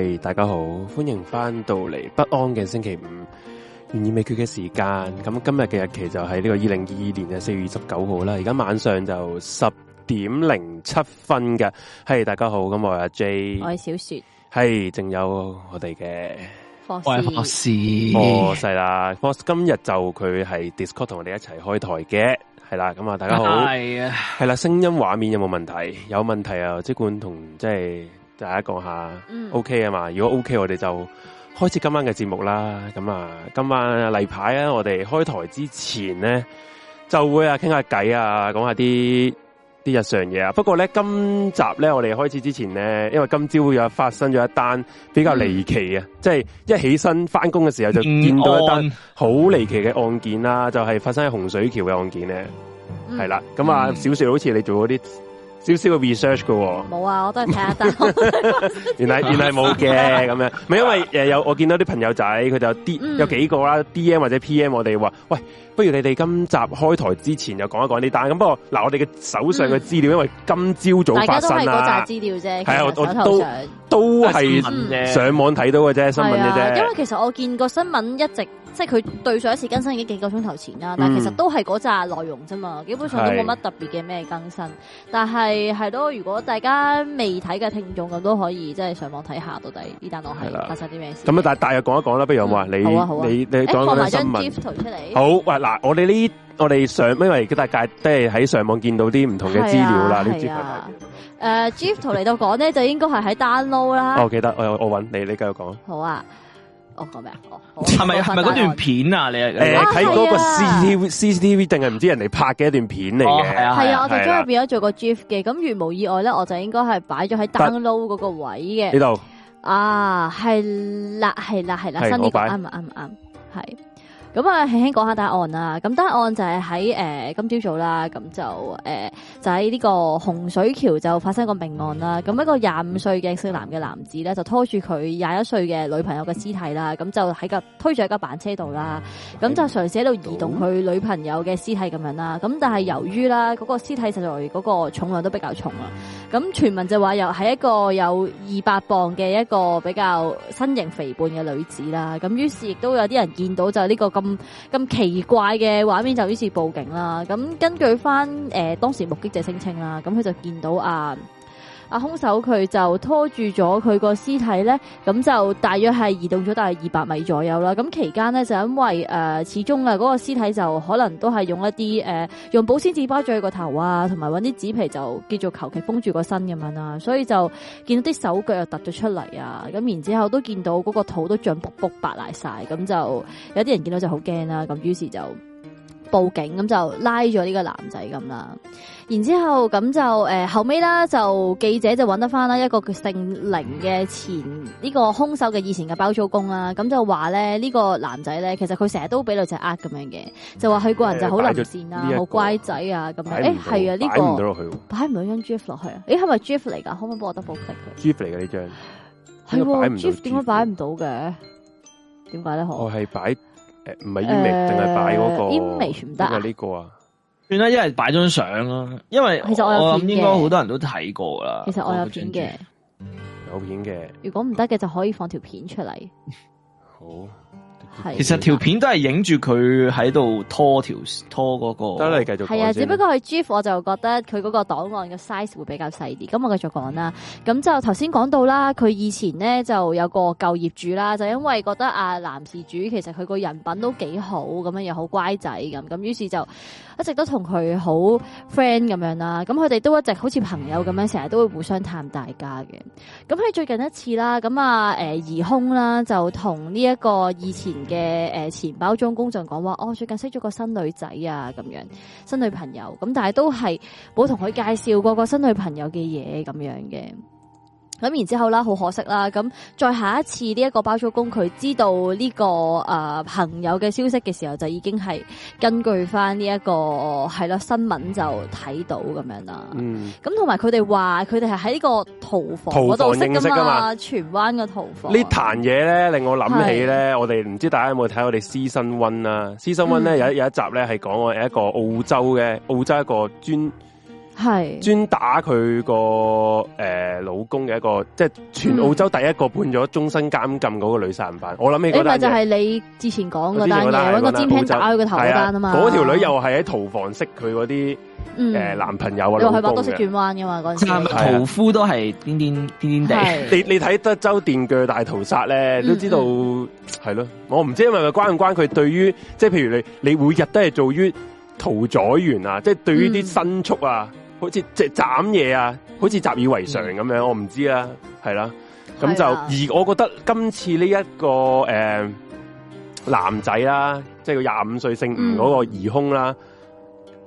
係、hey, 大家好，歡迎翻到嚟不安嘅星期五，懸而未決嘅時間。咁今日嘅日期就喺呢個二零二二年嘅四月二十九號啦。而家晚上就十點零七分嘅。係、hey, 大家好，咁我係阿 J，我係小雪，係，仲有我哋嘅，我係博士，哦，係啦，博 士今日就佢係 Discord 同我哋一齊開台嘅，係啦，咁啊，大家好，係啊，係啦，聲音畫面有冇問題？有問題啊，管即管同即係。就係講下、嗯、，OK 啊嘛，如果 OK 我哋就開始今晚嘅節目啦。咁啊，今晚例牌啊，我哋開台之前咧，就會啊傾下偈啊，講下啲啲日常嘢啊。不過咧，今集咧我哋開始之前咧，因為今朝有發生咗一單比較離奇啊，即、嗯、係、就是、一起身翻工嘅時候就見到一單好離奇嘅案件啦，就係、是、發生喺洪水橋嘅案件咧，係、嗯、啦。咁啊，少、嗯、少好似你做嗰啲少少嘅 research 嘅，冇啊，我都係睇下得。原嚟原嚟冇嘅咁樣，咪因為誒有、呃、我見到啲朋友仔，佢哋有 D、嗯、有幾個啦、啊、，DM 或者 PM 我哋話，喂。不如你哋今集開台之前又講一講呢單咁，不過嗱，我哋嘅手上嘅資料、嗯，因為今朝早，早發生啦，係啊，我，我都都係、嗯、上網睇到嘅啫，新聞嘅啫。因為其實我見過新聞一直即係佢對上一次更新已經幾個鐘頭前啦，但係其實都係嗰扎內容啫嘛，基本上都冇乜特別嘅咩更新。是但係係咯，如果大家未睇嘅聽眾咁都可以即係上網睇下到底呢單案係發生啲咩事？咁但係大約講一講啦。不如我話你，你你講張圖出嚟。好，啊我哋呢，我哋上，因為大家都係喺上網見到啲唔同嘅資料啦。係啊，誒，GIF 圖嚟到講咧， 就應該係喺 download 啦，哦。我記得，我我揾你，你繼續講。好啊，我講咩啊？係咪係咪嗰段片啊？你誒喺嗰個 CCTV 定係唔知人哋拍嘅一段片嚟嘅？係、哦、啊，係啊，啊，我就將入變咗做個 GIF 嘅。咁如無意外咧，我就應該係擺咗喺 download 嗰個位嘅呢度。啊，係啦、啊，係啦、啊，係啦、啊啊啊，新呢、這個啱啱啱，係。咁啊，輕輕講下答案啦。咁答案就係喺誒今朝早啦，咁就誒、呃、就喺呢個洪水橋就發生個命案啦。咁一個廿五歲嘅姓男嘅男子咧，就拖住佢廿一歲嘅女朋友嘅屍體啦，咁就喺個推住喺架板車度啦，咁就嘗試喺度移動佢女朋友嘅屍體咁樣啦。咁但係由於啦，嗰、那個屍體實在嗰個重量都比較重啊。咁傳聞就話又係一個有二百磅嘅一個比較身形肥胖嘅女子啦。咁於是亦都有啲人見到就呢、這個。咁咁奇怪嘅畫面就於是報警啦。咁根據翻誒、呃、當時目擊者聲稱啦，咁佢就見到啊。阿凶手佢就拖住咗佢個屍體咧，咁就大約係移動咗大約二百米左右啦。咁期間咧就因為誒、呃，始終啊嗰個屍體就可能都係用一啲誒、呃、用保鮮紙包住個頭啊，同埋搵啲紙皮就叫做求其封住個身咁樣啦。所以就見到啲手腳又突咗出嚟啊，咁然之後都見到嗰個肚都脹卜卜白賴晒，咁就有啲人見到就好驚啦，咁於是就。報警咁就拉咗呢個男仔咁啦，然之後咁就誒、呃、後尾啦就記者就揾得翻啦一個佢姓凌嘅前呢、嗯這個凶手嘅以前嘅包租公啦，咁就話咧呢、這個男仔咧其實佢成日都俾女仔呃咁樣嘅，就話佢個人就好良善啊好乖仔、欸、啊咁，誒係啊呢個擺唔到落去，擺唔到張 GIF 落去，誒係咪 GIF 嚟噶？可唔可以幫我得寶石佢 GIF 嚟嘅呢張，係 GIF 點解擺唔到嘅？點解咧？我係擺。唔係煙味，定係擺嗰個煙味？唔得啊呢個啊，算啦，一係擺張相咯，因為其實我諗應該好多人都睇過啦。其實我有片嘅，有片嘅，如果唔得嘅就可以放條片出嚟。好。其實條片都係影住佢喺度拖條拖嗰個，得啦，繼續係啊，只不過係 GIF 我就覺得佢嗰個檔案嘅 size 會比較細啲。咁我繼續講啦。咁就頭先講到啦，佢以前呢就有個舊業主啦，就因為覺得啊，男事主其實佢個人品都幾好，咁樣又好乖仔咁，咁於是就一直都同佢好 friend 咁樣啦。咁佢哋都一直好似朋友咁樣，成日都會互相探大家嘅。咁喺最近一次啦，咁啊，誒，疑兇啦，就同呢一個以前嘅誒，錢包裝公匠講話哦，最近識咗個新女仔啊，咁樣新女朋友，咁但係都係冇同佢介紹過個新女朋友嘅嘢咁樣嘅。咁然之後啦，好可惜啦。咁再下一次呢一個包租公，佢知道呢、這個誒、呃、朋友嘅消息嘅時候，就已經係根據翻呢一個係咯新聞就睇到咁樣啦。咁同埋佢哋話佢哋係喺個屠房嗰度識噶嘛，荃灣嘅屠房。呢壇嘢咧令我諗起咧，我哋唔知大家有冇睇我哋 Season One 啦？Season One 咧有有一集咧係講我哋一個澳洲嘅澳洲一個專。係專打佢個誒老公嘅一個，即係全澳洲第一個判咗終身監禁嗰個女殺人犯。嗯、我諗你，你就係你之前講嘅，但係搵個煎餅仔打佢個頭單啊嘛。嗰條女又係喺屠房識佢嗰啲誒男朋友啊，你話佢百多色轉彎嘅嘛？嗰陣時屠夫都係癲癲癲癲地。你你睇德州電鋸大屠殺咧，都知道係咯、嗯啊。我唔知係咪關唔關佢對於，即係譬如你你每日都係做於屠宰員啊，嗯、即係對於啲牲畜啊。好似即係斬嘢啊，好似習以為常咁樣，嗯、我唔知啦、啊，係啦、啊，咁就、啊、而我覺得今次呢、這、一個誒、呃、男仔啦、啊，即係、嗯、個廿五歲姓吳嗰個疑凶啦，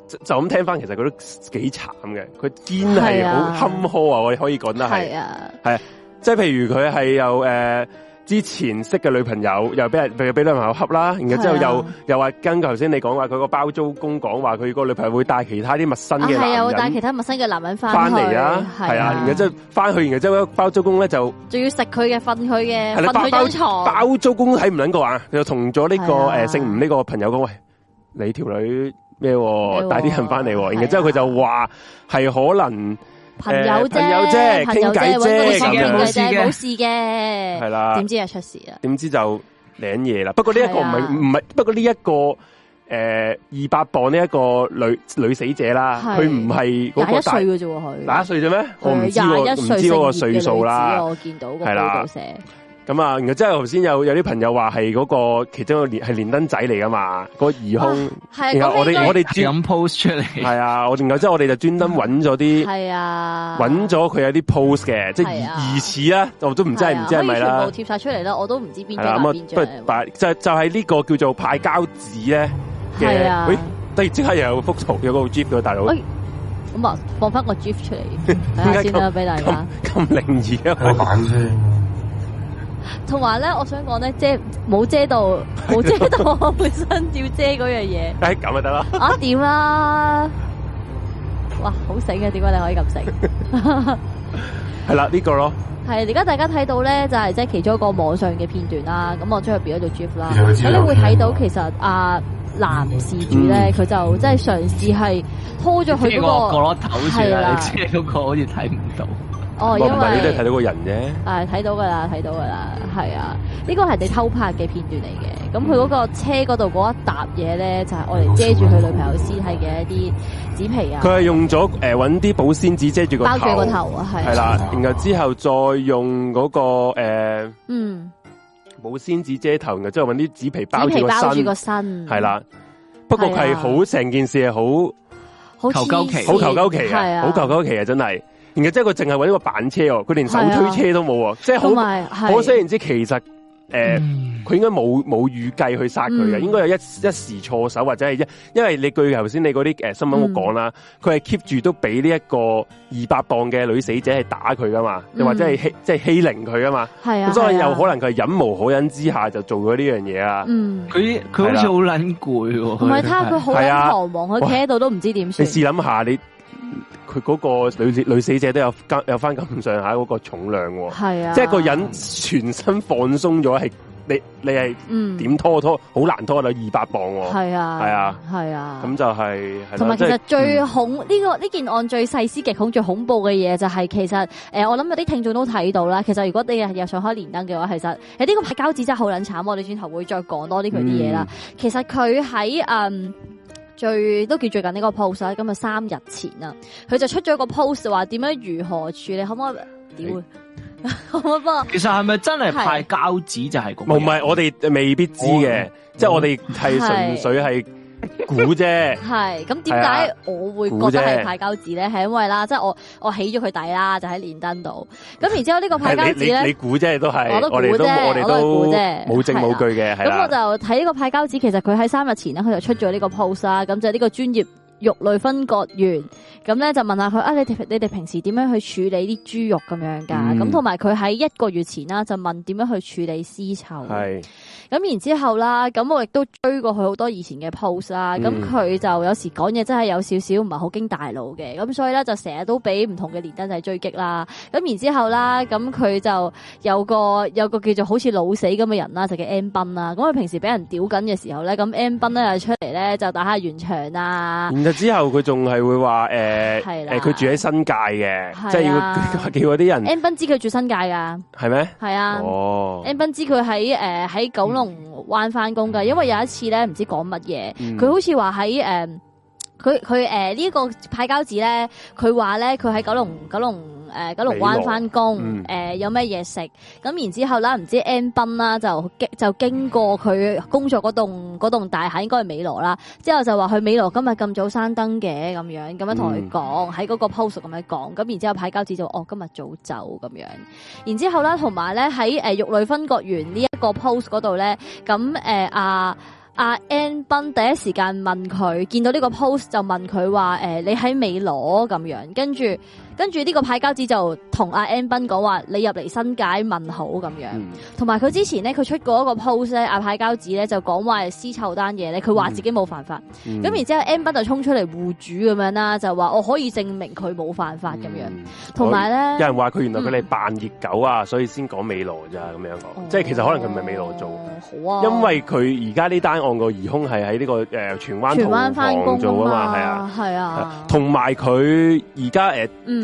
就咁聽翻，其實佢都幾慘嘅，佢堅係好坎坷啊，啊我可以講得係係，即係譬如佢係有誒。呃之前識嘅女朋友又俾人俾俾女朋友恰啦，然後之後又、啊、又跟剛才話跟頭先你講話佢個包租公講話佢個女朋友會帶其他啲陌生嘅，係啊，會帶其他陌生嘅男人翻嚟啊，係啊，啊，然後之後翻去，然後之後包租公咧就仲要食佢嘅瞓佢嘅瞓佢張牀，包租公睇唔撚過啊、呃，又同咗呢個誒姓吳呢個朋友講，喂，你條女咩喎，咩啊咩啊、帶啲人翻嚟、啊，然後之後佢就話係、啊、可能。朋友啫，傾偈啫，咁樣冇事嘅，係啦。點知啊出事啦？點知就領嘢啦？不過呢、呢、一個唔係唔係，不過呢、呢、一個誒，二、呃、百磅呢一個女女死者啦，佢唔係嗰個大歲、啊、一歲嘅啫，佢大一歲咗咩？我唔知、嗰個，唔知嗰個歲數啦，啦。我見到係啦。咁啊、那個， 然後後即係頭先有有啲朋友話係嗰個其中係連登仔嚟噶嘛，個疑兇。係。然我哋我哋咁 post 出嚟。係啊，我仲有即係我哋就專登揾咗啲。係 啊。揾咗佢有啲 post 嘅，即係疑似啊，都唔知係唔知係咪啦。可以貼晒出嚟啦，我都唔知邊張邊張不，就就係呢個叫做派膠紙咧嘅。係 啊。誒、哎，即刻又有幅圖，有個 GIF 嘅大佬。咁 啊、哎，放翻個 GIF 出嚟睇下先俾、啊、大家。咁靈異啊！ 同埋咧，我想講咧，遮冇遮到，冇 遮到我本身要遮嗰 樣嘢。誒，咁就得啦。啊，點啦？哇，好醒嘅，點解你可以咁醒？係 啦， 呢、這個咯。係而家大家睇到咧，就係即係其中一個網上嘅片段啦。咁我將佢變咗做 GIF 啦。咁、啊那個、你會睇、啊、到，其實阿男事主咧，佢就即係嘗試係拖咗佢嗰個，係啊，即你嗰個好似睇唔到。哦，因為你都睇到個人啫，係、哎、睇到噶啦，睇到噶啦，係啊，呢個係你偷拍嘅片段嚟嘅。咁佢嗰個車嗰度嗰一沓嘢咧，就係我嚟遮住佢女朋友屍體嘅一啲紙皮啊。佢係用咗誒搵啲保鮮紙遮住個包住個頭啊，係係啦。然後之後再用嗰、那個誒、呃，嗯，保鮮紙遮頭嘅，即係搵啲紙皮包住個身，係啦、啊啊。不過係好成件事係好，好求鳩其，好求鳩其啊，好求鳩其啊，真係。然後即係佢淨係搵個板車哦，佢連手推車都冇啊！即係、啊啊、可可想而知，其實誒，佢、呃嗯、應該冇冇預計去殺佢嘅，應該有一時一時錯手或者係一，因為你據頭先你嗰啲誒新聞好講啦，佢係 keep 住都俾呢一個二百磅嘅女死者係打佢噶嘛，又、嗯、或者係欺即係、就是、欺凌佢噶嘛。係啊,啊，所以有可能佢係忍無可忍之下就做咗呢樣嘢啊。佢佢好似好撚攰喎，唔係他，佢好彷徨，佢企喺度都唔知點算。你試諗下你。佢嗰個女女死者都有有翻咁上下嗰個重量喎，係啊，即係個人全身放鬆咗係你你係點拖拖好難拖到二百磅喎，係啊係啊係啊，咁、啊啊啊、就係同埋其實、就是、最恐呢、嗯這個呢件、這個這個、案最細思極恐最恐怖嘅嘢就係、是、其實誒、呃、我諗有啲聽眾都睇到啦，其實如果你又想開連登嘅話，其實誒呢個拍膠紙真係好撚慘，我哋轉頭會再講多啲佢啲嘢啦。嗯、其實佢喺嗯。最都叫最近呢個 post 今日，三日前啊，佢就出咗個 post 話點樣如何處理，可唔可以屌？可、欸、唔 可唔可以？其實係咪真係派膠紙就係、是、咁？唔係，我哋未必知嘅，即係我哋係純粹係。估啫， 係咁點解我會覺得係派膠紙咧？係因為啦，即、就、係、是、我我起咗佢底啦，就喺、是、連登度。咁然之後這個呢個派膠紙，你你估啫都係，我都估啫，我都估啫，冇證冇據嘅係。咁我就睇呢個派膠紙，其實佢喺三日前咧，佢就出咗呢個 post 啦。咁就呢個專業肉類分割員，咁咧就問下佢啊，你你你哋平時點樣去處理啲豬肉咁樣噶？咁同埋佢喺一個月前啦，就問點樣去處理絲綢。咁然之後啦，咁我亦都追過佢好多以前嘅 pose 啦。咁、嗯、佢就有時講嘢真係有少少唔係好經大腦嘅，咁所以咧就成日都俾唔同嘅連登仔追擊啦。咁然之後啦，咁佢就有個有個叫做好似老死咁嘅人啦，就叫 M 斌啦。咁佢平時俾人屌緊嘅時候咧，咁 M 斌咧又出嚟咧就打下圓場啦。然之後佢仲係會話誒佢住喺新界嘅，即係、就是、要叫嗰啲人。M 斌知佢住新界噶，係咩？係啊。哦、oh。M 斌知佢喺誒喺九。九龍灣翻工噶，因為有一次咧，唔知講乜嘢，佢、嗯、好似話喺誒，佢佢誒呢個派膠紙咧，佢話咧佢喺九龍、嗯、九龍。誒、呃，九龍灣翻工，誒、嗯呃、有咩嘢食，咁然之後呢啦，唔知 N 彬啦就就經過佢工作嗰棟嗰棟大廈，應該係美羅啦。之後就話去美羅今日咁早閂燈嘅咁樣，咁樣同佢講喺嗰個 post 咁樣講。咁然之後派膠紙就哦今日早走咁樣，樣。然之後啦，同埋咧喺誒肉類分割員呢一個 post 嗰度咧，咁誒阿阿 N 彬第一時間問佢見到呢個 post 就問佢話誒你喺美羅咁樣，跟住。跟住呢個派膠紙就同阿 M 斌講話，你入嚟新界問好咁樣。同埋佢之前咧，佢出過一個 post 咧、嗯，阿、啊、派膠紙咧就講話私籌單嘢咧，佢話自己冇犯法。咁、嗯、然之後，後，M 斌就衝出嚟護主咁樣啦，就話我可以證明佢冇犯法咁樣。同埋咧，有人話佢原來佢哋扮熱狗啊，嗯、所以先講美羅咋咁樣講，即係、啊就是、其實可能佢唔係美羅做。好啊。因為佢而家呢單案空、個疑凶係喺呢個誒荃灣荃灣翻工啊做啊嘛，係啊，啊。同埋佢而家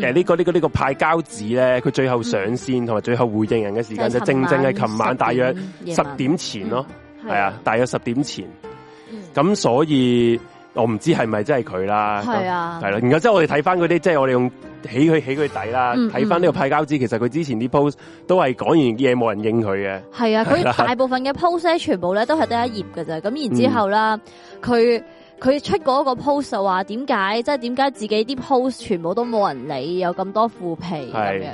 誒、嗯，呢、這個呢、這個呢、這個派膠紙咧，佢最後上線同埋、嗯、最後回應人嘅時間就是、昨正正係琴晚大約十點前咯，係、嗯、啊，啊，大約十點前、嗯。咁、嗯、所以我唔知係咪真係佢啦，係啊，係啦。然後之後我哋睇翻嗰啲，即、就、係、是、我哋用起佢起佢底啦，睇翻呢個派膠紙。其實佢之前啲 post 都係講完嘢，冇人應佢嘅。係啊，佢、啊、大部分嘅 post 咧，全部咧都係得一頁嘅咋。咁然之後咧，佢、嗯。佢出嗰個 post 話點解，即係點解自己啲 post 全部都冇人理，有咁多腐皮咁樣。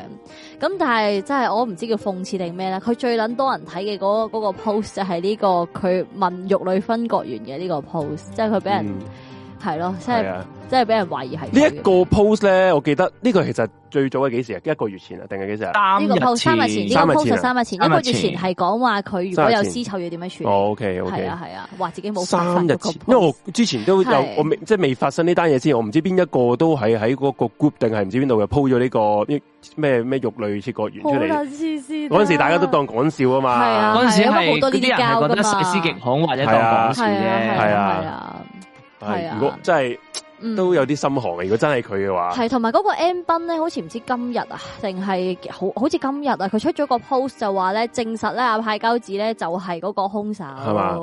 咁但係真係我唔知叫諷刺定咩咧。佢最撚多人睇嘅嗰個 post、那個、就係呢、這個佢問玉女分割員嘅呢個 post，即係佢俾人、嗯。係咯，即係即係俾人懷疑係呢一個 post 咧。我記得呢、這個其實最早係幾時啊？一個月前啊，定係幾時啊？三日前，三日前，三日前，一個月前係講話佢如果有屍臭要點樣處理？O K O K，係啊話、啊、自己冇三日因為我之前都有，我未即係未發生呢單嘢先，我唔知邊一個都係喺嗰個 group 定係唔知邊度嘅鋪咗呢個咩咩肉類切割員出嚟。黐線！嗰陣時大家都當講笑啊嘛。係啊，嗰陣、啊啊、時係嗰啲人係覺得細思極恐或者當講笑啫。係啊。係、嗯，如果真係都有啲心寒，如果真係佢嘅話，係同埋嗰個 M 斌咧，好似唔知今日啊，定係好好似今日啊，佢、哦、出咗個 post 就話咧，證實咧派膠子咧就係嗰個凶手係嘛，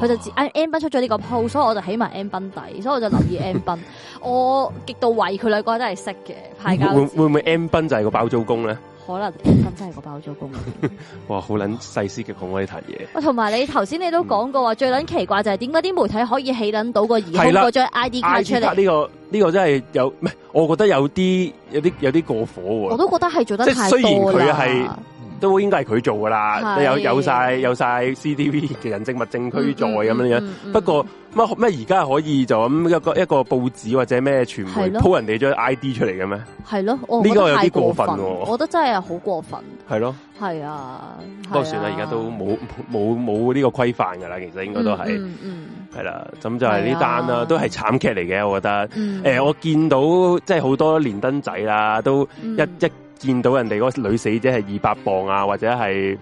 佢就自 M 斌出咗呢個 post，所以我就起埋 M 斌底，所以我就留意 M 斌， 我極度懷疑佢兩個真係識嘅派膠。會會唔會 M 斌就係個包租公咧？可能咁真係個包租公， 哇！好捻細思極恐呢壇嘢。我同埋你頭先你都講過話、嗯，最捻奇怪就係點解啲媒體可以起捻到個疑，開張 ID 卡出嚟。呢、這個呢、這個真係有，唔係我覺得有啲有啲有啲過火喎。我都覺得係做得太多啦。都應該係佢做噶啦，有有曬有曬 CDV 嘅人證物證區在咁樣樣、嗯。不過乜乜而家可以就咁一個一個報紙或者咩傳媒 po、啊、人哋張 ID 出嚟嘅咩？係咯、啊，呢個有啲過分，過分、啊，我覺得真係好過分。係咯，係啊，不過、啊、算啦，而家、啊、都冇冇冇呢個規範噶啦，其實應該都係，嗯，係、嗯、啦，咁、嗯啊、就係呢單啦，都係慘劇嚟嘅，我覺得。誒、嗯欸，我見到即係好多連登仔啦，都一一。嗯見到人哋嗰個女死者係二百磅啊，或者係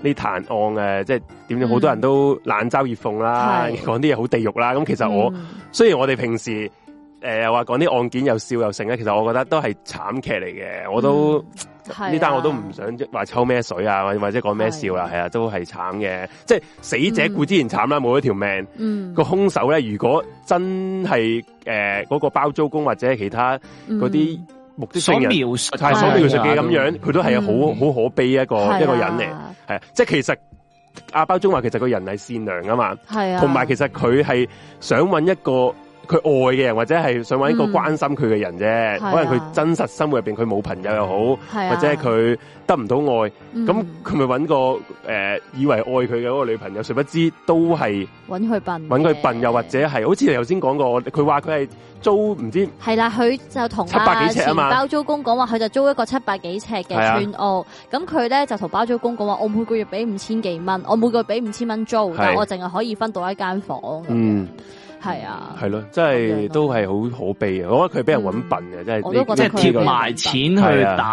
呢單案啊，即係點樣？好、嗯、多人都冷嘲熱諷啦，講啲嘢好地獄啦。咁其實我、嗯、雖然我哋平時誒話講啲案件又笑又成咧，其實我覺得都係慘劇嚟嘅。我都呢單、嗯啊、我都唔想話抽咩水啊，或者講咩笑啊，係啊，都係慘嘅。即係死者固然慘啦，冇、嗯、一條命。嗯，個兇手咧，如果真係誒嗰個包租公或者其他嗰啲、嗯。目的性所描述，係所描述嘅咁樣，佢都係好好可悲一個一個人嚟，係啊，即係其實阿包中話，其實個人係善良啊嘛，係啊，同埋其實佢係想揾一個。佢愛嘅人，或者係想揾一個關心佢嘅人啫、嗯啊。可能佢真實生活入邊佢冇朋友又好、啊，或者佢得唔到愛。咁佢咪揾個誒、呃、以為愛佢嘅嗰個女朋友，誰不知都係揾佢笨，揾佢笨又或者係好似你頭先講過，佢話佢係租唔知係啦。佢、啊、就同、啊、七百幾尺嘛包租公講話佢就租一個七百幾尺嘅村屋。咁佢咧就同包租公講話，我每個月俾五千幾蚊，我每個月俾五千蚊租，但我淨係可以分到一間房咁、嗯係啊，係咯、啊，真係、okay, okay。都係好可悲啊！我覺得佢係俾人搵笨嘅啊，真係即係貼埋錢去戴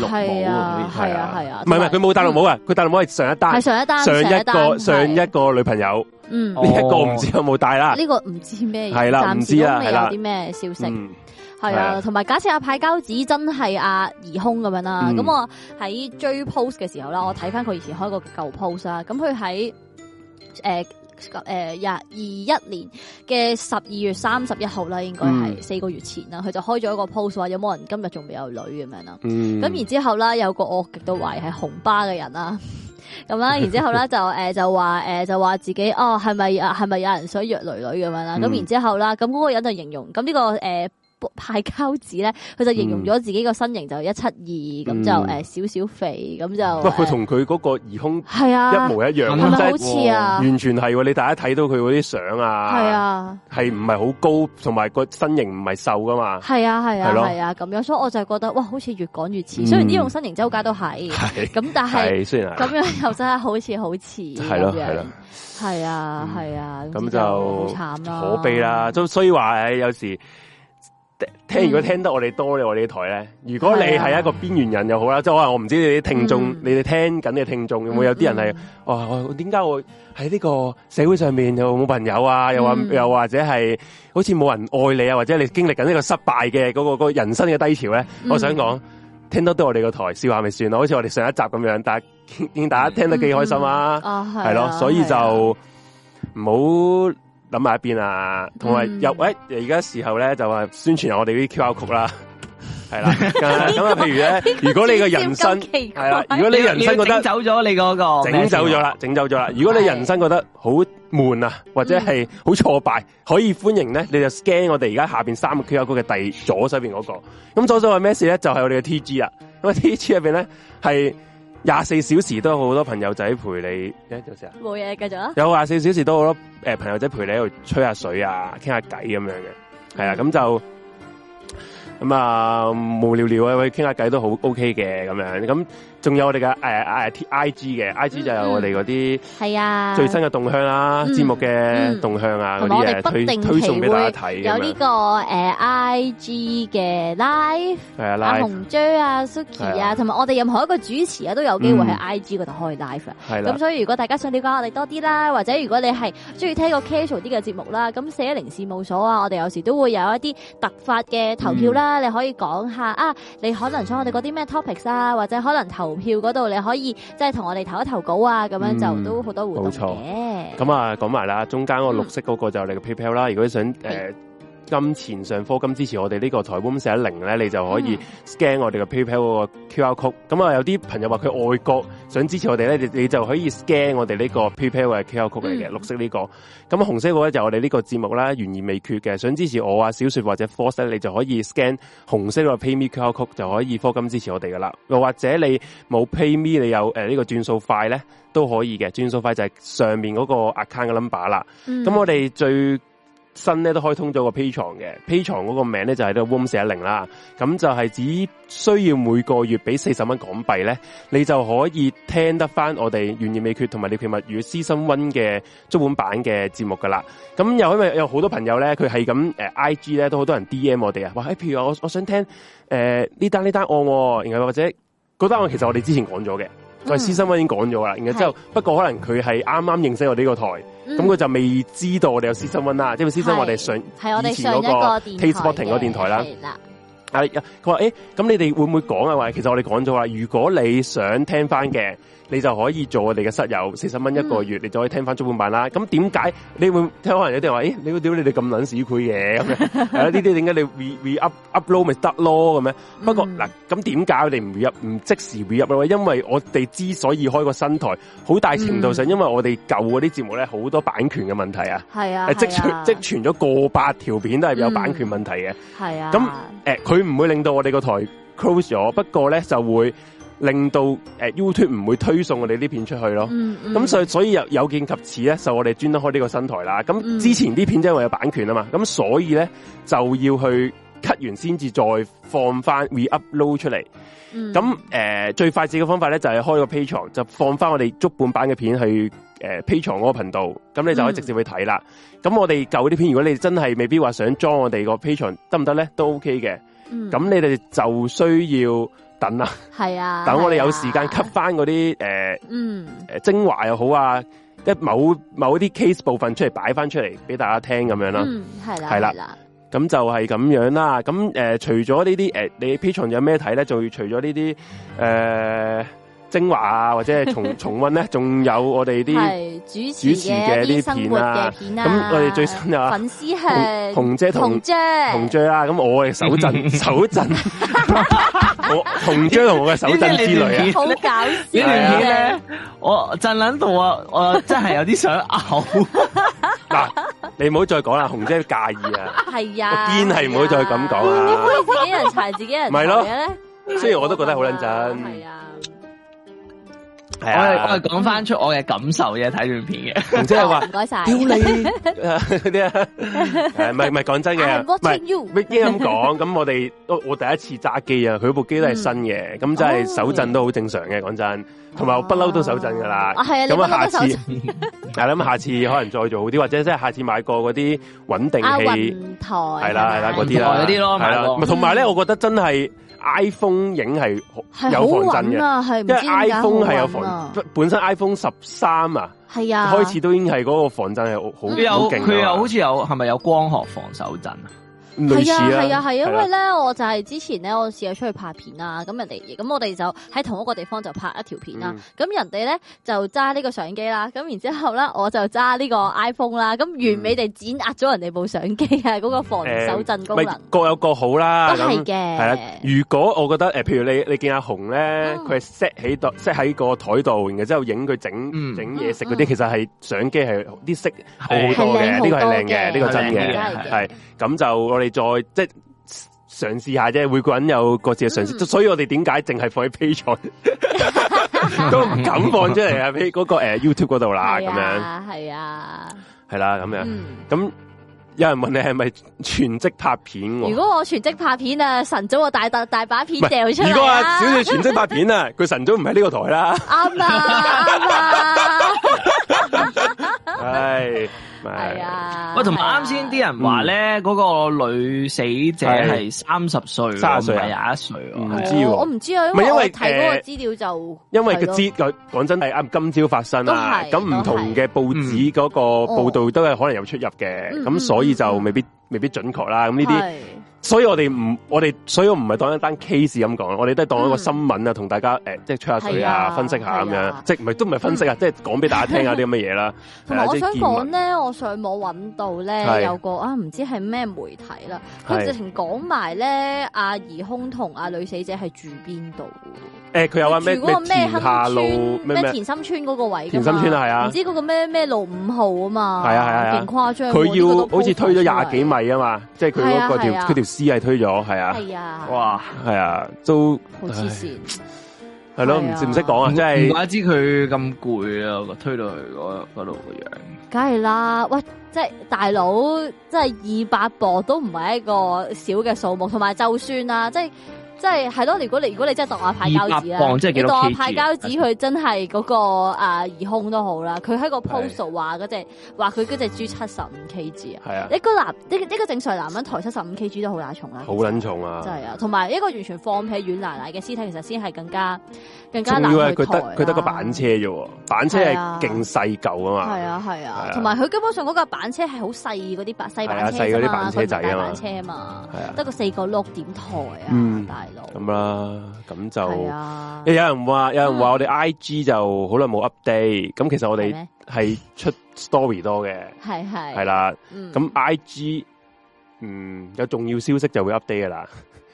綠帽啊，係啊係啊，唔係唔係，佢冇戴綠帽啊，佢戴綠帽係、啊、上一單，係上一單上一個、啊、上一個女朋友，嗯、呢、這、一個唔知有冇戴啦，呢、哦這個唔知咩，係啦唔知啊，有啲咩消息，係啊，同埋假設阿派膠子真係阿疑凶咁樣啦，咁我喺追 post 嘅時候啦，我睇翻佢以前開個舊 post 啦，咁佢喺誒。誒、嗯嗯嗯，二二一年嘅十二月三十一號啦，應該係四個月前啦，佢就開咗一個 post 話有冇人今日仲未有女咁樣啦。咁、嗯、然之後，然後有個惡極到懷疑係紅巴嘅人啦，咁 啦，然之後就誒、呃、就話誒、呃、就話自己哦係咪啊係咪有人想約女女咁樣啦？咁、嗯、然之後啦，咁嗰個人就形容咁呢、這個誒。呃派膠紙咧，佢就形容咗自己個身形就一七二咁就誒少少肥咁就。不過佢同佢嗰個二空係啊一模一樣，係咪好似啊，是是啊？完全係，你大家睇到佢嗰啲相啊，係啊，係唔係好高，同埋個身形唔係瘦噶嘛？係啊係啊，係啊咁樣、啊啊啊啊啊，所以我就覺得哇，好似越講越似、嗯。雖然呢種身形周街都係，咁但係咁樣又真係好似好似。係咯係咯，係啊係啊，咁就好慘啦，可悲啦。都所以話誒、哎，有時。聽如果聽得我哋多嘅，嗯、我哋台咧，如果你係一個邊緣人又好啦，即係、啊、我唔知你啲聽眾，嗯、你哋聽緊嘅聽眾有冇有啲人係，嗯、哇，點解我喺呢個社會上面又冇朋友啊？又、嗯、話又或者係好似冇人愛你啊？或者你經歷緊呢個失敗嘅嗰、嗰個、嗰個人生嘅低潮咧？嗯、我想講，聽得多到我哋個台，笑話咪算咯，好似我哋上一集咁樣，但係見大家聽得幾開心啊，係、嗯、咯，所以就唔好。諗埋一邊、嗯、 啊，同埋又喂，而家時候咧就話宣傳我哋啲 QR Code 啦，係啦，咁啊，譬如咧，這個這個、如果你嘅人生係啦，如果你人生覺得走咗你嗰、那個，整走咗啦，整走咗啦，如果你人生覺得好悶啊，或者係好挫敗，嗯、可以歡迎咧，你就 scan 我哋而家下邊三個 QR Code 嘅第左手邊嗰、那個，咁左手係咩事咧？就係、是、我哋嘅 T G 啊，咁啊 T G 入邊咧係。廿四小時都有好多朋友仔陪你。誒，有咩啊？冇嘢，繼續。有廿四小時都好多誒，朋友仔陪你喺度吹下水啊，傾下偈咁樣嘅，係、嗯、啊，咁就咁啊無聊聊啊，可以傾下偈都好 OK 嘅咁樣咁。仲有我哋嘅誒誒 I G 嘅 I G 就有我哋啲係啊最新嘅動向啦，節、嗯啊、目嘅動向啊嗰啲啊推推送俾大家睇有呢、這個誒 I G 嘅 live，阿紅 J 啊、Suki 啊，同埋、啊、我哋任何一個主持啊都有機會喺 I G 度開 live 啊。咁、啊、所以如果大家想了解我哋多啲啦，或者如果你係中意聽個 casual 啲嘅節目啦，咁四一零事務所啊，我哋有時都會有一啲突發嘅投票啦、嗯，你可以講一下啊，你可能想我哋啲咩 topics 啊，或者可能投。投票嗰度你可以即係同我哋投一投稿啊，咁樣就都好多互動嘅、嗯，冇錯。咁啊，講埋啦，中間個綠色嗰個就係你嘅 paypal 啦，如果你想誒。金錢上科金支持我哋呢個台本寫零咧，你就可以 scan 我哋嘅 paypal 個 qr Code。咁啊，有啲朋友話佢外國想支持我哋咧，你你就可以 scan 我哋呢個 paypal 嘅 qr Code 嚟嘅、嗯，綠色呢、這個。咁紅色嘅咧就我哋呢個節目啦，懸而未決嘅。想支持我啊小說或者 course 呢，你就可以 scan 紅色嘅 pay me qr Code，就可以科金支持我哋噶啦。又或者你冇 pay me，你有誒呢個轉數快咧都可以嘅。轉數快就係上面嗰個 account 嘅 number 啦。咁、嗯、我哋最。新咧都開通咗個 Patreon 嘅，Patreon 嗰個名咧就係呢個 w o m 四一零啦。咁就係只需要每個月俾四十蚊港幣咧，你就可以聽得翻我哋懸疑未決同埋你平物與私心溫嘅足本版嘅節目噶啦。咁又因為有好多朋友咧，佢係咁誒，I G 咧都好多人 D M 我哋啊，話誒、欸，譬如我我想聽誒呢、呃、單呢單案、哦，然後或者嗰單案其實我哋之前講咗嘅，就係私心溫已經講咗啦。然後之後不過可能佢係啱啱認識我呢個台。咁、嗯、佢就未知道我哋有私生温啦，因為私生我哋上以前嗰個 teaspotting 嗰個電台,電台啦、嗯。佢話誒，咁你哋會唔會講啊？喂，其實我哋講咗啦，如果你想聽翻嘅。你就可以做我哋嘅室友，四十蚊一個月，嗯、你就可以聽翻中文版啦。咁點解你會聽，可能有啲人話，咦、欸，你會屌你哋咁撚屎佢嘅？咁樣係呢啲點解你會 up upload 咪得咯？咁、嗯、樣，不過嗱，咁點解我哋唔入唔即時入？因為我哋之所以開個新台，好大程度上、嗯、因為我哋舊嗰啲節目咧，好多版權嘅問題啊。係、嗯、啊，即傳、啊、即傳咗過百條片都係有版權問題嘅。係、嗯、啊，咁、呃、誒，佢唔會令到我哋個台 close 咗，不過咧就會。令到、呃、YouTube 唔會推送我哋啲片出去咯，咁、嗯嗯、所以所以有有見及此咧，就我哋專登開呢個新台啦。咁之前啲片真係因為有版權啊嘛，咁所以咧就要去 cut 完先至再放翻 re-upload 出嚟。咁、嗯呃、最快捷嘅方法咧就係、是、開個 Patreon 就放翻我哋足本版嘅片去、呃、Patreon 嗰個頻道，咁你就可以直接去睇啦。咁、嗯、我哋舊啲片，如果你真係未必話想裝我哋個 Patreon 得唔得咧，都 OK 嘅。咁、嗯、你哋就需要。等啦，係啊，等我哋有時間吸翻嗰啲誒，嗯，誒精華又好啊，即係某某啲 case 部分出嚟擺翻出嚟俾大家聽咁樣啦，嗯，係啦，係啦，咁就係咁樣啦。咁誒，除咗呢啲誒，你 Patreon 有咩睇咧？就除咗呢啲誒。呃精華啊，或者係重重溫咧，仲有我哋啲主持嘅啲生活嘅片啊。咁、啊、我哋最新啊，粉絲係紅姐，紅姐，紅姐咁、啊、我嘅手， 手震，手震， 我紅姐同我嘅手震之類啊。好 搞笑！呢段片咧，我震捻到啊，我真係有啲想嘔。嗱，你唔好再講啦，紅姐介意 啊。係啊，梗係唔好再咁講啊？自己人踩自己人的呢，咪咯。雖然我都覺得好捻陣。係 啊。係、啊、我係講翻出我嘅感受嘅睇完片嘅，即係話唔該晒。屌你嗰啲啊！唔係唔係講真嘅，唔係咁講。咁我哋我我第一次揸機啊，佢部機都係新嘅，咁、嗯嗯、真係手震都好正常嘅。講真，同埋我不嬲都手震噶啦。哦，係啊，啊啊那下次你不嬲都手震係啦，咁、 啊、下次可能再做好啲，或者即係下次買過嗰啲穩定器。啊，雲台係啦係啦嗰啲啦嗰啲咯係啦。同埋咧，我覺得真係。嗯 iPhone 影係有防震嘅、啊啊，因為 iPhone 係有防、啊，本身 iPhone 十三啊，係啊，開始都已經係嗰個防震係好勁，佢佢、啊、又好似有係咪有光學防手震啊？係啊，係啊，係、啊啊啊啊，因為咧，我就係之前咧，我試下出去拍片啊，咁人哋，咁我哋就喺同一個地方就拍一條片、嗯、啦。咁人哋咧就揸呢個相機啦，咁然之後咧我就揸呢個 iPhone 啦，咁完美地碾壓咗人哋部相機啊，嗰、那個防手震功能、嗯呃。各有各好啦，都係嘅。係啊，如果我覺得誒、呃，譬如你你見阿紅咧，佢 set 喺度 set 喺個台度，然之後影佢整整嘢食嗰啲，其實係相機係啲色好好多嘅，呢、這個係靚嘅，呢、這個真嘅，係咁就我哋。再即係嘗試下啫，每個人有各自嘅嘗試，所以我哋點解淨係放喺 Patreon，都唔敢放出嚟啊！俾 嗰個誒 YouTube 嗰度啦，咁樣係啊，係啦，咁、啊、樣咁、嗯、有人問你係咪全職拍片、啊？如果我全職拍片啊，晨早我大，大大把片掉出嚟、啊。如果啊，小志全職拍片啊，佢晨早唔喺呢個台啦，啱啱啊。 啊啊啊 係 係、 哎、啊！喂、啊，同埋啱先啲人話咧、嗯，嗰、嗰個女死者係三十歲，三十歲廿一歲？我唔知，我唔知啊。唔係因為睇嗰個資料就，因為個資個講真係啱今朝發生啊。咁唔同嘅報紙嗰、嗯嗰個報道都係可能有出入嘅，咁、嗯、所以就未必未必準確啦。咁呢啲。所以我哋唔，我哋所以我唔係當一單 case 咁講，我哋都係當一個新聞啊，同大家誒、呃，即係吹下水啊，啊，分析下咁、啊、樣，即係唔係都唔係分析啊，即係講俾大家聽下啲咁嘅嘢啦。同埋我想講咧，我上網揾到咧、啊、有個啊，唔知係咩媒體啦，佢直情講埋咧阿兒凶同阿女死者係住邊度？誒、啊，佢、啊啊啊啊、有啊咩咩、啊、下路咩田心村嗰個位？田心村啊，係啊，唔知嗰個咩咩路五號啊嘛？係啊係啊，咁誇張，佢要、這個、好似推咗廿幾米啊嘛，即係佢嗰個條條。師係推咗，係啊，啊，哇，係啊，都好黐線，係咯，唔唔識講啊，即係唔怪知佢咁攰啊，啊他那啊我推到去嗰度個樣，梗係啦，喂，即係大佬，即係二百磅都唔係一個少嘅數目，同埋就算啊，即係。即係係咯，如果你真係當阿派膠紙，啦，你當阿派膠紙，佢 真係嗰、那個疑兇都好啦，佢喺個 post 話嗰隻，話佢嗰隻豬 75kg 啊一個男，一個一個正常男人抬 75kg 都好乸重啦，好卵重啊！真係啊，啊，同埋一個完全放棄軟奶奶嘅屍體其實先係更加更加難去抬、啊。佢得個板車啫喎，板車係勁細舊啊嘛，係啊係啊，同埋佢基本上嗰架板車係好細嗰啲細板車啊，嗰啲大板車啊嘛，係、那個、啊，啊，得個四個轆點抬啊，大。咁啦，咁就、啊欸，有人話，有人話我哋 I G 就好耐冇 update，咁其實我哋係出 story 多嘅，係係，係啦，咁、嗯、I G，嗯，有重要消息就會 update 噶、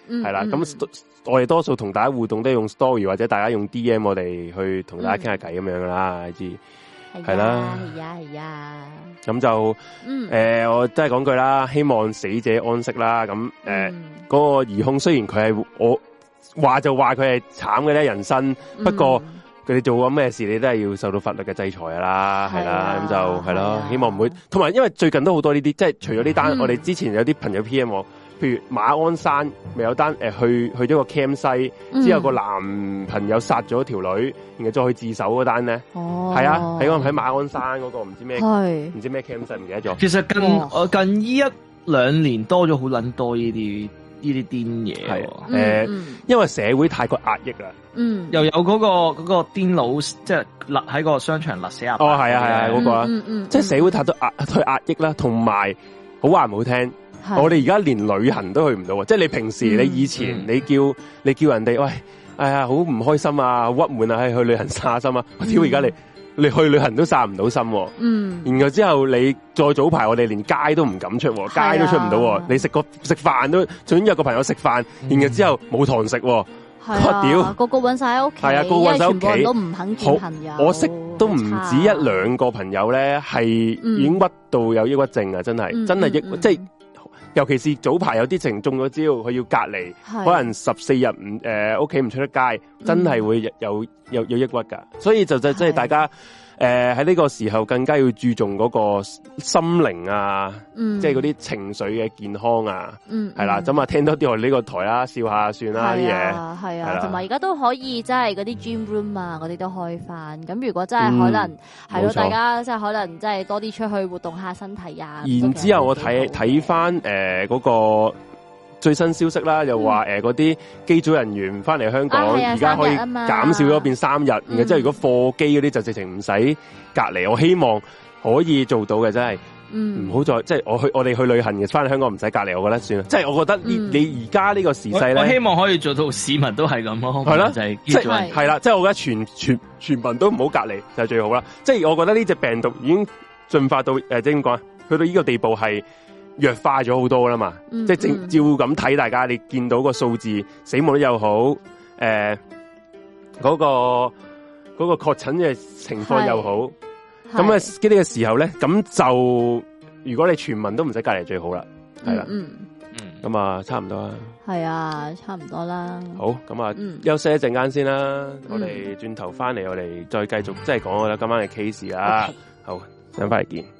嗯、啦，係啦，咁、嗯、我哋多數同大家互動都係用 story 或者大家用 D M 我哋去同大家傾下偈咁樣噶啦，IG 係啦，係啊，係啊。咁就誒，我真係講句啦，希望死者安息啦。咁誒，嗰、呃嗯、個疑兇雖然佢係我話就話佢係慘嘅咧，人生。不過佢哋做過咩事，你都係要受到法律嘅制裁噶啦，係啦，咁就係咯、啊。希望唔會。同埋，因為最近都好多呢啲，即係除咗呢單，嗯、我哋之前有啲朋友 PM 我。譬如馬鞍山未有單誒去去咗個 camp 西、嗯，之後個男朋友殺咗條女，然後再去自首嗰單咧，係、哦、啊喺個喺馬鞍山嗰、那個唔知咩唔知咩 camp 西唔記得咗。其實近我、哦、近依一兩年多咗好捻多呢啲呢啲癲嘢，係誒、啊呃嗯嗯，因為社會太過壓抑啦。嗯，又有嗰、那個嗰、那個癲佬，即係勒喺個商場勒死人。哦，係啊係啊，嗰、啊那個，嗯嗯,嗯，即係社會壓太多壓太壓抑啦，同埋好話唔好聽。我哋而家連旅行都去唔到，即係你平時、嗯、你以前你叫、嗯、你叫人哋喂，哎呀好唔開心啊，鬱悶啊，係去旅行散心啊。屌，嗯，而家你你去旅行都散唔到心、啊。嗯。然後之後你再早排，我哋連街都唔敢出、啊，街都出唔到、啊啊。你食個食飯都，總之有個朋友食飯、嗯，然後之後冇堂食。係啊。個個搵晒屋企，係啊，個個都唔肯見朋友，都都唔肯我識都唔止一兩個朋友咧，係已經屈到有抑鬱症啊！真係、嗯，真係抑即係。嗯尤其是早排有啲情中咗招，佢要隔離，可能十四日唔誒屋企唔出得街，真係會有、嗯、有有，有抑鬱㗎，所以就就即係、就是、大家。誒、呃，喺呢個時候更加要注重嗰個心靈啊，嗯、即係嗰啲情緒嘅健康啊，係、嗯、啦，咁、嗯嗯、啊，聽多啲我呢個台啦，笑下算啦，啲嘢係啊，同埋而家都可以即係嗰啲 gym room 啊，嗰啲都開翻。咁如果真係可能係咯，嗯、大家即係可能即係多啲出去活動下身體啊。然之後是是我睇睇翻誒嗰個。最新消息啦，又話嗰啲機組人員翻嚟香港，而、啊、家、啊、可以減少咗變三日、啊啊啊。然後即係如果貨機嗰啲就直情唔使隔離、嗯。我希望可以做到嘅，真係唔好再即係、就是、我去我哋去旅行嘅翻嚟香港唔使隔離，我覺得算啦。即、嗯、係、就是、我覺得你而家呢個時勢咧，我希望可以做到市民都係咁咯，係啦，就係即係係啦，即係我覺得我、就是、我全全全民都唔好隔離就是、最好啦。即、就、係、是、我覺得呢隻病毒已經進化到即係點講，去到呢個地步係。弱化咗好多啦嘛。嗯嗯、即係照咁睇，大家你見到個數字死亡率又好，誒、呃、嗰、那個嗰、那個確診嘅情況又好，咁啊，呢、嗯、個時候咧，咁就如果你全民都唔使隔離最好啦，係啦，嗯，咁、嗯、啊，差唔多啦，係啊，差唔多啦，好，咁啊，休息一陣間先啦、嗯，我哋轉頭翻嚟我哋再繼續即係講啦，今晚嘅 case 啦，okay。好，等翻嚟見。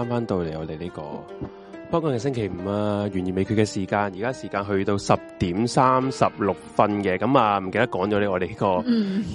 翻翻到嚟我哋呢、這個，不過係星期五啊，懸而未決嘅時間，而家時間去到十點三十六分嘅，咁啊唔記得講咗咧我哋呢個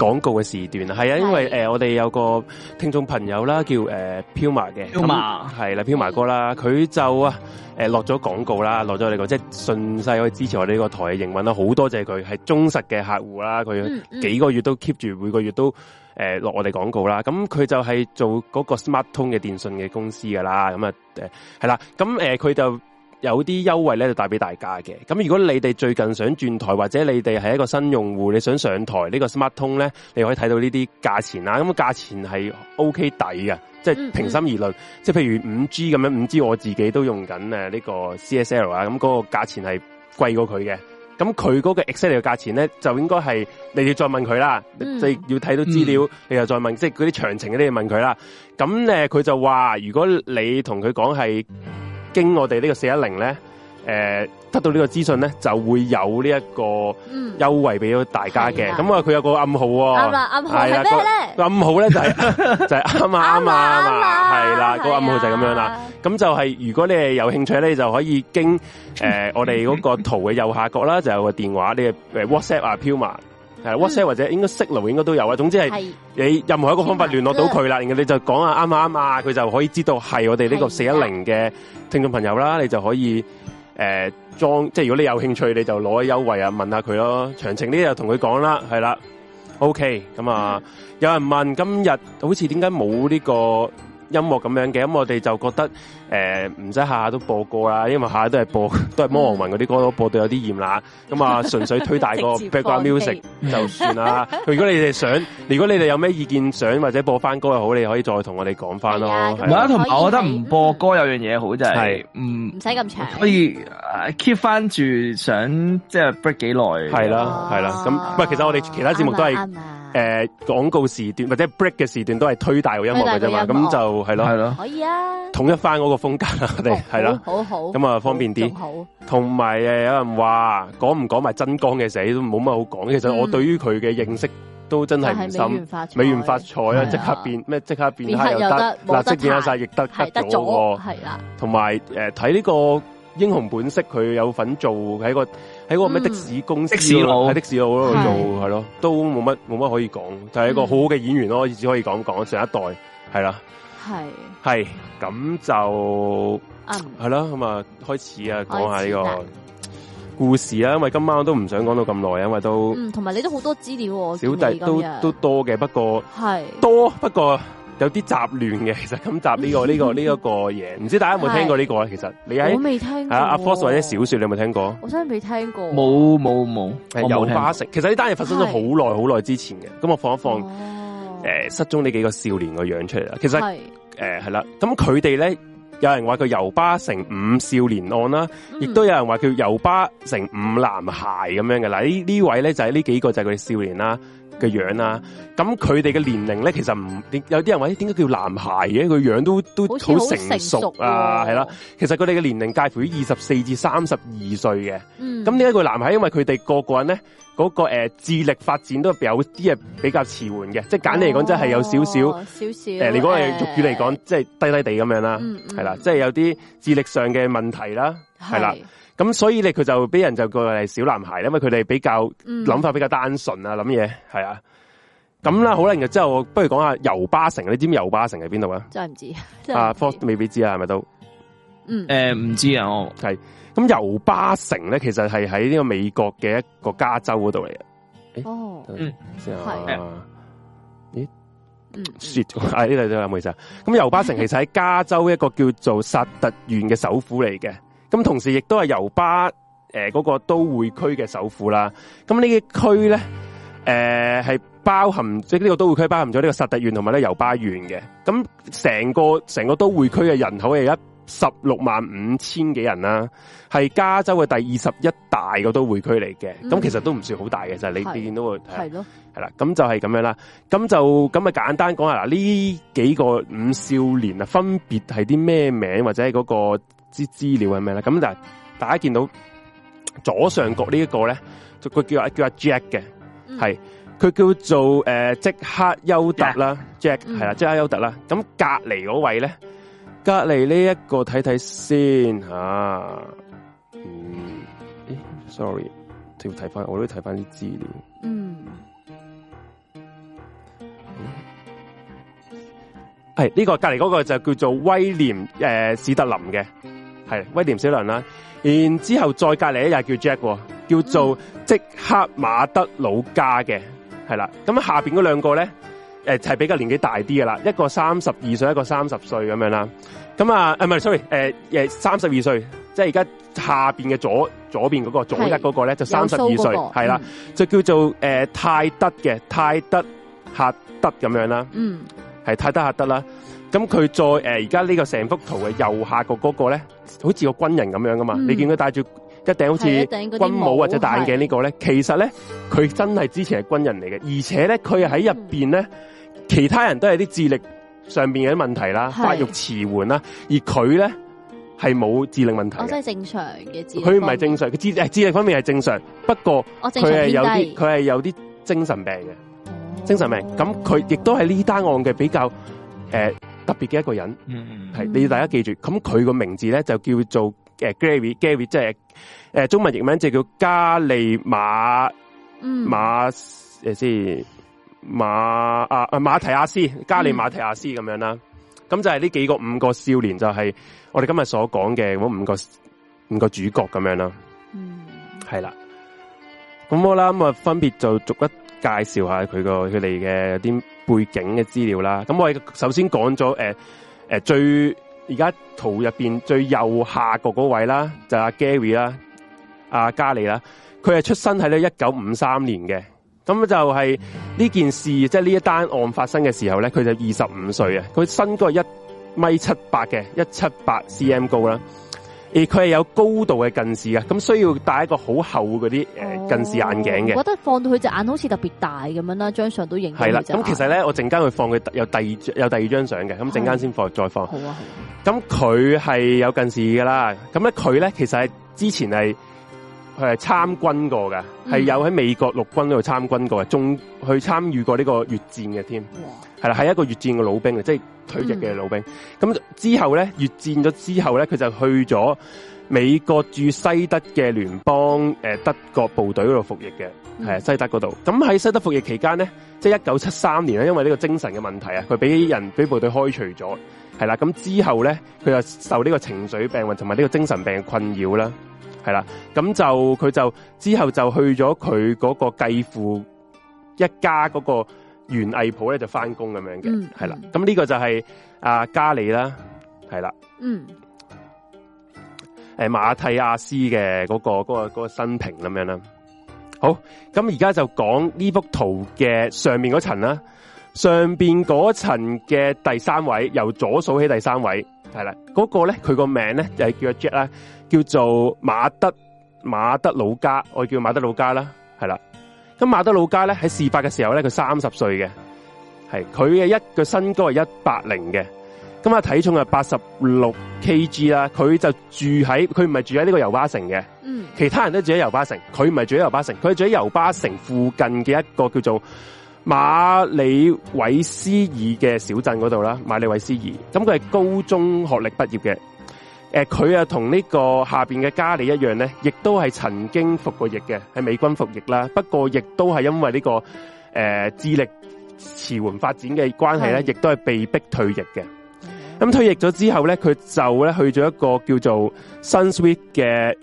廣告嘅時段啦，係、嗯、啊，因為誒、呃、我哋有個聽眾朋友啦，叫誒飄麻嘅，飄麻係啦，飄麻、啊、哥啦，佢、嗯、就啊誒落咗廣告啦，落咗我哋、這個即係順勢可以支持我哋呢個台嘅營運啦，好多謝佢係忠實嘅客戶啦，佢幾個月都 keep 住每個月都。誒、呃，落我哋廣告啦，咁、嗯、佢就係做嗰個 Smart 通嘅電訊嘅公司噶啦，咁、嗯、啊、誒、嗯、係啦，咁誒佢就有啲優惠咧，就帶俾大家嘅。咁、嗯、如果你哋最近想轉台或者你哋係一個新用戶，你想上台呢個 Smart 通咧，你可以睇到呢啲價錢啦。咁、嗯、價錢係 OK 抵嘅，即、就、係、是、平心而論，即、嗯、係、嗯、譬如五 G 咁樣，五 G 我自己都用緊誒呢個 CSL 啊、嗯，咁、那、嗰個價錢係貴過佢嘅。咁佢嗰個 excel 嘅價錢咧，就應該係你要再問佢啦，嗯、你要睇到資料，嗯、你又再問，即係嗰啲詳情嗰啲，你問佢啦。咁誒，佢、呃、就話如果你同佢講係經我哋呢個四一零咧，誒、呃。得到呢個資訊咧，就會有呢一個優惠俾到大家嘅。咁啊，佢有個暗號啊，暗號係咩咧？暗號咧就係就係啱啊啱啊，係啦，個暗號就係咁樣啦。咁就係如果你係有興趣咧，就可以經誒我哋嗰個圖嘅右下角啦，就有個電話，你誒 WhatsApp 啊，飄埋誒 WhatsApp 或者應該 Signal 應該都有啊。總之係你任何一個方法聯絡到佢啦，然後你就講啊啱啊啱啊，佢就可以知道係我哋呢個四一零嘅聽眾朋友啦，你就可以。誒、呃、裝即係如果你有興趣，你就攞優惠啊，問下佢咯。詳情呢就同佢講啦，係啦。OK，咁啊、嗯，有人問今日好似點解冇呢個？音樂咁樣嘅，咁、嗯、我哋就覺得誒，唔使下下都播歌啦，因為下下都係播都係魔王文嗰啲歌，嗯，都播到有啲厭啦。咁、嗯、啊，純粹推大個 background music 就算啦。 如果你哋想，如果你哋有咩意見想或者播翻歌又好，你可以再同我哋講翻咯。係同埋我覺得唔播歌有樣嘢好就係唔唔使咁長，可以，uh, keep 翻住想即係 break 幾耐，係啦係啦。咁、哦、不、啊啊嗯、其實我哋其他節目都係。誒、呃，廣告時段或者 break 嘅時段都係推大個音樂嘅啫嘛，咁就係咯，係、嗯、咯，可以啊，統一翻嗰個風格，我哋係咯，好好，咁啊方便啲，同埋誒有人話講唔講埋真光嘅死都冇乜好講，其實我對於佢嘅認識都真係唔深，嗯就是、美元發財啊，即刻變咩？即刻變下又得,又得立即刻變下晒亦得咗、呃這個，係啦，同埋誒睇呢個。英雄本色佢有份做喺個喺個咩的士公司，的、嗯、喺的士路度做係咯，都冇乜冇乜可以講，就係一個好好嘅演員咯、嗯，只可以講講上一代係啦，係係咁就係咯，咁啊開始啊講下呢個故事啊。因為今晚都唔想講到咁耐，因為都同埋、嗯、你都好多資料、啊，小弟都都多嘅，不過係多不過。有啲雜亂嘅，其實咁雜呢個呢、這個呢一、這個嘢，唔 知大家有冇聽過呢、這個咧？其實你喺啊，阿、啊、Force 或者小說你有冇聽過？我真係未聽過，冇冇冇，遊巴城。其實呢單嘢發生咗好耐好耐之前嘅，咁我放一放，誒、呃，失蹤呢幾個少年個樣出嚟啦。其實誒係啦，咁佢哋咧，有人話叫遊巴成五少年案啦，亦、嗯、都有人話叫遊巴成五男孩咁樣嘅。嗱、呃，位呢呢位咧就係、是、呢幾個就係佢哋少年啦。嘅樣啊，咁佢哋嘅年齡咧，其實唔有啲人話點解叫男孩嘅？佢樣都都好成熟啊，係啦、哦啊。其實佢哋嘅年齡介乎於二十四至三十二歲嘅。嗯。咁呢一個男孩，因為佢哋個個人咧，嗰、那個誒、呃、智力發展都有啲係比較遲緩嘅，即係簡單嚟講，即係有少少少少。誒、呃，你講係俗語嚟講，即係低低地咁樣啦，係啦，即係有啲智力上嘅問題啦，係、嗯、啦、啊。咁所以咧，佢就俾人就叫係小男孩，因為佢哋比較諗法比較單純啊，諗嘢係啊。咁啦，好啦，然之後不如講下油巴城。你知唔知油巴城喺邊度啊？真係唔知啊！啊 Force 都未必知啊，係咪都？嗯，嗯，嗯，誒，唔知啊，我係。咁油巴城咧，其實係喺呢個美國嘅一個加州嗰度嚟嘅。哦，嗯，嗯，係。咦？嗯啊，呢、哎、度都有冇事啊？咁油巴城其實喺加州一個叫做薩特縣嘅首府嚟嘅。咁同時亦都係油巴誒嗰、呃那個都會區嘅首府啦。咁呢個區咧，誒、呃、係包含即係呢個都會區包含咗呢個薩特縣同埋咧油巴縣嘅。咁成個成個都會區嘅人口係一十六萬五千幾人啦，係加州嘅第二十一大個都會區嚟嘅。咁、嗯、其實都唔算好大嘅，就係、是、你見到嘅係咯，係啦。咁就係咁樣啦。咁就咁咪簡單講下啦，呢幾個五少年啊，分別係啲咩名或者係嗰、那個？啲資料係咩咧？咁就大家見到左上角呢一個咧，佢叫阿叫阿 Jack 嘅，係佢叫做誒即刻優特啦，Jack 係啦，即刻優特啦。咁隔籬嗰位咧，隔籬呢一個睇睇先啊。嗯，誒，sorry，我要睇翻，我都睇翻啲資料。嗯，係呢個隔籬嗰個就叫做威廉誒史特林嘅。係威廉小倫啦，然之後再隔籬一日叫 Jack，叫做即克馬德魯加嘅，係啦。咁下邊嗰兩個咧，誒、呃、係比較年紀大啲嘅啦，一個三十二歲，一個三十歲咁樣啦。咁啊，誒唔係，sorry，誒、呃、誒三十二歲，即係而家下邊嘅左左邊嗰、那個左一嗰個咧就三十二歲，係啦、那個，嗯、就叫做誒、呃、泰德嘅泰德哈德咁樣啦，嗯，係泰德哈德啦。咁佢再誒，而家呢個成幅圖嘅右下角嗰個咧，好似個軍人咁樣噶嘛？嗯、你見佢戴住一頂好似軍帽或者戴眼鏡呢個咧，其實咧佢真係之前係軍人嚟嘅，而且咧佢喺入邊咧，入面呢嗯，其他人都係啲智力上邊有啲問題啦，發育遲緩啦，而佢咧係冇智力問題，即係正常嘅智。佢唔係正常，佢智誒，智力方面係正、正常，不過佢係有啲，佢係有啲精神病嘅，精神病。咁佢亦都係呢單案嘅比較誒。呃特別嘅一個人，係、嗯嗯、你要大家記住，咁佢個名字咧就叫做誒、呃、Gary，Gary 即係誒、呃、中文譯名就叫加利馬、嗯、馬誒，即係馬阿、啊、馬提亞斯，加利馬提亞斯咁、嗯、樣啦。咁就係呢幾個五個少年就係我哋今日所講嘅嗰五個五個主角咁樣啦。嗯，係啦，咁好啦，咁啊分別就逐一。介紹下佢個佢哋嘅啲背景嘅資料啦。咁我哋首先講咗誒誒，最而家圖入邊最右下角嗰位啦，就阿、是、Gary 啦，啊，阿嘉莉啦，佢係出生喺一九五三年嘅。咁就係呢件事，即係呢一單案發生嘅時候咧，佢就二十五歲啊。佢身高係一米七八嘅，一七八 cm 高啦。而佢係有高度嘅近視啊，咁需要戴一個好厚嗰啲誒近視眼鏡嘅。我、哦、覺得放到佢隻眼好似特別大咁樣啦，張相都影到係啦。咁其實咧，我陣間去放佢有，有第二張有第二張相嘅，咁陣間先放再放。好啊，咁佢係有近視噶啦，咁咧佢咧其實係之前係參軍過嘅，係、嗯、有喺美國陸軍度參軍過嘅，仲去參與過呢個越戰嘅添。哇係啦，係一個越戰嘅老兵啊，即係退役嘅老兵。咁、就是嗯、之後咧，越戰咗之後咧，佢就去咗美國駐西德嘅聯邦誒德國部隊嗰度服役嘅，係、嗯、西德嗰度。咁喺西德服役期間咧，即係一九七三年咧，因為呢個精神嘅問題啊，佢俾人俾部隊開除咗。係啦，咁之後咧，佢就受呢個情緒病患同埋呢個精神病嘅困擾啦。係啦，咁就佢就之後就去咗佢嗰個繼父一家嗰、嗰個。袁藝普咧就翻工咁樣嘅，係啦，咁呢個就係阿加里啦，係啦，嗯，誒、就是啊嗯欸、馬蒂亞斯嘅嗰、那個嗰、那個嗰、那個新評咁樣啦。好，咁而家就講呢幅圖嘅上面嗰層啦，上邊嗰層嘅第三位，由左數起第三位，係啦，嗰、那個咧佢個名咧就係叫 Jack 啦，叫做馬德馬德魯加我叫馬德魯加啦，係啦。咁馬德老街咧，喺事發嘅時候咧，佢三十歲嘅，係佢嘅一個身高係一八零嘅，咁啊體重係八十六 K G 啦，佢就住喺，佢唔係住喺呢個油巴城嘅、嗯，其他人都住喺油巴城，佢唔係住喺油巴城，佢住喺油巴城附近嘅一個叫做馬里韋斯爾嘅小鎮嗰度啦，馬里韋斯爾，咁佢係高中學歷畢業嘅。誒、呃、佢啊，同呢個下面嘅嘉利一樣咧，亦都係曾經服過役嘅，喺美軍服役啦。不過，亦都係因為呢、呢個誒、呃、智力遲緩發展嘅關係咧，亦都係被迫退役嘅。咁退役咗之後咧，佢就咧去咗一個叫做 SunSweet 嘅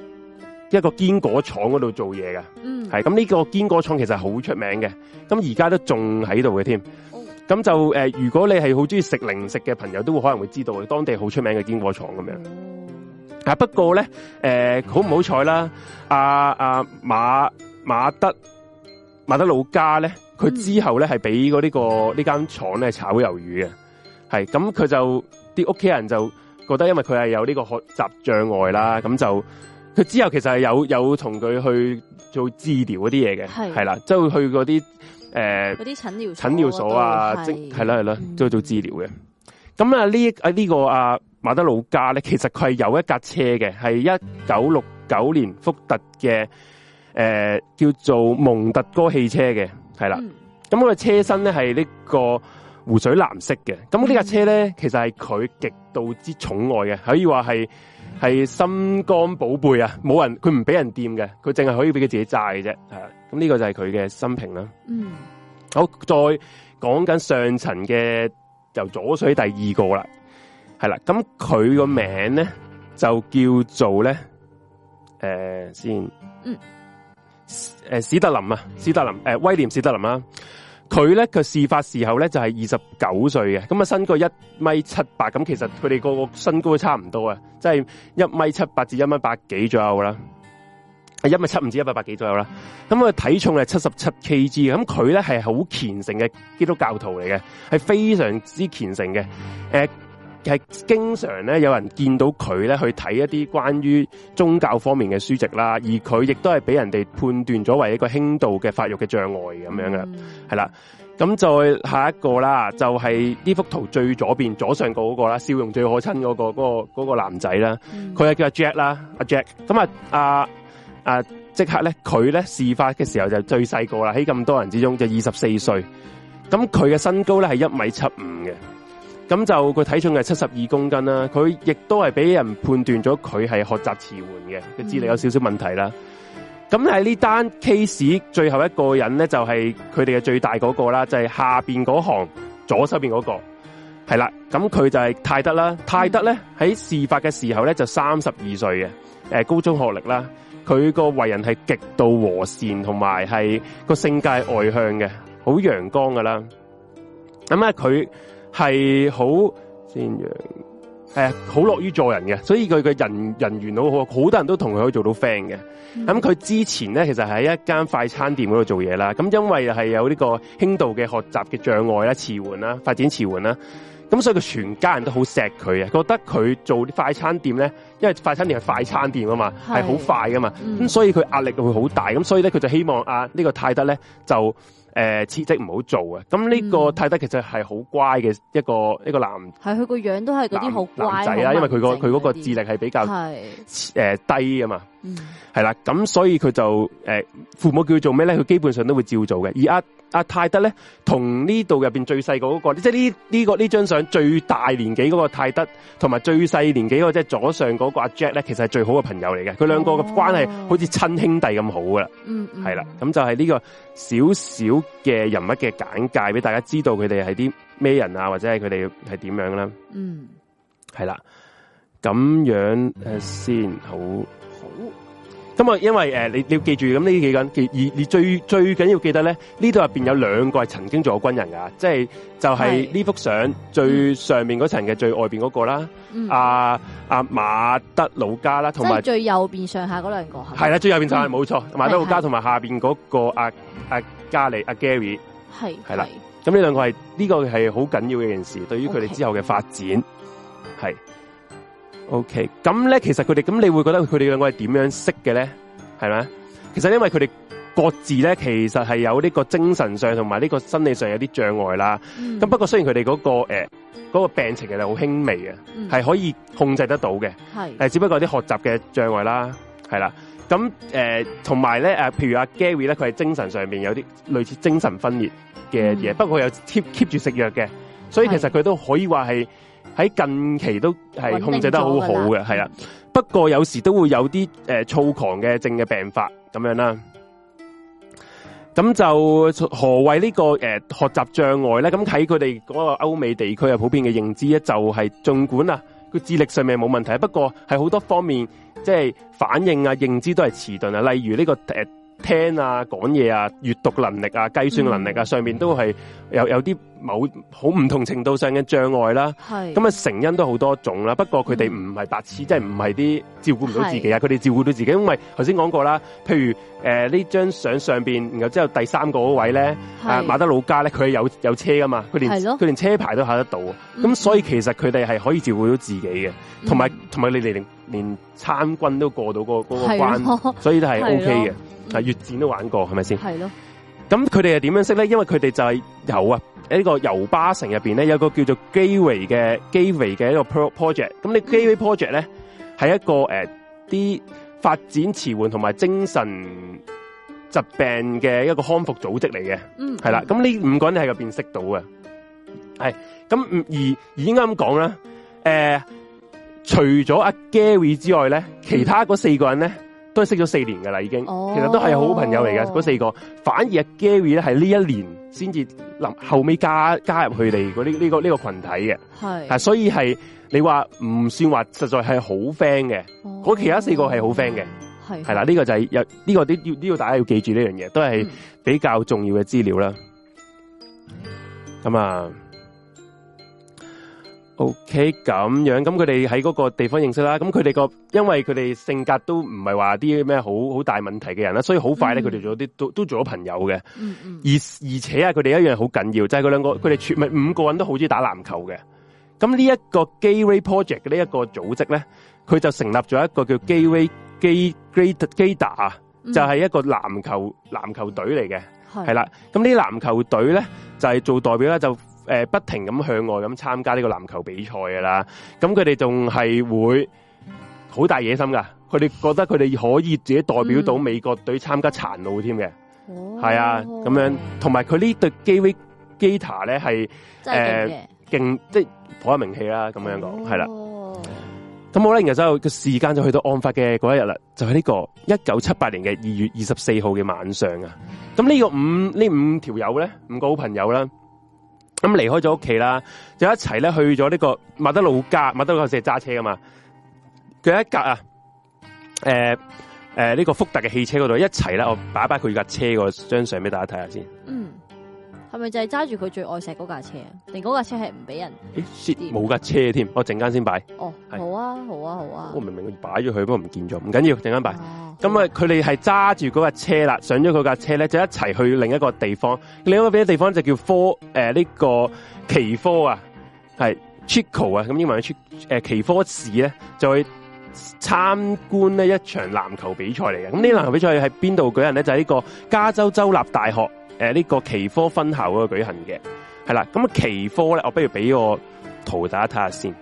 一個堅果廠嗰度做嘢嘅。嗯是，係咁呢個堅果廠其實好出名嘅，咁而家都仲喺度嘅添。咁就、呃、如果你係好中意食零食嘅朋友，都會可能會知道當地好出名嘅堅果廠咁樣。啊！不過咧，誒、呃嗯，好唔好彩啦？阿、啊、阿、啊、馬馬德馬德老家咧，佢之後咧係俾嗰呢、這個呢間廠咧炒魷魚嘅，係咁佢就啲屋企人就覺得，因為佢係有呢個學習障礙啦，咁就佢之後其實係有有同佢去做治療嗰啲嘢嘅，係啦，即係去嗰啲誒嗰啲診療診療所啊，係啦係啦，做做治療嘅。咁、嗯、啊呢啊呢、這個啊馬德魯加咧，其實佢係有一架車嘅，係一九六九年福特嘅，誒、呃、叫做蒙特哥汽車嘅，係啦。咁佢個車身咧係呢個湖水藍色嘅。咁、嗯、呢、嗯、架車咧，其實係佢極度之寵愛嘅，可以話係係心肝寶貝啊！冇人佢唔俾人掂嘅，佢淨係可以俾佢自己揸嘅啫。咁呢個就係佢嘅心評啦。嗯，嗯嗯嗯嗯好，再講緊上層嘅由左數第二個啦。係啦，咁佢個名咧就叫做咧，誒、呃，先，誒、呃，史德林啊，史德林，誒、呃，威廉史德林啊。佢咧佢事發時候咧就係二十九歲嘅，咁啊，身高一米七八，咁其實佢哋個個身高都差唔多啊，即係一米七八至一米八幾左右啦，係一米七唔止一米八幾左右啦。咁佢體重係七十七 Kg，咁佢咧係好虔誠嘅基督教徒嚟嘅，係非常之虔誠嘅，誒、呃。係經常咧，有人見到佢咧去睇一啲關於宗教方面嘅書籍啦，而佢亦都係俾人哋判斷咗為一個輕度嘅發育嘅障礙咁樣嘅，係、嗯、啦。咁再下一個啦，就係、是、呢幅圖最左邊左上角嗰、那個啦，笑容最可親嗰、那個嗰、那個嗰、那個男仔啦，佢、嗯、係叫阿 Jack 啦，阿 Jack。咁啊，阿、啊啊、即刻咧，佢咧事發嘅時候就最細個啦，喺咁多人之中就二十四歲，咁佢嘅身高咧係一米七五嘅。咁就佢體重係七十二公斤啦，啊，佢亦都係俾人判斷咗佢係學習遲緩嘅，佢智力有少少問題啦。咁喺呢單 case 最後一個人咧，就係佢哋嘅最大嗰個啦，就係、是、下邊嗰行左手邊嗰個係啦。咁佢就係泰德啦。嗯、泰德咧喺事發嘅時候咧就三十二歲嘅，誒、呃、高中學歷啦。佢個為人係極度和善，同埋係個性格外向嘅，好陽光噶啦。咁咧佢。係好善良，係啊，好樂於助人嘅，所以佢嘅人人緣好好，好多人都同佢可以做到 friend 嘅。咁、嗯、佢之前咧，其實喺一間快餐店嗰度做嘢啦。咁因為係有呢個輕度嘅學習嘅障礙啦、遲緩啦、發展遲緩啦。咁、嗯、所以佢全家人都好錫佢啊，覺得佢做快餐店咧，因為快餐店係快餐店啊嘛，係好快噶嘛，咁、嗯、所以佢壓力會好大。咁所以咧，佢就希望啊，呢、呢個泰德咧就。誒、呃，辭職唔好做啊！咁呢個太太其實係好乖嘅一個一個男，係佢個樣都係嗰啲好乖男仔啦，因為佢個佢個智力係比較、呃、低啊嘛。嗯，係啦，咁所以佢就誒，父母叫佢做咩咧？佢基本上都會照做嘅。而阿、啊、阿、啊、泰德咧，同呢度入邊最細個嗰個，即係呢呢個呢張相最大年紀嗰個泰德，同埋最細年紀嗰個即係左上嗰個阿、啊、Jack 咧，其實係最好嘅朋友嚟嘅。佢兩個嘅關係好似親兄弟咁好噶啦。嗯、哦，係啦，咁就係呢個少少嘅人物嘅簡介俾大家知道佢哋係啲咩人啊，或者係佢哋係點樣啦、啊。嗯，係啦，咁樣誒先好。咁啊，因為誒，你你要記住咁呢幾緊記，而最最緊要記得咧，呢度入邊有兩個係曾經做過軍人噶，即係就係呢幅相最上面嗰層嘅最外邊嗰、嗰個啦，阿、嗯、阿、啊啊、馬德魯加啦，同埋最右邊上下嗰兩個係，啦，最右邊上下冇錯、嗯，馬德魯加同埋下邊嗰、嗰個阿阿、啊啊、加利、阿 Gary 係係啦，咁呢兩個係呢、這個係好緊要嘅一件事，對於佢哋之後嘅發展係。Okay. 是 O K，咁咧，其實佢哋咁你會覺得佢哋兩個係點樣識嘅咧？係咪？其實因為佢哋各自咧，其實係有呢個精神上同埋呢個心理上有啲障礙啦。咁、嗯、不過雖然佢哋嗰個誒、呃嗰個病情係好輕微嘅，係、嗯、可以控制得到嘅。係誒，只不過有啲學習嘅障礙啦，係啦。咁誒，同埋咧誒，譬如阿、啊、Gary 咧，佢係精神上面有啲類似精神分裂嘅嘢、嗯，不過佢有 keep keep 住食藥嘅，所以其實佢都可以話係。喺近期都係控制得很好好嘅，係啦、啊。不過有時都會有啲誒、呃、躁狂嘅症嘅病發咁樣啦、啊。咁就何謂、這個呃、呢個誒學習障礙咧？咁睇佢哋嗰個歐美地區啊，普遍嘅認知咧，就係盡管啊，個智力上面冇問題，不過係好多方面即係、就是、反應啊、認知都係遲鈍啊。例如呢、這個誒。呃聽啊，講嘢啊，閱讀能力啊，計算能力啊，嗯、上面都係有有啲某好唔同程度上嘅障礙啦。係咁啊，成因都好多種啦。不過佢哋唔係白痴，即係唔係啲照顧唔到自己啊。佢哋照顧到自己，因為頭先講過啦。譬如誒呢張相上面，然後之後第三個嗰位咧，啊、呃、馬德老家咧，佢有有車㗎嘛，佢連佢連車牌都考得到。咁、嗯、所以其實佢哋係可以照顧到自己嘅，同埋同埋你哋連參軍都過到嗰、那、嗰、個那個關，所以都係 O K 嘅。係越戰都玩過，係咪先？係咯。咁佢哋係點樣識咧？因為佢哋就係有啊，喺呢個游巴城入邊咧，有個叫做 Gary 嘅 Gary 嘅一個 project。咁你 Gary project 咧，係一個誒啲、呃、發展遲緩同埋精神疾病嘅一個康復組織嚟嘅。嗯，係啦。咁呢五個人係入邊識到嘅。係。咁而而已經啱講啦，誒、呃，除咗阿、啊、Gary 之外咧，其他嗰四個人咧。都係識咗四年㗎喇，已經、哦，其實都係好朋友嚟嘅。嗰四個反而阿 Gary 咧，係呢一年先至臨後尾加加入佢哋啲呢個呢、這個這個群體嘅。係，啊所以係你話唔算話實在係好 friend 嘅，我、哦、其他四個係好 friend 嘅。係係啦，呢、這個就係有呢、這個都要都要、這個、大家要記住呢樣嘢，都係比較重要嘅資料啦。咁、嗯、啊。O K，咁樣咁佢哋喺嗰個地方認識啦，咁佢哋個因為佢哋性格都唔係話啲咩好好大問題嘅人啦，所以好快咧佢哋做啲、嗯、都都做咗朋友嘅。嗯嗯而而且啊，佢哋一樣好緊要，就係佢兩個佢哋全咪五個人都好中意打籃球嘅。咁呢一個 Gateway Project 呢一個組織咧，佢就成立咗一個叫 Gateway, Gateway Gay Greater Gator 啊，就係一個籃球籃球隊嚟嘅係啦。咁呢啲籃球隊咧就係做代表咧就。誒、呃，不停咁向外咁參加呢個籃球比賽嘅啦，咁佢哋仲係會好大野心噶，佢哋覺得佢哋可以自己代表到美國隊參加殘奧添嘅，係、嗯、啊、咁、哦、樣，同埋佢呢對 Gary g i t a r 咧係誒，勁即係頗有名氣啦，咁樣講係啦，咁好啦然後之後個時間就去到案發嘅嗰一日啦，就係呢個一九七八年嘅二月二十四號嘅晚上啊，咁呢個五,五個呢五條友咧，五個好朋友啦。咁離開咗屋企啦，就一齊咧去咗呢個麥德路家。麥德路家成日揸車噶嘛，佢一隔啊，誒誒呢個福特嘅汽車嗰度一齊咧，我擺一擺佢架車個張相俾大家睇下先。嗯。係咪就係揸住佢最愛錫嗰架車啊？定嗰架車係唔俾人？冇、欸、架車添，我陣間先擺。哦，好啊，好啊，好啊。我明明擺咗佢，不過唔見咗，唔緊要，陣間擺。咁啊，佢哋係揸住嗰架車啦，上咗佢架車咧，就一齊去另一個地方。另一個邊啲地方就叫科，誒，呢個奇科啊，係 Chico 啊，咁英文出，誒，奇科市咧，就去參觀呢一場籃球比賽嚟嘅。咁呢籃球比賽係邊度舉行咧？就呢、係、個加州州立大學。誒、呃、呢、這個奇科分校嗰個舉行嘅，係啦，咁啊奇科咧，我不如俾個圖大家睇下先。好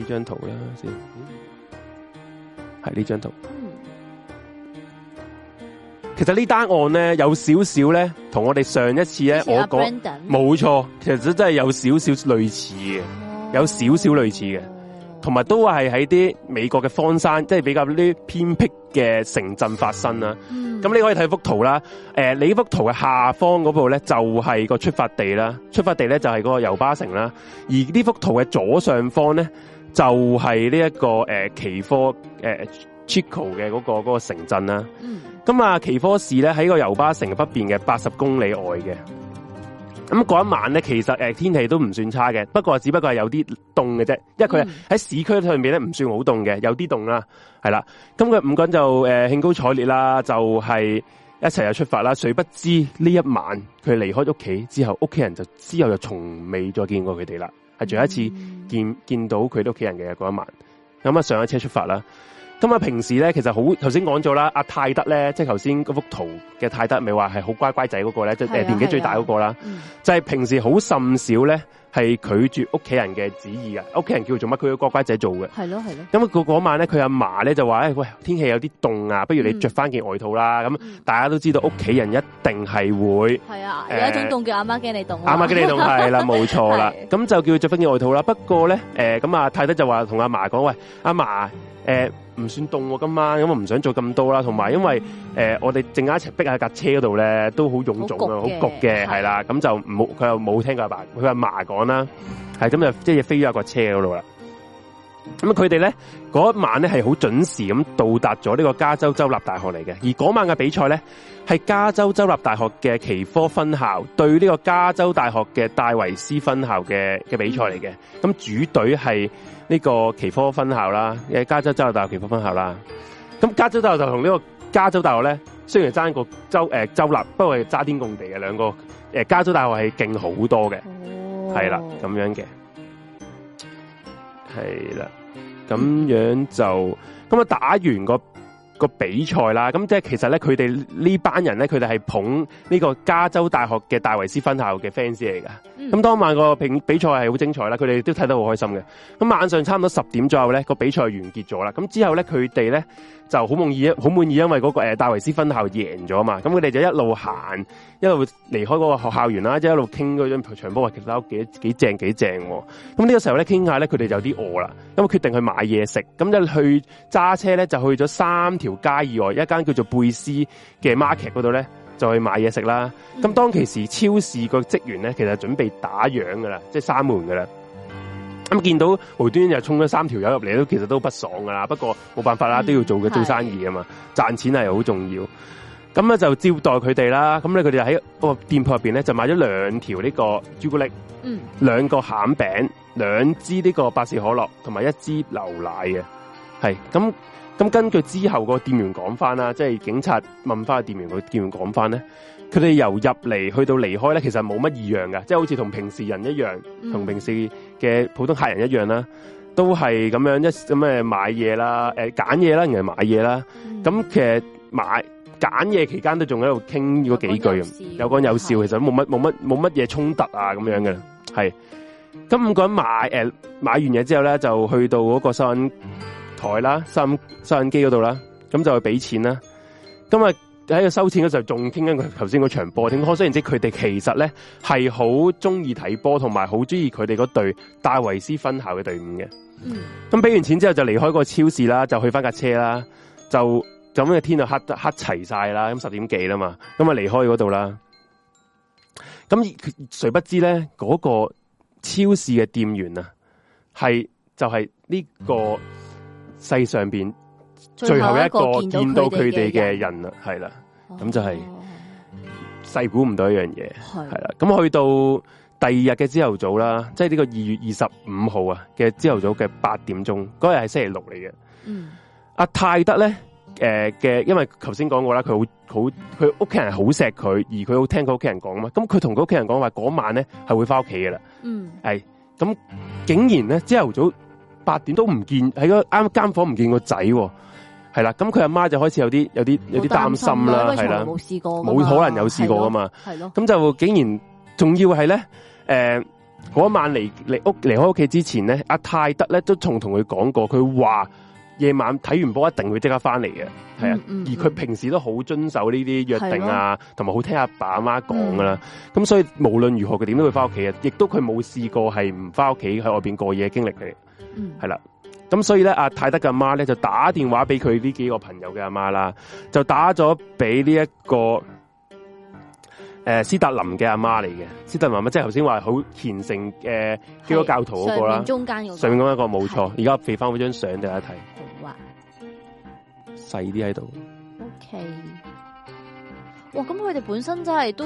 嘅，誒呢張圖啦，先，係呢張圖，嗯。其實這呢單案咧有少少咧，同我哋上一次咧我講，冇錯，其實真真係有少少類似嘅，有少少類似嘅。同埋都係喺啲美國嘅荒山，即、就、係、是、比較啲偏僻嘅城鎮發生啦。咁、嗯嗯、你可以睇幅圖啦。誒、呃，你幅圖嘅下方嗰部咧，就係、是、個出發地啦。出發地咧就係、是、個油巴城啦。而呢幅圖嘅左上方咧，就係呢一個、呃、奇科誒 Chico 嘅嗰、那個嗰、那個城鎮啦。咁、嗯嗯、啊，奇科市咧喺個油巴城北邊嘅八十公里外嘅。咁、那、嗰、個、一晚咧，其實誒天氣都唔算差嘅，不過只不過係有啲凍嘅啫，因為佢喺市區裡面咧唔算好凍嘅，有啲凍啦，係啦。咁、那、佢、個、五個人就誒興、呃、高采烈啦，就係、是、一齊又出發啦。誰不知呢一晚佢離開屋企之後，屋企人就之後就從未再見過佢哋啦。係、嗯、最後一次見見到佢屋企人嘅嗰、那個、一晚，咁、那、啊、個、上咗車出發啦。咁啊，平時咧其實好頭先講咗啦，阿泰德咧，即係頭先嗰幅圖嘅泰德，咪話係好乖乖仔嗰、那個咧，即、啊、年紀最大嗰、那個啦、啊啊。就係、是、平時好甚少咧，係拒絕屋企人嘅旨意、嗯、啊，屋企人叫佢做乜，佢要乖乖仔做嘅。係咯、啊，係、那、咯、個。因為佢嗰晚咧，佢阿嫲咧就話：，喂，天氣有啲凍啊，不如你著翻件外套啦。咁、嗯、大家都知道，屋企人一定係會係啊，、呃、啊。有一種凍叫阿媽驚你凍、啊，阿、啊、媽驚你凍係啦，冇、 啊、錯啦。咁、啊啊啊、就叫佢著翻件外套啦。不過咧，誒咁啊，泰德就話同阿嫲講：，喂，阿嫲，呃唔算凍今晚，咁我唔想做咁多啦。同埋因為誒、嗯呃，我哋淨係一齊逼喺架車嗰度咧，都好臃腫啊，好焗嘅係啦。咁就冇佢、嗯、又冇聽佢阿爸，佢阿嫲講啦，係咁就即係飛咗一個車嗰度啦。咁佢哋咧嗰晚咧係好準時咁到達咗呢個加州州立大學嚟嘅。而嗰晚嘅比賽咧係加州州立大學嘅奇科分校對呢個加州大學嘅戴維斯分校嘅嘅比賽嚟嘅。咁、嗯、主隊係。呢、這個奇科分校啦，加州州立大學奇科分校啦。咁加州州立就同呢個加州大學咧，雖然爭個州誒、呃、州立，不過爭天共地嘅兩個，誒、呃、加州大學係勁好多嘅，係、哦、啦咁樣嘅，係啦咁樣就咁啊打完個。個比賽啦，咁即係其實咧，佢哋呢班人咧，佢哋係捧呢個加州大學嘅戴維斯分校嘅 fans 嚟噶。咁、嗯、當晚個比比賽係好精彩啦，佢哋都睇得好開心嘅。咁晚上差唔多十點左右咧，個比賽完結咗啦。咁之後咧，佢哋咧。就好滿意好滿意，滿意因為嗰、那個、呃、戴維斯分校贏咗嘛，咁佢哋就一路行，一路離開嗰個學校園啦、啊，即係一路傾嗰張場波，其實幾幾正幾正喎、啊。咁呢個時候咧，傾下咧，佢哋就有啲餓啦，咁啊決定去買嘢食。咁就去揸車咧，就去咗三條街以外一間叫做貝斯嘅 market 嗰度咧，就去買嘢食啦。咁當其時超市個職員咧，其實準備打烊噶啦，即係閂門噶啦。咁見到無端端又衝咗三條友入嚟，都其實都不爽噶啦。不過冇辦法啦，都要做嘅做生意啊嘛，嗯、賺錢係好重要。咁咧就招待佢哋啦。咁咧佢哋喺個店鋪入邊咧就買咗兩條呢個朱古力，嗯，兩個餡餅，兩支呢個百事可樂，同埋一支牛奶嘅。係咁咁，根據之後個店員講翻啦，即係警察問翻個店員，個店員講翻咧。佢哋由入嚟去到離開咧，其實冇乜異樣嘅，即係好似同平時人一樣，同、嗯、平時嘅普通客人一樣，是這樣，一這樣啦，都係咁樣一咁誒買嘢啦，誒揀嘢啦，同埋買嘢啦。咁其實買揀嘢期間都仲喺度傾咗幾句，有講有，有，有笑，其實冇乜冇乜冇乜嘢衝突啊咁樣嘅，係、嗯。咁五個人買誒、呃、買完嘢之後咧，就去到嗰個收銀台啦、收銀收銀機嗰度啦，咁就去俾錢啦。咁啊。喺個收錢嘅時候仲傾緊佢頭先嗰場波，聽開雖然知佢哋其實咧係好中意睇波，同埋好中意佢哋嗰隊戴維斯分校嘅隊伍嘅。咁、嗯、俾完錢之後就離開個超市啦，就去翻架車啦，就咁樣嘅天就黑黑齊晒啦，咁十點幾啦嘛，咁啊離開嗰度啦。咁誰不知咧嗰個超市嘅店員啊，係就係、是、呢個世上邊。最後一個見到佢哋嘅人啦，係啦，咁、oh. 就係細估唔到一樣嘢，係啦。咁去到第二天的、就是、第二日嘅朝頭早啦，即係呢個二月二十五號啊，嘅朝頭早嘅八點鐘，嗰日係星期六嚟嘅。嗯，阿泰德咧，誒、呃、嘅，因為頭先講過啦，佢好好佢屋企人好錫佢，而佢好聽佢屋企人講啊嘛。咁佢同佢屋企人講話嗰晚咧係會翻屋企嘅啦。嗯、mm.，係咁，竟然咧朝頭早八點都唔見喺個啱間房唔見個仔、哦。係啦，咁佢阿媽就開始有啲有啲有啲擔心啦，係啦，冇試過冇可能有試過噶嘛，咁就竟然仲要係咧，誒、呃、嗰晚離離屋離開屋企之前咧，阿泰德咧都仲同佢講過，佢話夜晚睇完波一定會即刻翻嚟嘅，係啊、嗯嗯，而佢平時都好遵守呢啲約定啊，同埋好聽阿爸阿媽講噶啦，咁、嗯、所以無論如何佢點都會翻屋企嘅，亦都佢冇試過係唔翻屋企喺外邊過夜經歷嚟，係、嗯、啦。咁所以咧，阿泰德嘅阿媽咧就打電話俾佢呢幾個朋友嘅阿媽啦，就打咗俾呢一個誒斯特林嘅阿媽嚟嘅，斯特林媽媽，即係頭先話好虔誠嘅基督教徒嗰個啦。上面中間嘅上面嗰、嗰個嗰個、一個冇錯，而家俾翻嗰張相大家睇。好啊，細啲喺度。OK。咁佢哋本身真係都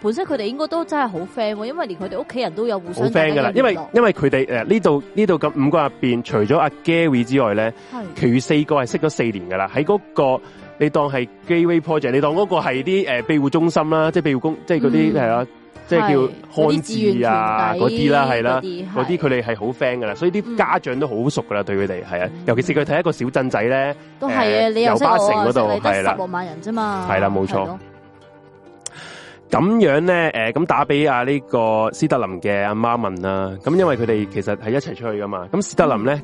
本身佢哋應該都真係好 friend 喎，因為連佢哋屋企人都有互相。好 friend 噶啦，因為因為佢哋誒呢度呢度咁五個入邊，除咗阿 Gary 之外咧，係，其餘四個係識咗四年噶啦。喺嗰、嗰個你當係 Gary Project，你當嗰個係啲誒庇護中心啦，即係庇護工，即係嗰啲係啦，即係叫漢志啊嗰啲啦，係啦，嗰啲佢哋係好 friend 噶啦，所以啲家長都好熟噶啦，對佢哋係啊，尤其是佢睇一個小鎮仔咧，都係啊、呃，你又巴城嗰度係六萬人啫嘛，係啦，冇錯。咁樣咧，誒、呃，咁打俾啊呢個斯德林嘅阿媽問啦、啊，咁因為佢哋其實係一齊出去噶嘛，咁斯德林咧，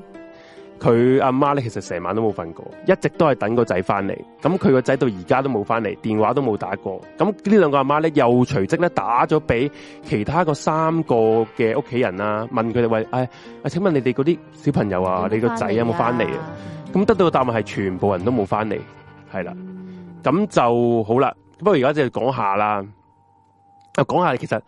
佢阿媽咧其實成晚都冇瞓過，一直都係等個仔翻嚟。咁佢個仔到而家都冇翻嚟，電話都冇打過，咁呢兩個阿媽咧又隨即咧打咗俾其他個三個嘅屋企人啦、啊，問佢哋喂，誒，誒，請問你哋嗰啲小朋友啊，你個仔有冇翻嚟啊？咁得到嘅答案係全部人都冇翻嚟，係啦，咁就好啦，不過而家就講下啦。就講下其實，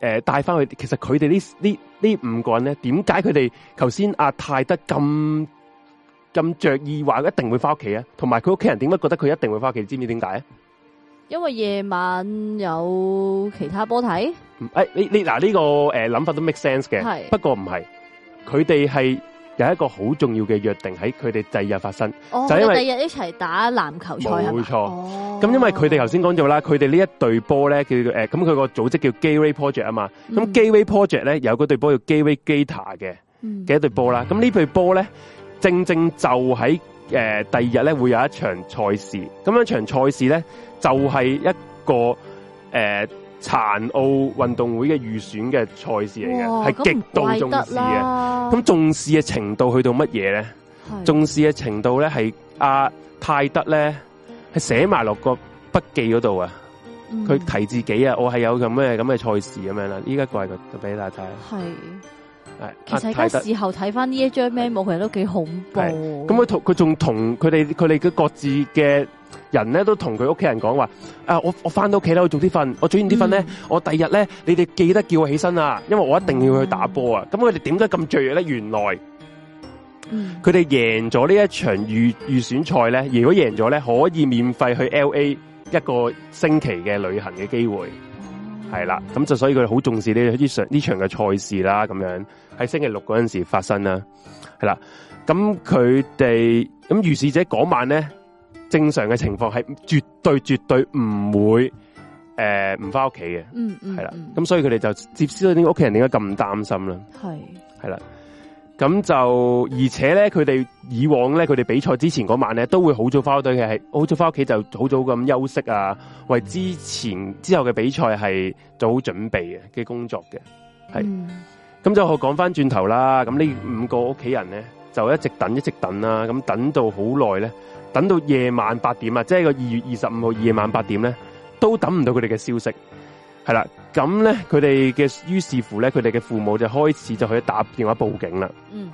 誒，帶翻去，其實佢哋呢呢呢五個人咧，點解佢哋頭先阿泰德咁咁着意話一定會翻屋企啊？同埋佢屋企人點解覺得佢一定會翻屋企？知唔知點解啊？因為夜晚有其他波睇。誒、哎，你你嗱呢、這個誒諗、呃、法都 make sense 嘅，不過唔係，佢哋係。有一個好重要嘅約定喺佢哋第二日發生，oh, 就係因為第日一齊打籃球賽係嘛？冇錯，咁、oh. 因為佢哋頭先講咗啦，佢哋呢一隊波咧叫誒，咁佢個組織叫 Gay Ray Project 啊嘛，咁 Gay Ray Project 咧有嗰隊波叫 Gay Ray Gator 嘅嘅一隊波啦，咁呢隊波咧正正就喺誒、呃、第二日咧會有一場賽事，咁樣場賽事咧就係一個誒。Mm. 呃殘奧運動會嘅預選嘅賽事嚟嘅，係極度重視嘅。咁重視嘅程度去到乜嘢咧？重視嘅程度咧係阿泰德咧，係寫埋落個筆記嗰度啊。佢、嗯、提醒自己啊，我係有咁嘅咁嘅賽事咁樣啦。依、這個、家過嚟，就俾大家睇睇。其實而家事後睇翻，呢一張 memo，其實都幾恐怖對。咁佢同佢仲同佢哋佢哋嘅各自嘅人咧，都同佢屋企人講話：誒、啊，我我翻到屋企咧，我早啲瞓。我早啲瞓咧，嗯、我第二日咧，你哋記得叫我起身啊，因為我一定要去打波啊。咁佢哋點解咁脆弱咧？原來，佢哋贏咗呢一場預預選賽咧。如果贏咗咧，可以免費去 LA 一個星期嘅旅行嘅機會。係啦，咁就所以佢哋好重視呢啲場呢場嘅賽事啦。咁樣。喺星期六嗰陣時發生啦，係啦，咁佢哋咁如是者嗰晚咧，正常嘅情況係絕對絕對唔會誒，唔翻屋企嘅。嗯嗯，係、嗯、啦，咁所以佢哋就接示咗啲屋企人點解咁擔心啦。係係啦，咁就而且咧，佢哋以往咧，佢哋比賽之前嗰晚咧，都會好早翻屋企嘅。係好早翻屋企就好早咁休息啊，為之前之後嘅比賽係做好準備嘅嘅工作嘅，係。嗯咁就講翻轉頭啦，咁呢五個屋企人咧就一直等，一直等啦，啊，咁等到好耐咧，等到夜晚八點啊，即係個二月二十五號夜晚八點咧，都等唔到佢哋嘅消息，係啦，咁咧佢哋嘅於是乎咧，佢哋嘅父母就開始就去打電話報警啦。嗯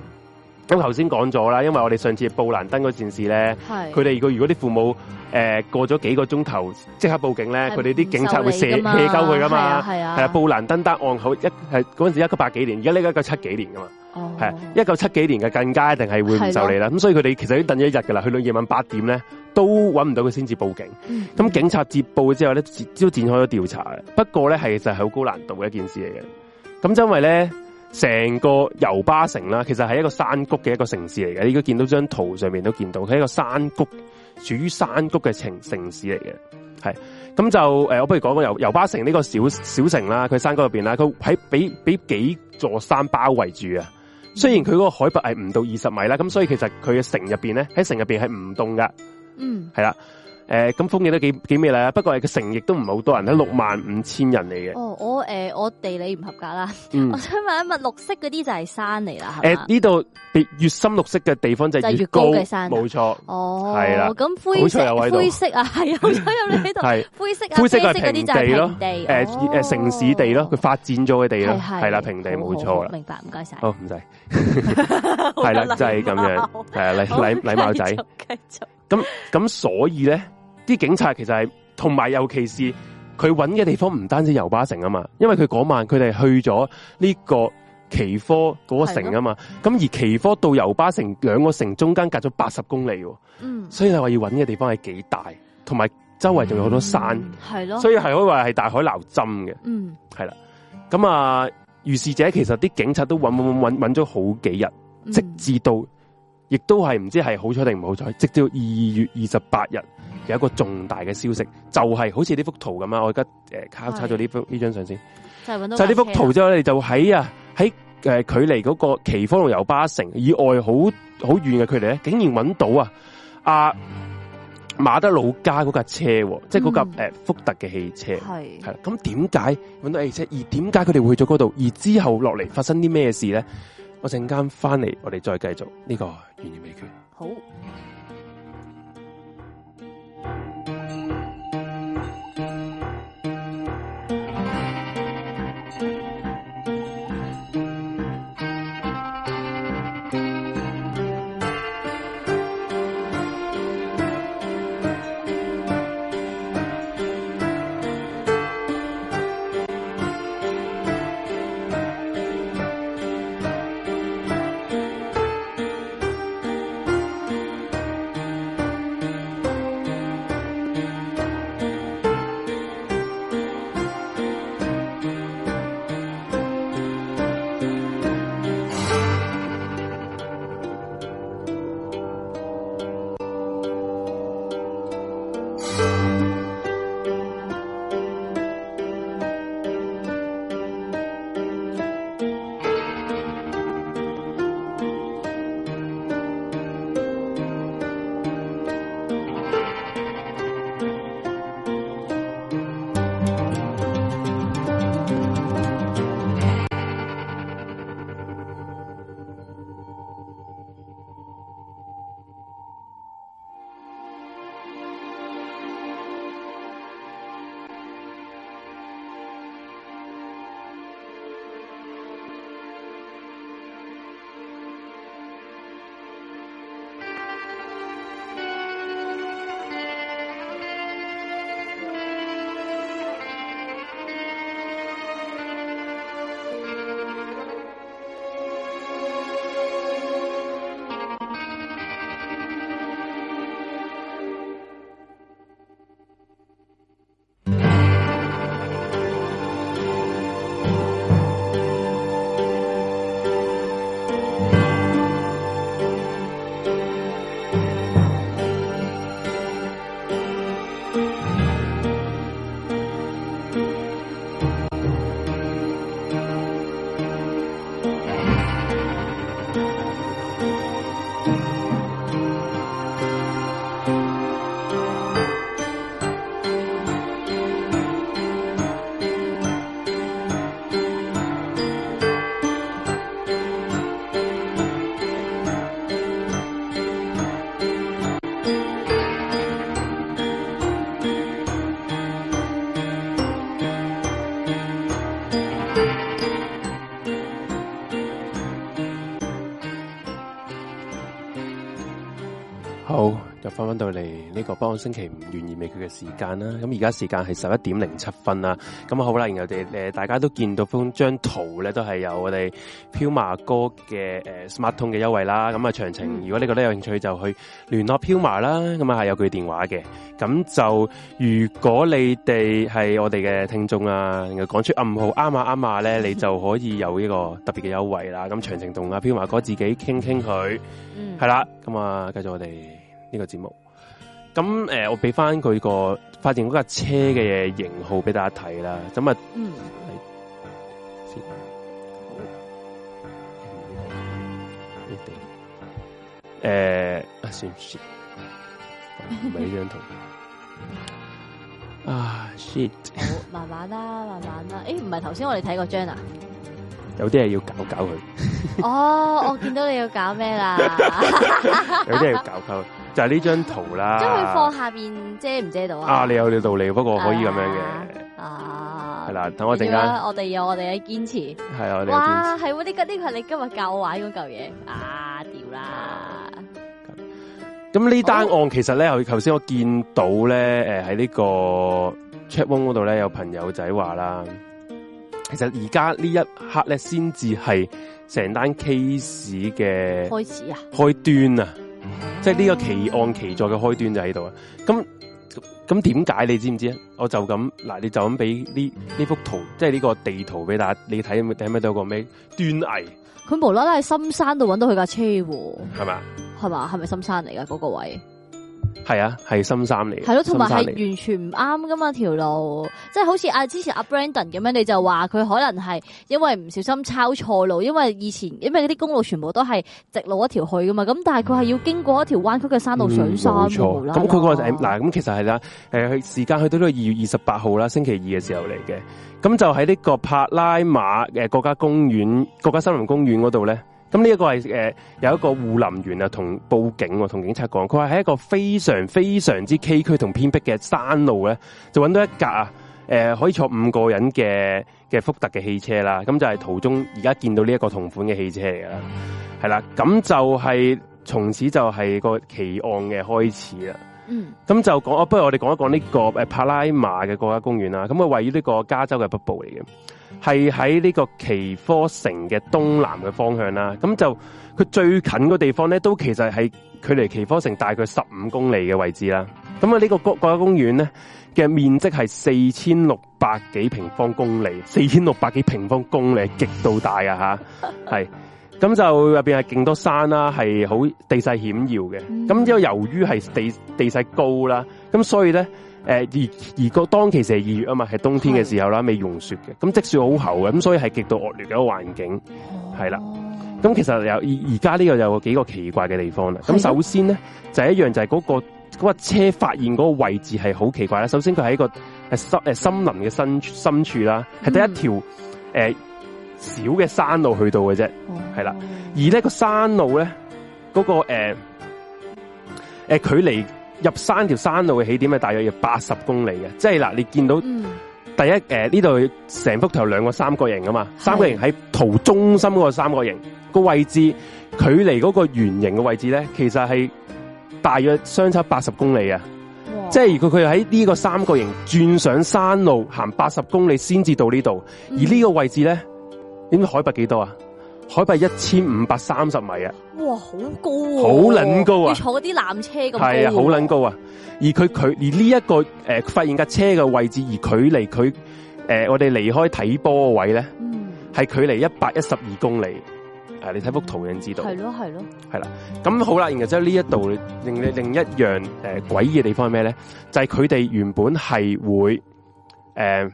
咁頭先講咗啦，因為我哋上次布蘭登嗰件事咧，佢哋如果啲父母、呃、過咗幾個鐘頭即刻報警咧，佢哋啲警察會射射鳩佢噶嘛，係啊，啊，啊。布蘭登案好一係嗰陣時一九八幾年，而家呢個一九七幾年噶嘛，係、哦啊、一九七幾年嘅更加一定係會唔受理啦。咁所以佢哋其實已經等咗一日噶啦，去到夜晚八點咧都揾唔到佢先至報警。咁、嗯、警察接報之後咧，都展開咗調查嘅。不過咧係就係好高難度嘅一件事嚟嘅。咁因為咧。成個遊巴城啦，其實係一個山谷嘅一個城市嚟嘅。你應該見到張圖上面都見到，佢係一個山谷，屬於山谷嘅城城市嚟嘅。係咁就誒、呃，我不如講個遊遊巴城呢個小小城啦，佢山谷入邊啦，佢喺俾俾幾座山包圍住啊。雖然佢嗰個海拔係唔到二十米啦，咁所以其實佢嘅城入邊咧，喺城入邊係唔凍㗎。嗯，係啦。誒、呃，咁風景都幾幾美麗啦，不過係個城亦都唔係好多人，都、嗯、六萬五千人嚟嘅。哦，我誒、呃，我地理唔合格啦。嗯、我想問一問，綠色嗰啲就係山嚟啦，誒、嗯，呢度、呃、越深綠色嘅地方就係越，越高嘅山，啊，冇錯。哦，係、哦、啦。咁灰色灰色啊，係，好彩你喺度。灰色，灰色係平地咯，誒誒，城市地咯，佢發展咗嘅地咯，係啦，平地，冇錯啦。明白，唔該晒。好，唔使。係啦，就係咁樣。係啊，禮禮禮貌仔。繼續。咁咁，所以咧。啲警察其實係同埋，尤其是佢揾嘅地方唔單止油巴城啊嘛，因為佢嗰晚佢哋去咗呢個奇科嗰個城啊嘛，咁而奇科到油巴城兩個城中間隔咗八十公里，嗯，所以你話要揾嘅地方係幾大，同埋周圍仲有好多山，係咯、嗯，所以係可以話係大海撈針嘅，嗯，係啦、啊，咁啊如是者其實啲警察都揾揾揾揾咗好幾、嗯、日，直至到亦都係唔知係好彩定唔好彩，直至到二月二十八日。有一個重大嘅消息，就係、是、好似呢幅圖咁啊！我而家誒交叉咗呢幅呢張相先，就係、是、呢幅圖之後，我哋就喺啊喺誒，距離嗰個奇科游巴城以外好好遠嘅距離咧，竟然揾到啊阿、啊、馬德魯加嗰架車，即係嗰架誒福特嘅汽車，係係啦。咁點解揾到汽車？而點解佢哋會去咗嗰度？而之後落嚟發生啲咩事咧？我陣間翻嚟，我哋再繼續呢、這個懸疑未決。好。到嚟呢個幫星期五願意畀佢嘅時間啦，咁而家時間係十一點零七分啦，咁好啦，然後我哋誒大家都見到封張圖咧，都係有我哋 Puma 哥嘅誒 smart 通嘅優惠啦，咁啊詳情、嗯，如果你覺得有興趣就去聯絡 Puma 啦，咁啊係有佢電話嘅，咁就如果你哋係我哋嘅聽眾啊，然後講出暗號啱啊啱啊咧、啊啊，你就可以有呢個特別嘅優惠啦，咁詳情同阿 Puma 哥自己傾傾佢，係、嗯、啦，咁啊繼續我哋呢個節目。咁誒、呃，我俾翻佢個發現嗰架車嘅嘢型號俾大家睇啦。咁啊，嗯，誒、嗯嗯嗯嗯嗯嗯，啊，算唔算？唔係呢張圖 啊，shit！好， 慢慢啦，慢慢啦。誒，唔係頭先我哋睇嗰張啊？有啲係要搞搞佢。哦 、oh,，我見到你要搞咩啦？ 有啲要搞搞佢。就係呢張圖啦啊啊，將佢放下邊遮唔遮到啊？啊，你有你道理，不過可以咁樣嘅。啊，係啦，等我陣間。我哋有我哋嘅堅持，係啊，我哋有堅持。哇，係呢個，呢個係你今日教我玩嗰嚿嘢啊，屌啦！咁呢單案其實咧，頭先我見到咧，誒喺呢個 chat room 嗰度咧，有朋友仔話啦，其實而家呢一刻咧，先至係成單 case 嘅開始啊，開端啊。即係呢個奇案奇在嘅開端就喺度啊！咁咁點解你知唔知啊？我就咁嗱，你就咁俾呢呢幅圖，即係呢個地圖俾大家，你睇會睇唔睇到個咩端倪？佢無啦啦喺深山度揾到佢架車，係咪啊？係嘛？係咪深山嚟噶嗰個位？係啊，係深山嚟。嘅、啊，係咯，同埋係完全唔啱噶嘛條路，即、就、係、是、好似啊之前阿、啊、Brandon 咁樣，你就話佢可能係因為唔小心抄錯路，因為以前因為嗰啲公路全部都係直路一條去噶嘛，咁但係佢係要經過一條彎曲嘅山路上山。冇、嗯、錯，咁佢、那個就嗱，咁、啊、其實係啦、啊，誒，間時間去到呢個二月二十八號啦，星期二嘅時候嚟嘅，咁就喺呢個帕拉馬誒國家公園、國家森林公園嗰度咧。咁呢一個係誒、呃、有一個護林員啊，同報警同警察講，佢話喺一個非常非常之崎嶇同偏僻嘅山路咧，就搵到一架啊誒可以坐五個人嘅嘅福特嘅汽車啦。咁就係途中而家見到呢一個同款嘅汽車嚟噶啦，係啦。咁就係從此就係個奇案嘅開始啦。嗯，咁就講，不如我哋講一講呢個誒帕拉馬嘅國家公園啦。咁佢位於呢個加州嘅北部嚟嘅。係喺呢個奇科城嘅東南嘅方向啦、啊，咁就佢最近嘅地方咧，都其實係距離奇科城大概十五公里嘅位置啦。咁啊，呢個國國家公園咧嘅面積係四千六百幾平方公里，四千六百幾平方公里係極度大啊！吓，係咁就入邊係勁多山啦、啊，係好地勢險要嘅。咁因為由於係地地勢高啦、啊，咁所以咧。誒，而而個當其時就係二月啊嘛，係冬天嘅時候啦，未融雪嘅，咁積雪好厚嘅，咁所以係極度惡劣嘅一個環境，係、哦、啦。咁其實有而而家呢個有幾個奇怪嘅地方啦。咁首先咧就係、是、一樣就係嗰、那個嗰、那個車發現嗰個位置係好奇怪啦。首先佢喺一個誒森誒森林嘅深深處啦，係得一條誒、嗯呃、小嘅山路去到嘅啫，係、哦、啦。而呢、那個山路咧嗰、那個誒誒、呃呃、距離。入山條山路嘅起點係大約要八十公里嘅，即係嗱，你見到、嗯、第一誒呢度成幅圖兩個三角形啊嘛，三角形喺圖中心嗰個，個三角形、嗯、個位置，距離嗰個圓形嘅位置咧，其實係大約相差八十公里啊，即係如果佢喺呢個三角形轉上山路行八十公里先至到呢度，而呢個位置咧，點解海拔幾多啊？海拔一千五百三十米啊！哇，好高喎！好撚高啊！高啊，你坐嗰啲纜車嘅，係啊，啊，好撚高啊而！而佢佢而呢一個誒、呃、發現架車嘅位置，而距離佢誒我哋離開睇波位咧，係、嗯、距離一百一十二公里。誒、嗯，啊，你睇幅圖應該知道、嗯。係咯，係咯。係啦，咁好啦，然後之後呢一度令你另一樣誒、呃、詭異嘅地方係咩咧？就係佢哋原本係會誒。呃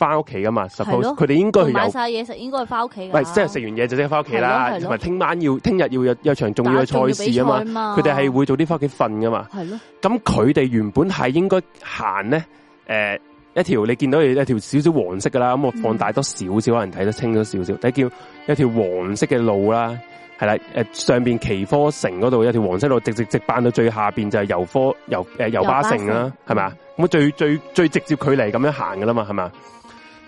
翻屋企噶嘛，十號佢哋應該有買晒嘢食，應該翻屋企。唔係，即係食完嘢就即係翻屋企啦。同埋聽晚要聽日要有,有一場重要嘅賽事啊嘛，佢哋係會早啲翻屋企瞓噶嘛。係咯。咁佢哋原本係應該行咧，誒、呃、一條你見到有條少少黃色噶啦，咁我放大多少少、嗯、可能睇得清咗少少，就叫一條黃色嘅路啦。係啦，誒、呃、上邊奇科城嗰度有條黃色路，直直直行到最下邊就係油科油誒油巴城啦，係咪啊？咁啊最、嗯、最最直接距離咁樣行噶啦嘛，係咪啊？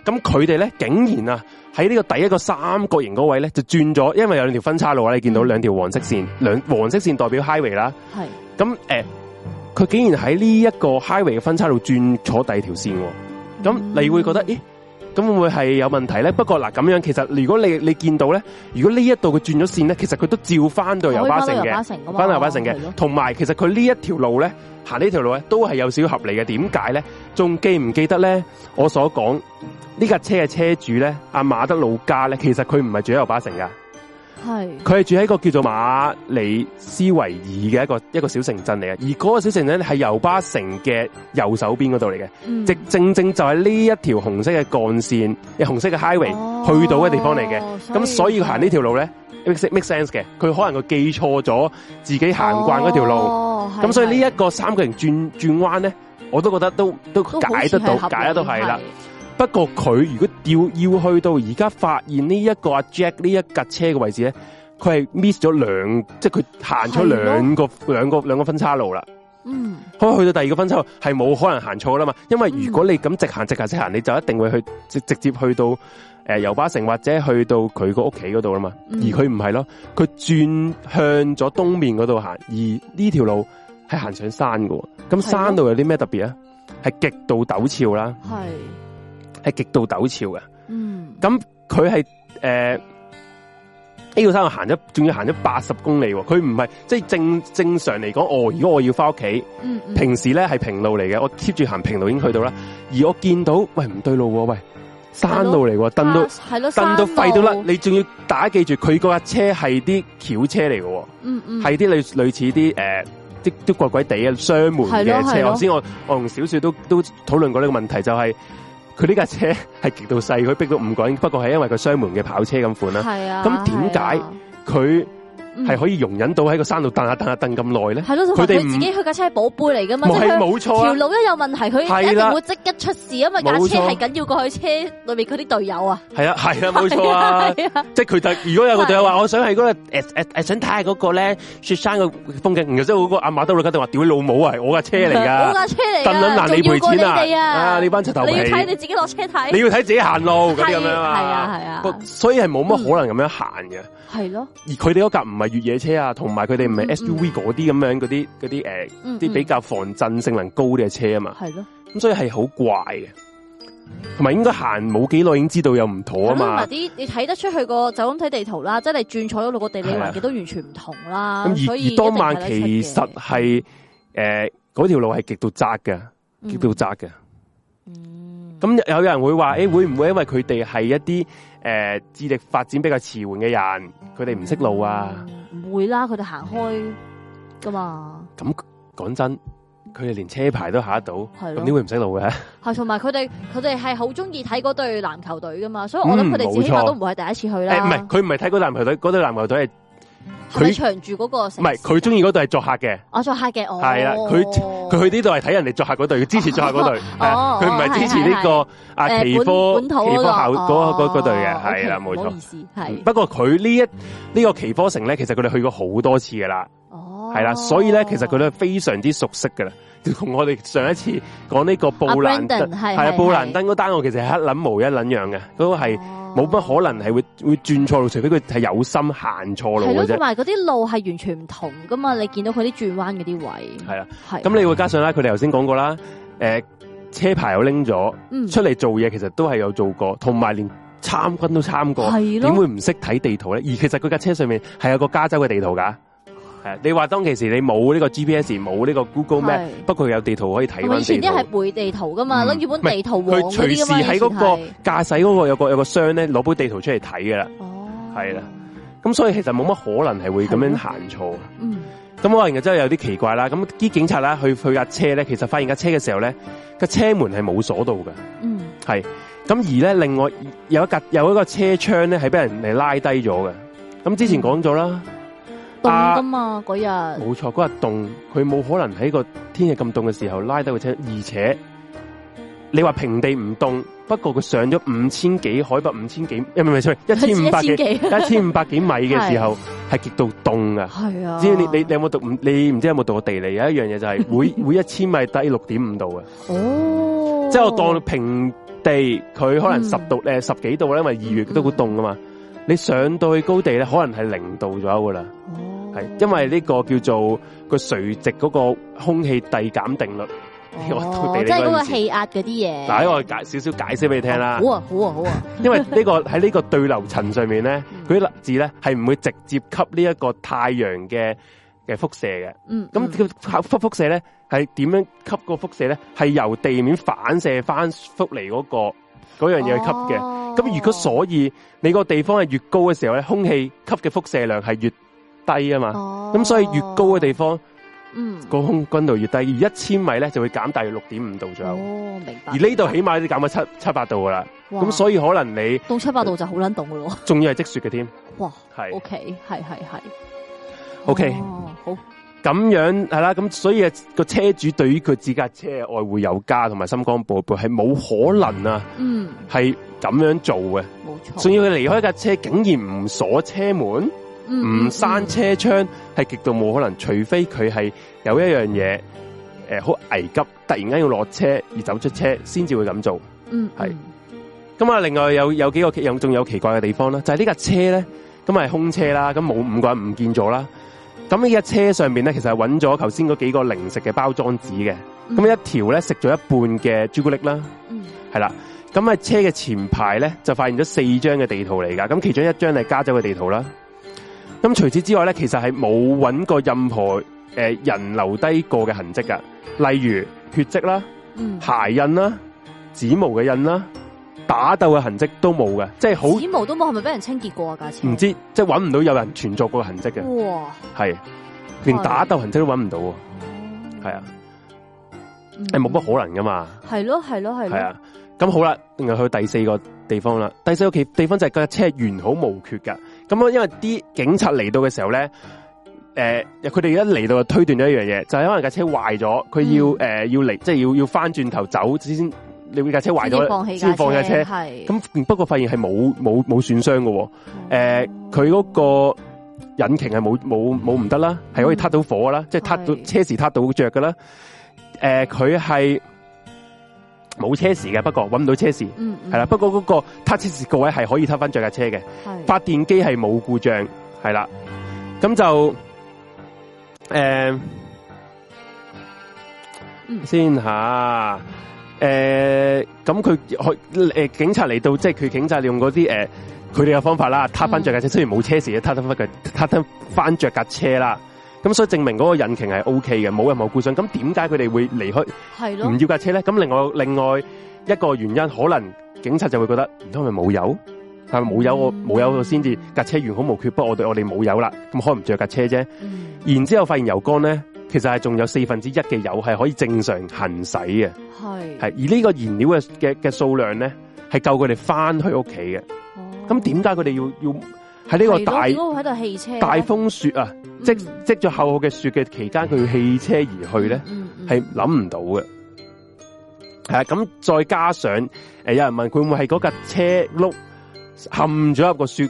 咁佢哋咧，竟然啊喺呢個第一個三角形嗰位咧，就轉咗，因為有兩條分叉路啊，你見到兩條黃色線，兩黃色線代表 highway 啦。係。咁、欸、誒，佢竟然喺呢一個 highway 嘅分叉路轉咗第二條線，咁你會覺得，咦、嗯？欸咁會唔會係有問題咧？不過嗱，咁樣其實如果你你見到咧，如果呢一度佢轉咗線咧，其實佢都照翻到油巴城嘅，翻到油巴城嘅。同埋其實佢呢一條路咧，行呢條路咧，都係有少少合理嘅。點解咧？仲記唔記得咧？我所講呢架車嘅車主咧，阿馬德老家咧，其實佢唔係住喺油巴城噶。係，佢係住喺一個叫做馬里斯維爾嘅一個一個小城鎮嚟嘅，而嗰個小城鎮係尤巴城嘅右手邊嗰度嚟嘅，正正正就係呢一條紅色嘅幹線，紅色嘅 highway 去到嘅地方嚟嘅，咁、哦、所以行呢條路咧，make sense，make sense 嘅，佢可能佢記錯咗自己行唔慣嗰條路，咁、哦、所以呢一個三個人轉轉彎咧，我都覺得都都解得到，是解得到係啦。不過佢如果調要，要去到而家發現呢、啊、一個阿 Jack 呢一架車嘅位置咧，佢係 miss 咗兩，即係佢行咗兩個兩個兩個，兩個分叉路啦。嗯，可去到第二個分叉路係冇可能行錯啦嘛，因為如果你咁直行、嗯、直行直行，你就一定會去直直接去到誒油、呃、巴城或者去到佢個屋企嗰度啦嘛。嗯、而佢唔係咯，佢轉向咗東面嗰度行，而呢條路係行上山喎。咁山度有啲咩特別啊？係極度陡峭啦。係。係極度陡峭嘅，咁佢係誒呢個山路行咗，仲要行咗八十公里，哦。佢唔係即係正正常嚟講，哦，如果我要翻屋企，嗯嗯平時咧係平路嚟嘅，我 keep 住行平路已經去到啦。嗯嗯而我見到喂唔對路，哦，喂山路嚟，蹬到係咯，蹬、啊、到廢到甩、啊啊，你仲要大家記住，佢嗰架車係啲轎車嚟嘅，嗯係啲類類似啲誒啲啲鬼鬼地嘅雙門嘅車。頭先我我同小雪都都討論過呢個問題，就是，就係。佢呢架車係極度細，佢逼到五個人，不過係因為佢雙門嘅跑車咁款啦。係呀。咁點解佢？係、嗯、可以容忍到喺個山度蹬下蹬下蹬咁耐咧？係咯，佢哋唔去架車係寶貝嚟噶嘛？冇錯、啊、條條路都有問題，佢一定會即刻出事啊！嘛架車係緊要過去車裏面嗰啲隊友啊！係啊係 啊，冇錯啊！即係佢如果有個隊友話我想去嗰、嗰個想睇下嗰個咧、嗰個、雪山嘅風景，然之後嗰個阿馬兜佬一定話屌你老母 你啊！我架車嚟噶，我架車嚟噶，你哋啊！啊，你啊啊班柒頭你要睇你自己落車睇，你要睇自己行路咁樣啊嘛！係啊係啊，所以係冇乜可能咁樣行嘅。係咯，而佢哋嗰架唔係越野車啊，同埋佢哋唔係 SUV 嗰啲咁樣嗰啲嗰啲誒，啲、呃嗯嗯、比較防震性能高啲嘅車啊嘛，係咯，咁所以係好怪嘅，同埋應該行冇幾耐已經知道有唔妥啊嘛，啲你睇得出去個就咁睇地圖啦，真係轉錯咗路個地理環境都完全唔同啦，咁而當當晚其實係誒嗰條路係極度窄嘅，極度窄嘅。嗯咁有人會話，誒、欸，會唔會因為佢哋係一啲誒、呃、智力發展比較遲緩嘅人，佢哋唔識路啊？嗯、唔會啦，佢哋行開噶嘛。咁講真，佢哋連車牌都下得到，咁點會唔識路嘅、啊？係同埋佢哋，佢哋係好中意睇嗰隊籃球隊噶嘛，所以我諗佢哋自己起碼都唔係第一次去啦。誒、嗯，唔係，佢唔係睇嗰隊籃球隊，嗰隊籃球隊係。佢長住嗰個，唔係佢中意嗰對係作客嘅、啊，我作客嘅我係啦，佢、哦、佢去呢度係睇人哋作客嗰對，支持作客嗰對，佢唔係支持呢、呢個阿奇、啊、科旗、嗰個、科校嗰對嘅，係啦冇錯。嗰個嗰個、okay，冇錯，唔好意思，係不過佢呢一呢、呢個奇科城咧，其實佢哋去過好多次噶啦，係、哦、啦，所以咧其實佢都係非常之熟悉噶啦。同我哋上一次講呢個布蘭登係啊，布蘭登嗰單我其實係一諗無一諗樣嘅，都係冇乜可能係會會轉錯路，除非佢係有心行錯路係咯，同埋嗰啲路係完全唔同噶嘛，你見到佢啲轉彎嗰啲位係啊，係咁你會加上啦，佢哋頭先講過啦，誒、呃、車牌又拎咗，出嚟做嘢其實都係有做過，同埋連參軍都參過，點會唔識睇地圖咧？而其實佢架車上面係有個加州嘅地圖噶。係，你話當其時你冇呢個 GPS，冇呢個 Google Map，不過有地圖可以睇返地圖。以前啲係背地圖噶嘛，拎、嗯、住本地圖喎。佢隨時喺嗰、那個駕駛嗰個有個有個箱咧，攞本地圖出嚟睇噶啦。哦，係啦，咁所以其實冇乜可能係會咁樣行錯。嗯，咁我話然真係有啲奇怪啦。咁啲警察啦，去去架車咧，其實發現架車嘅時候咧，個車門係冇鎖到㗎。嗯，係。咁而咧，另外有一架有一個車窗咧，係俾人哋拉低咗嘅。咁之前講咗啦。嗯凍、啊、噶嘛嗰日，冇錯，嗰日凍，佢冇可能喺個天氣咁凍嘅時候拉低個車，而且你話平地唔凍，不過佢上咗五千幾海拔五千幾，唔係唔係一千五百幾，一千,一千五百幾米嘅時候係極 度凍㗎。係啊，只要你你你有冇讀唔，你唔知有冇讀過地理有一樣嘢就係每 每一千米低六點五度㗎。哦，即係我當平地佢可能十度誒、嗯哎、十幾度咧，因為二月都會凍噶嘛、嗯，你上到去高地咧，可能係零度左右噶啦。哦係，因為呢個叫做個垂直嗰個空氣遞減定律。哦，這個、那個即係嗰個氣壓嗰啲嘢。嗱，我一點點解少少解釋俾你聽啦。好啊，好啊，好啊。好啊 因為呢、這個喺呢個對流層上面咧，佢粒子咧係唔會直接吸呢一個太陽嘅嘅輻射嘅。嗯。咁吸輻射咧係點樣吸個輻射咧？係由地面反射翻復嚟嗰、那個嗰樣嘢去吸嘅。咁、哦、如果所以你個地方係越高嘅時候咧，空氣吸嘅輻射量係越。低啊嘛，咁、啊、所以越高嘅地方，高、嗯、空溫度越低，而一千米咧就會減大約六點五度左右。哦、明白，而呢度起碼你減咗七七八度噶啦，咁所以可能你到七八度就好撚凍噶咯。仲要係積雪嘅添，哇，係，OK，係係係，OK，好、哦、咁樣係啦，咁所以個車主對於佢自駕車愛護有加，同埋心肝寶貝係冇可能啊，嗯，係咁樣做嘅，冇錯，仲要佢離開架車竟然唔鎖車門。唔閂車窗係極度冇可能，除非佢係有一樣嘢誒，好危急，突然間要落車而走出車，先至會咁做。嗯，係。咁啊，另外有有幾個有仲有奇怪嘅地方咧，就係呢架車咧，咁係空車啦，咁冇五個人唔見咗啦。咁呢架車上面咧，其實係揾咗頭先嗰幾個零食嘅包裝紙嘅，咁一條咧食咗一半嘅朱古力啦。嗯，係啦。咁啊，車嘅前排咧就發現咗四張嘅地圖嚟噶，咁其中一張係加州嘅地圖啦。咁、嗯、除此之外咧，其實係冇揾過任何誒、呃、人留低過嘅痕迹噶，例如血迹啦、嗯、鞋印啦、指模嘅印啦、打鬥嘅痕迹都冇嘅，即係好指模都冇，係咪俾人清潔過啊？價錢唔知，即係揾唔到有人存在過嘅痕迹嘅，哇，係連打鬥痕迹都揾唔到，係啊，係冇乜可能噶嘛，係咯，係咯，係。咁好啦，定係去第四個地方啦。第四個其地方就係架車完好無缺噶。咁因為啲警察嚟到嘅時候咧，誒、呃，佢哋一嚟到就推斷咗一樣嘢，就係可能架車壞咗，佢要誒、呃、要嚟，即係要要翻轉頭走，先你架車壞咗，先放架車。係咁，不過發現係冇冇冇損傷噶。誒，佢嗰、哦呃、個引擎係冇冇冇唔得啦，係可以撻到火啦、嗯，即係撻到車時撻到着噶啦。誒、呃，佢係。冇車匙嘅，不過揾唔到車時，係、嗯、啦、嗯。不過嗰、那個 t 車 u c 時個位係可以 t 返翻著架車嘅，發電機係冇故障，係啦。咁就誒、呃嗯，先吓，誒、呃，咁佢去誒，警察嚟到，即係佢警察用嗰啲誒，佢哋嘅方法啦 t 翻著架車，車、嗯，雖然冇車匙，t o u c 翻佢 t 翻著架車啦。咁所以證明嗰個引擎係 O K 嘅，冇任何故障。咁點解佢哋會離開係咯唔要架車咧？咁另外，另外一個原因，可能警察就會覺得唔通係冇油，係冇油我冇、嗯、油先至架車完好無缺。不過我、我哋冇油啦，咁開唔著架車啫、嗯。然之後發現油缸咧，其實係仲有四分之一嘅油係可以正常行駛嘅。而呢個燃料嘅、嘅、嘅數量咧係夠佢哋翻去屋企嘅。咁點解佢哋要、要？要喺呢個大汽車呢大風雪啊，積積咗厚厚嘅雪嘅期間，佢要棄車而去咧，係諗唔到嘅。係 啊，咁再加上誒，有人問佢會唔會係嗰架車碌陷咗入個雪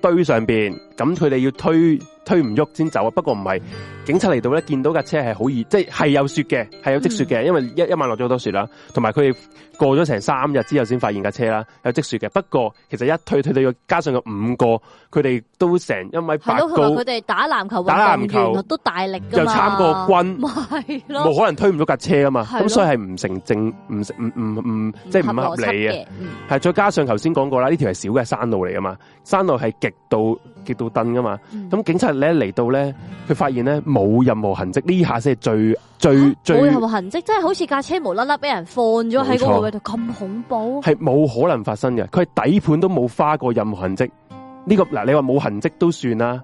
堆上邊，咁佢哋要推推唔喐，先走啊。不過唔係，警察嚟到咧，見到架車係好熱，即係係有雪嘅，係有積雪嘅， 因為一一晚落咗好多雪啦。同埋佢哋過咗成三日之後先發現架車啦，有積雪嘅。不過其實一推推到要加上個五個。佢哋都成一米八高，佢哋打籃球，球、打籃球都大力噶嘛，就參過軍，冇、就是、可能推唔到架車啊嘛。咁所以係唔成正，唔唔唔唔，即係唔合理嘅。係、嗯、再加上頭先講過啦，呢條係小嘅山路嚟噶嘛，山路係極度極度蹬噶嘛。咁、嗯、警察咧嚟到咧，佢發現咧冇任何痕跡，呢下先係最最最冇痕跡，即係好似架車無啦啦俾人放咗喺嗰個位度，咁恐怖，係冇可能發生嘅，佢係底盤都冇花過任何痕跡。呢、這個嗱，你話冇痕跡都算啦，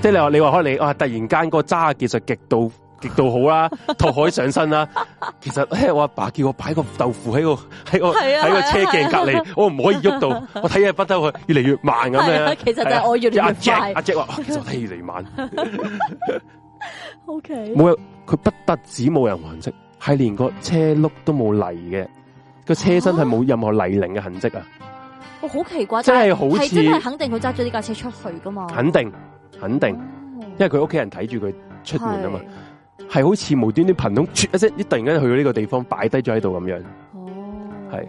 即係你話你話可能你啊突然間個揸技術極度極度好啦，脫海上身啦。 其實、哎、我阿爸，爸叫我擺個豆腐喺個喺個喺個車鏡隔籬，我唔可以喐到， 我睇下不得去越嚟越慢咁樣。其實就我越嚟越快。阿話、啊啊啊、其實我越嚟越慢。 o、okay. K。冇人，佢不得止冇人痕跡，係連個車轆都冇泥嘅，個車身係冇任何泥濘嘅痕跡啊。我、哦、好奇怪，就是，真係好似真係肯定佢揸咗呢架車出去㗎嘛？肯定，肯定，哦、因為佢屋企人睇住佢出門啊嘛，係好似無端端憑空絕一聲，你突然間去到呢個地方擺低咗喺度咁樣，係、哦，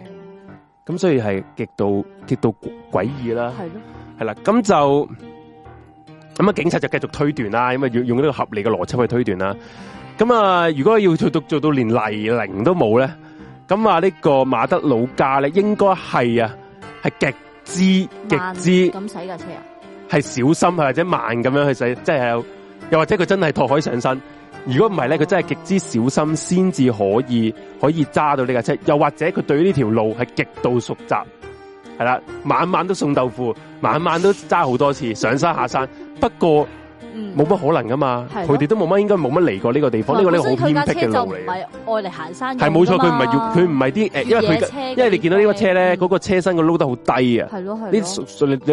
咁所以係極度極度詭異啦，係咯，係啦，咁就咁啊，警察就繼續推斷啦，咁啊用用呢個合理嘅邏輯去推斷啦，咁、嗯、啊，如果要做到做到連黎玲都冇咧，咁啊呢個馬德魯加咧應該係啊。係極之極之咁使架車啊！係小心，係或者慢咁樣去使。即係又或者佢真係拓海上身，如果唔係咧，佢真係極之小心先至可以可以揸到呢架車。又或者佢對於呢條路係極度熟習，係啦，晚晚都送豆腐，晚晚都揸好多次上山下山。不過。冇、嗯、乜可能噶嘛，佢哋都冇乜，應該冇乜嚟過呢個地方，呢、呢個係好偏僻嘅路嚟。所以佢架車就唔係外嚟行山，係冇錯，佢唔係要，佢唔係啲誒，因為佢，因為你見到呢個車咧，嗰、嗯嗰個車身個撈得好低啊，係咯係，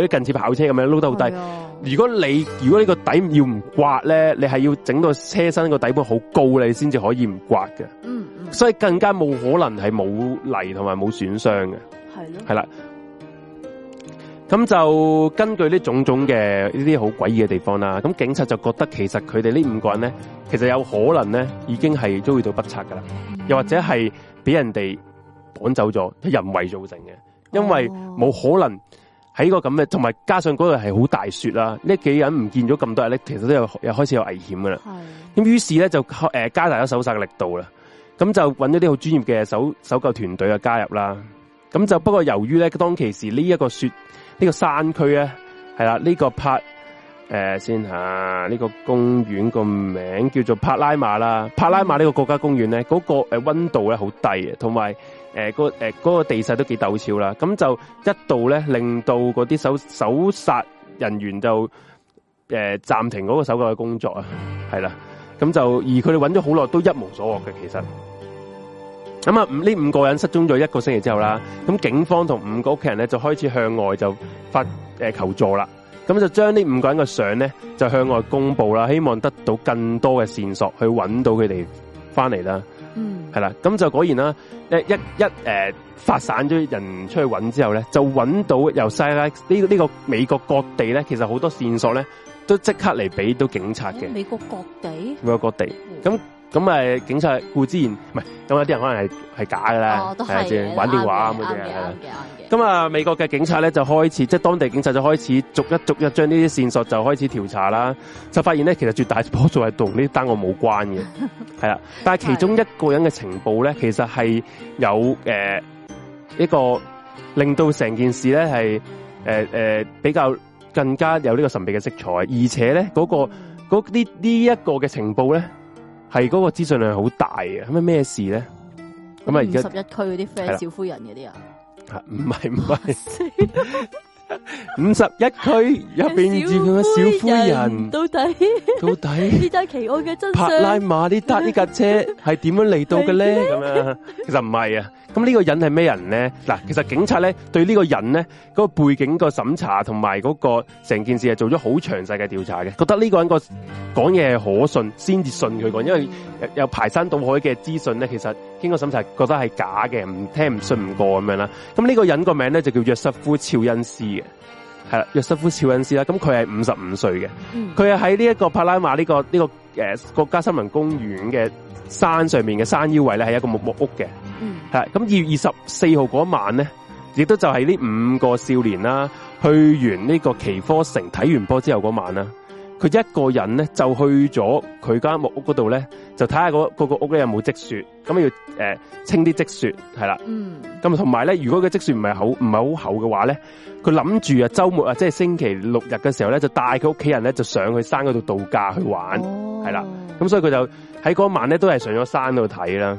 你近似跑車咁樣撈得好低。如果你如果呢個底要唔刮咧，你係要整到車身個底部好高，你先至可以唔刮嘅。嗯，所以更加冇可能係冇泥同埋冇損傷嘅。係啦。咁就根據呢種種嘅呢啲好詭異嘅地方啦、啊，咁警察就覺得其實佢哋呢五個人咧，其實有可能咧已經係遭遇到不測噶啦，mm-hmm. 又或者係俾人哋綁走咗，係人為造成嘅，因為冇、oh. 可能喺、這個咁嘅，同埋加上嗰度係好大雪啦，呢幾人唔見咗咁多日咧，其實都有又開始有危險噶啦。咁於是咧就，mm-hmm. 加大咗搜殺嘅力度啦，咁就揾咗啲好專業嘅搜搜救團隊嘅加入啦。咁就不過由於咧當其時呢一個雪。呢、這個山區啊，係啦，呢、這個帕誒、呃、先吓，呢、這個公園個名叫做帕拉馬啦。帕拉馬呢個國家公園咧，嗰個誒溫度咧好低啊，同埋誒個誒嗰、呃那個地勢都幾陡峭啦。咁就一度咧令到嗰啲搜搜索人員就誒、呃、暫停嗰個搜查嘅工作啊。係啦，咁就而佢哋揾咗好耐都一無所獲嘅，其實。咁啊，呢五個人失蹤咗一個星期之後啦，咁警方同五個屋企人咧就開始向外就發誒求助啦。咁就將呢五個人嘅相咧就向外公佈啦，希望得到更多嘅線索去揾到佢哋翻嚟啦。嗯，係啦，咁就果然啦，一一誒、呃、發散咗人出去揾之後咧，就揾到由西拉呢呢個美國各地咧，其實好多線索咧都即刻嚟俾到警察嘅。美國各地，美國各地，咁。咁誒，警察顧之然唔係，咁有啲人可能係係假嘅啦，係、哦、啊，玩電話咁啊。咁啊，美國嘅警察咧就開始，即、就、係、是、當地警察就開始逐一逐一將呢啲線索就開始調查啦，就發現咧其實絕大多數係同呢單案冇關嘅，係 啦。但係其中一個人嘅情報咧，其實係有誒、呃、一個令到成件事咧係誒誒比較更加有呢個神秘嘅色彩，而且咧嗰、嗰個嗰啲呢一個嘅情報咧。係嗰、嗰個資訊量好大嘅，咁係咩事咧？咁啊，而家十一區嗰啲 friend、小夫人嗰啲啊，啊，唔係唔係。五十一區入邊住佢個小灰人，到底到底？呢奇案嘅真相柏拉馬呢達呢架車係點樣嚟到嘅咧？咁樣其實唔係啊。咁呢個人係咩人咧？嗱，其實警察咧對呢個人咧嗰個背景個審查同埋嗰個成件事係做咗好詳細嘅調查嘅，覺得呢個人個講嘢係可信，先至信佢講，因為有，有排山倒海嘅資訊咧，其實。經過審查覺得係假嘅，唔聽唔信唔過咁樣啦。咁呢個人個名咧就叫約瑟夫·肖恩斯嘅，係啦，約瑟夫·肖恩斯啦。咁佢係五十五歲嘅，佢係喺呢一個帕拉馬呢個呢個誒國家森林公園嘅山上面嘅山腰位咧係一個木木屋嘅，係、嗯。咁二月二十四號嗰晚咧，亦都就係呢五個少年啦，去完呢個奇科城睇完波之後嗰晚啦。佢一個人咧就去咗佢間木屋嗰度咧，就睇下嗰個屋咧有冇積雪，咁要誒、呃、清啲積雪係啦。咁同埋咧，如果個積雪唔係好唔係好厚嘅話咧，佢諗住啊周末啊即係星期六日嘅時候咧，就帶佢屋企人咧就上去山嗰度度假去玩，係、哦、啦。咁所以佢就喺嗰晚咧都係上咗山度睇啦。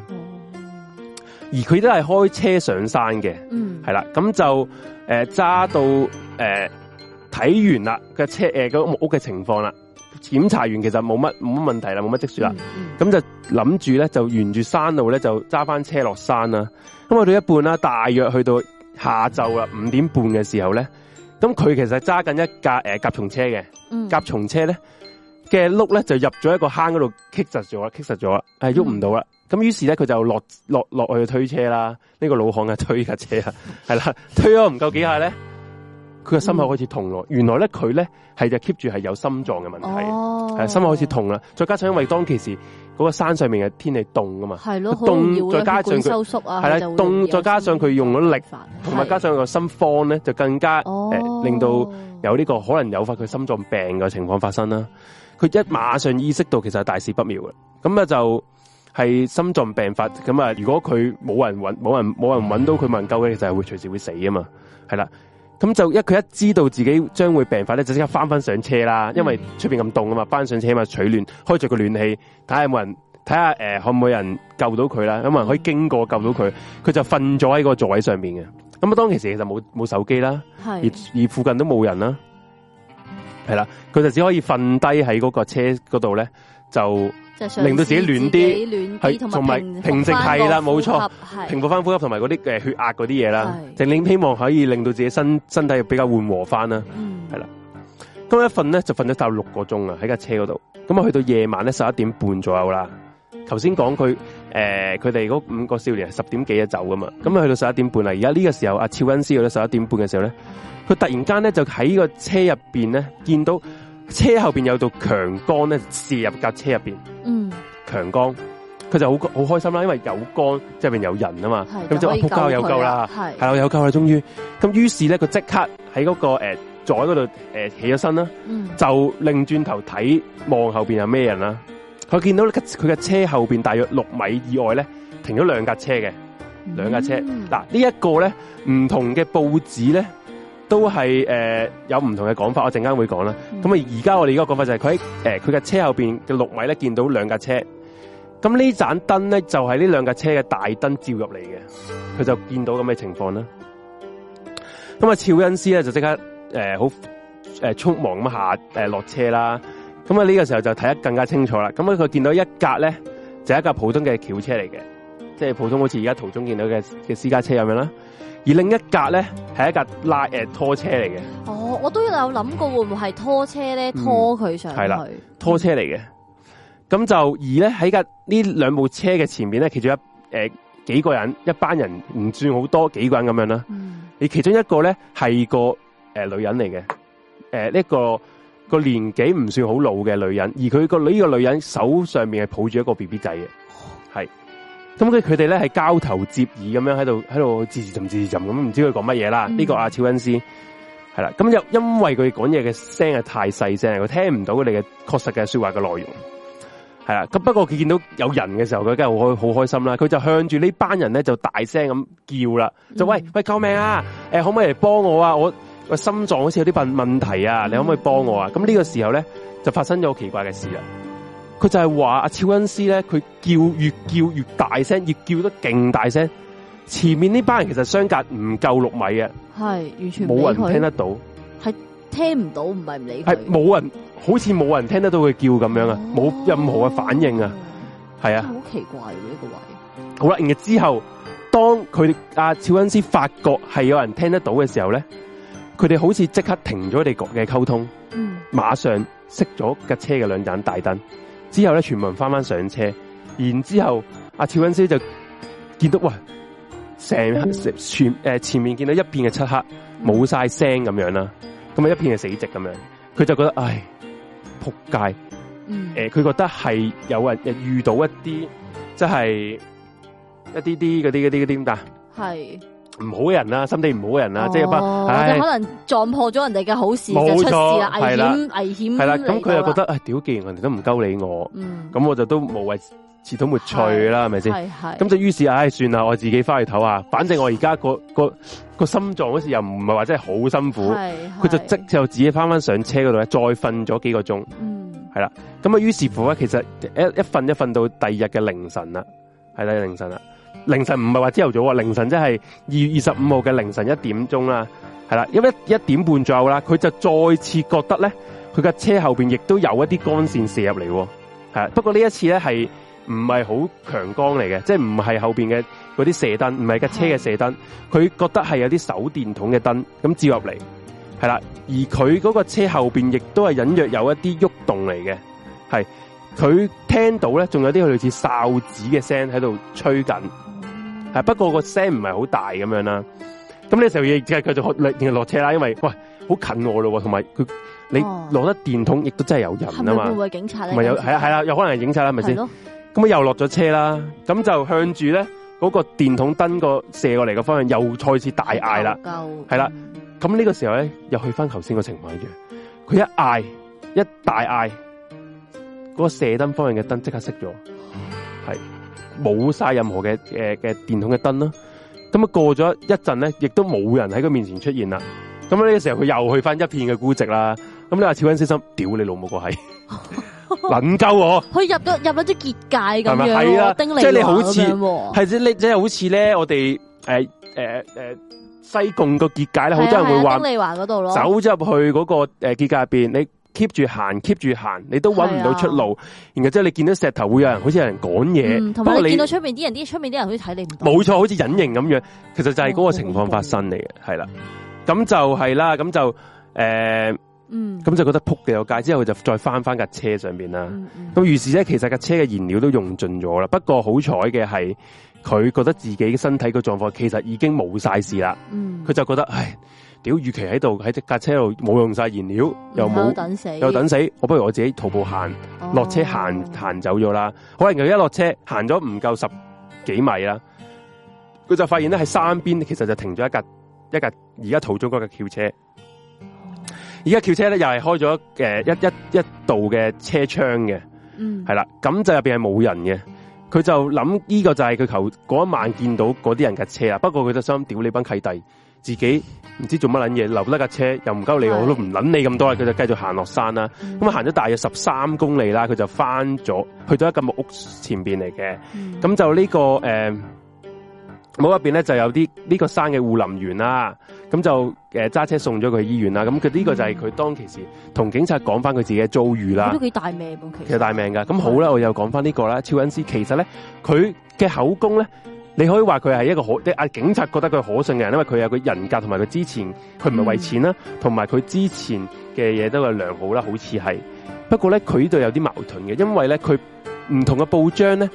而佢都係開車上山嘅，係、嗯、啦。咁就誒揸、呃、到誒。呃睇完啦，架車誒，嗰、呃那個木屋嘅情況啦，檢查完其實冇乜冇乜問題啦，冇乜積雪啦，咁、嗯嗯、就諗住咧就沿住山路咧就揸翻車落山啦。咁去到一半啦，大約去到下晝啦五點半嘅時候咧，咁佢其實揸緊一架誒甲蟲車嘅，甲、嗯、蟲車咧嘅轆咧就入咗一個坑嗰度棘實咗啦，棘實咗啦，係喐唔到啦。咁於、哎嗯、是咧佢就落落落去推車啦，呢、這個老行嘅推架車啊，係 啦，推咗唔夠幾下咧。佢嘅心口開始痛咯，嗯、原來咧佢咧係就 keep 住係有心臟嘅問題，係、哦、心口開始痛啦。再加上因為當其時嗰個山上面嘅天氣凍㗎嘛，凍再加上佢係啦，凍、啊、再加上佢用咗力，同埋加上個心慌咧就更加誒、哦欸、令到有呢、這個可能誘發佢心臟病嘅情況發生啦。佢一馬上意識到其實係大事不妙嘅，咁啊就係心臟病發咁啊。如果佢冇人揾冇人冇人揾到佢問救嘅，嗯、其實就係會隨時會死啊嘛，係啦。咁就一佢一知道自己將會病發咧，就即刻翻翻上車啦。因為出邊咁凍啊嘛，翻上車啊嘛，取暖，開着個暖氣，睇下有冇人，睇下誒，可唔可以人救到佢啦？有冇人可以經過救到佢？佢就瞓咗喺個座位上邊嘅。咁啊，當其時其實冇冇手機啦，係，而而附近都冇人啦，係啦，佢就只可以瞓低喺嗰個車嗰度咧就。令、就、到、是、自己暖啲，同埋平，平靜，係啦，冇錯，平復翻呼吸，同埋嗰啲血壓嗰啲嘢啦。盡量希望可以令到自己身身體比較緩和翻啦。係、嗯、啦，咁一瞓咧就瞓咗大約六個鐘啦喺架車嗰度。咁啊，去到夜晚咧十一點半左右啦。頭先講佢誒，佢哋嗰五個少年係十點幾就走噶嘛。咁啊，去到十一點半啦。而家呢個時候，阿肖恩斯嗰到十一點半嘅時候咧，佢突然間咧就喺個車入邊咧見到，車後邊有道強光咧射入架車入邊，嗯，強光，佢就好好開心啦，因為有光即係入邊有人啊嘛，咁就話扑街我有救啦，係係有救啦，終於，咁於是咧佢即刻喺嗰、嗰個誒座喺嗰度誒起咗身啦，嗯，就擰轉頭睇望後邊有咩人啦，佢見到佢嘅車後邊大約六米以外咧停咗兩架車嘅，兩、嗯、架車，嗱、這個、呢一個咧唔同嘅報紙咧。都係誒、呃、有唔同嘅講法，我陣間會講啦。咁、嗯、啊，而家我哋個講法就係佢喺誒佢嘅車後邊嘅六米咧見到兩架車，咁呢盞燈咧就係呢兩架車嘅大燈照入嚟嘅，佢就見到咁嘅情況啦。咁、那、啊、個，攝恩師咧就即刻誒好誒匆忙咁下誒落、呃、車啦。咁啊呢個時候就睇得更加清楚啦。咁啊佢見到一架咧就是、一架普通嘅轎車嚟嘅，即、就、係、是、普通好似而家途中見到嘅嘅私家車咁樣啦。而另一架咧，係一架拉誒、呃、拖車嚟嘅。哦，我都有諗過會唔會係拖車咧拖佢上去、嗯。係啦，拖車嚟嘅。咁、嗯、就而咧喺架呢兩部車嘅前面咧，其中一誒、呃、幾個人，一班人唔算好多幾個人咁樣啦。你、嗯、其中一個咧係個誒、呃、女人嚟嘅，誒、呃、呢個個年紀唔算好老嘅女人，而佢個女個女人手上面係抱住一個 B B 仔嘅。咁佢哋咧係交頭接耳咁樣喺度喺度吱吱斟吱吱斟咁，唔知佢講乜嘢啦。呢、嗯這個阿喬恩斯係啦，咁又因為佢講嘢嘅聲係太細聲，佢聽唔到佢哋嘅確實嘅說話嘅內容。係啦，咁不過佢見到有人嘅時候，佢梗係好開好開心啦。佢就向住呢班人咧就大聲咁叫啦，就、嗯、喂喂救命啊！誒、呃、可唔可以嚟幫我啊？我個心臟好似有啲問問題啊，你可唔可以幫我啊？咁、嗯、呢個時候咧就發生咗好奇怪嘅事啦。佢就係話阿喬恩斯咧，佢叫越叫越大聲，越叫得勁大聲。前面呢班人其實相隔唔夠六米嘅，係完全冇人聽得到，係聽唔到，唔係唔理佢。係冇人，好似冇人聽得到佢叫咁樣、哦哦、啊，冇任何嘅反應啊，係、這、啊、個，好奇怪嘅呢個位。好啦，然後之後，當佢哋阿喬恩斯發覺係有人聽得到嘅時候咧，佢哋好似即刻停咗哋局嘅溝通，嗯、馬上熄咗架車嘅兩盞大燈。之後咧，全部人翻翻上車，然之後阿跳恩師就見到，喂，成、嗯、全誒、呃、前面見到一片嘅漆黑，冇晒聲咁樣啦，咁、嗯、啊一片嘅死寂咁樣，佢就覺得唉，撲街，誒、嗯，佢、呃、覺得係有人遇到一啲即係一啲啲嗰啲嗰啲嗰啲點係。唔好人啦、啊，心地唔好人啦、啊，即係一或者可能撞破咗人哋嘅好事就出事啦，危險危險係啦，咁佢又覺得誒、哎、屌，既然人哋都唔鳩理我，咁、嗯、我就都無謂自討沒趣啦，係咪先？咁就於是，唉、哎，算啦，我自己翻去唞下，反正我而家個 個個，個，個心臟嗰時又唔係話真係好辛苦，佢就即就自己翻翻上車嗰度咧，再瞓咗幾個鐘，係、嗯、啦，咁啊，於是乎咧，其實一一瞓一瞓到第二日嘅凌晨啦，係啦凌晨啦。凌晨唔係話朝頭早啊，凌晨即係二月二十五號嘅凌晨一點鐘啦，係啦，因為一點半左右啦，佢就再次覺得咧，佢架車後邊亦都有一啲光線射入嚟，係，不過呢一次咧係唔係好強光嚟嘅，即係唔係後邊嘅嗰啲射燈，唔係架車嘅射燈，佢覺得係有啲手電筒嘅燈咁照入嚟，係啦，而佢嗰個車後邊亦都係隱約有一啲喐動嚟嘅，係，佢聽到咧仲有啲類似哨子嘅聲喺度吹緊。不過個聲唔係好大咁樣啦。咁呢個時候亦即係佢就落落車啦因為喂好近我咯，同埋佢你落得電筒，亦都真係有人啊嘛。係咪會唔會警察？唔係有係啊係啦，有可能係警察啦，係咪先？咁啊又落咗車啦，咁就向住咧嗰個電筒燈個射過嚟嘅方向，又再次大嗌啦。係啦。咁呢個時候咧又去翻頭先個情況一樣。佢一嗌一大嗌，嗰個射燈方向嘅燈即刻熄咗，係。冇晒任何嘅誒嘅電筒嘅燈啦，咁啊過咗一陣咧，亦都冇人喺佢面前出現啦。咁呢個時候佢又去翻一片嘅孤寂啦。咁你話，超恩先生，屌你老母個閪，諗鳩我。佢入咗入咗啲結界咁樣，係啦，即係、就是、你好似係即係即係好似咧， 我哋誒誒誒西貢個結界咧，好多人會話丁力華嗰度咯，走咗入去嗰個誒結界入邊。keep 住行，keep 住行，你都揾唔到出路。啊、然後即係你見到石頭會有人，好似有人講嘢。同、嗯、埋你見到出邊啲人，啲出面啲人好似睇你唔到。冇錯，好似隱形咁樣。其實就係嗰個情況發生嚟嘅，係啦。咁就係啦，咁就誒，嗯，咁、嗯啊、就覺得撲嘅有界，之、啊呃嗯嗯、後就再翻翻架車上邊啦。咁、嗯嗯、於是咧，其實架車嘅燃料都用盡咗啦。不過好彩嘅係，佢覺得自己身體嘅狀況其實已經冇晒事啦。佢、嗯、就覺得唉。屌，預期喺度喺隻架車度冇用晒燃料，又冇，等死又等死。我不如我自己徒步行，落車行，oh. 行走咗啦。可能佢一落車行咗唔夠十幾米啦，佢就發現咧喺山邊其實就停咗一架一架而家途中嗰架轎車。而家轎車咧又係開咗誒一一一度嘅車窗嘅，嗯、mm.，係啦，咁就入邊係冇人嘅。佢就諗呢個就係佢頭嗰晚見到嗰啲人嘅車啊。不過佢就心屌你班契弟，自己。唔知做乜捻嘢，留得架車又唔夠。你，我都唔捻你咁多啦，佢就繼續行落山啦。咁啊行咗大約十三公里啦，佢就翻咗去到一間木屋前邊嚟嘅。咁、嗯、就呢、這個誒，冇入邊咧就有啲呢個山嘅護林員啦。咁就誒揸、呃、車送咗佢去醫院啦。咁佢呢個就係佢當其時同警察講翻佢自己嘅遭遇啦。都幾大命，其實大命㗎。咁、嗯、好啦，我又講翻呢個啦。超恩師其實咧，佢嘅口供咧。你可以話佢係一個可即啊，警察覺得佢可信嘅人，因為佢有個人格同埋佢之前佢唔係為錢啦，同埋佢之前嘅嘢都係良好啦，好似係。不過咧佢呢度有啲矛盾嘅，因為咧佢唔同嘅報章咧，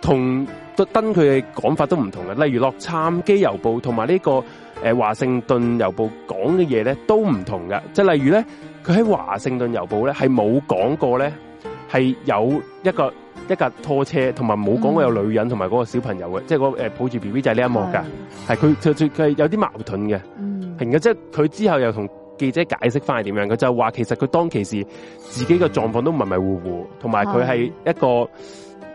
同登佢嘅講法都唔同嘅。例如《洛杉磯郵報》同埋呢個誒華盛頓郵報講嘅嘢咧都唔同㗎，即係例如咧佢喺華盛頓郵報咧係冇講過咧係有一個。一架拖車，同埋冇講過有女人同埋嗰個小朋友嘅、嗯，即係誒抱住 B B 就係呢一幕噶，係佢就有啲矛盾嘅。突然即係佢之後又同記者解釋翻係點樣，佢就話其實佢當其時自己嘅狀況都迷迷糊糊，同埋佢係一個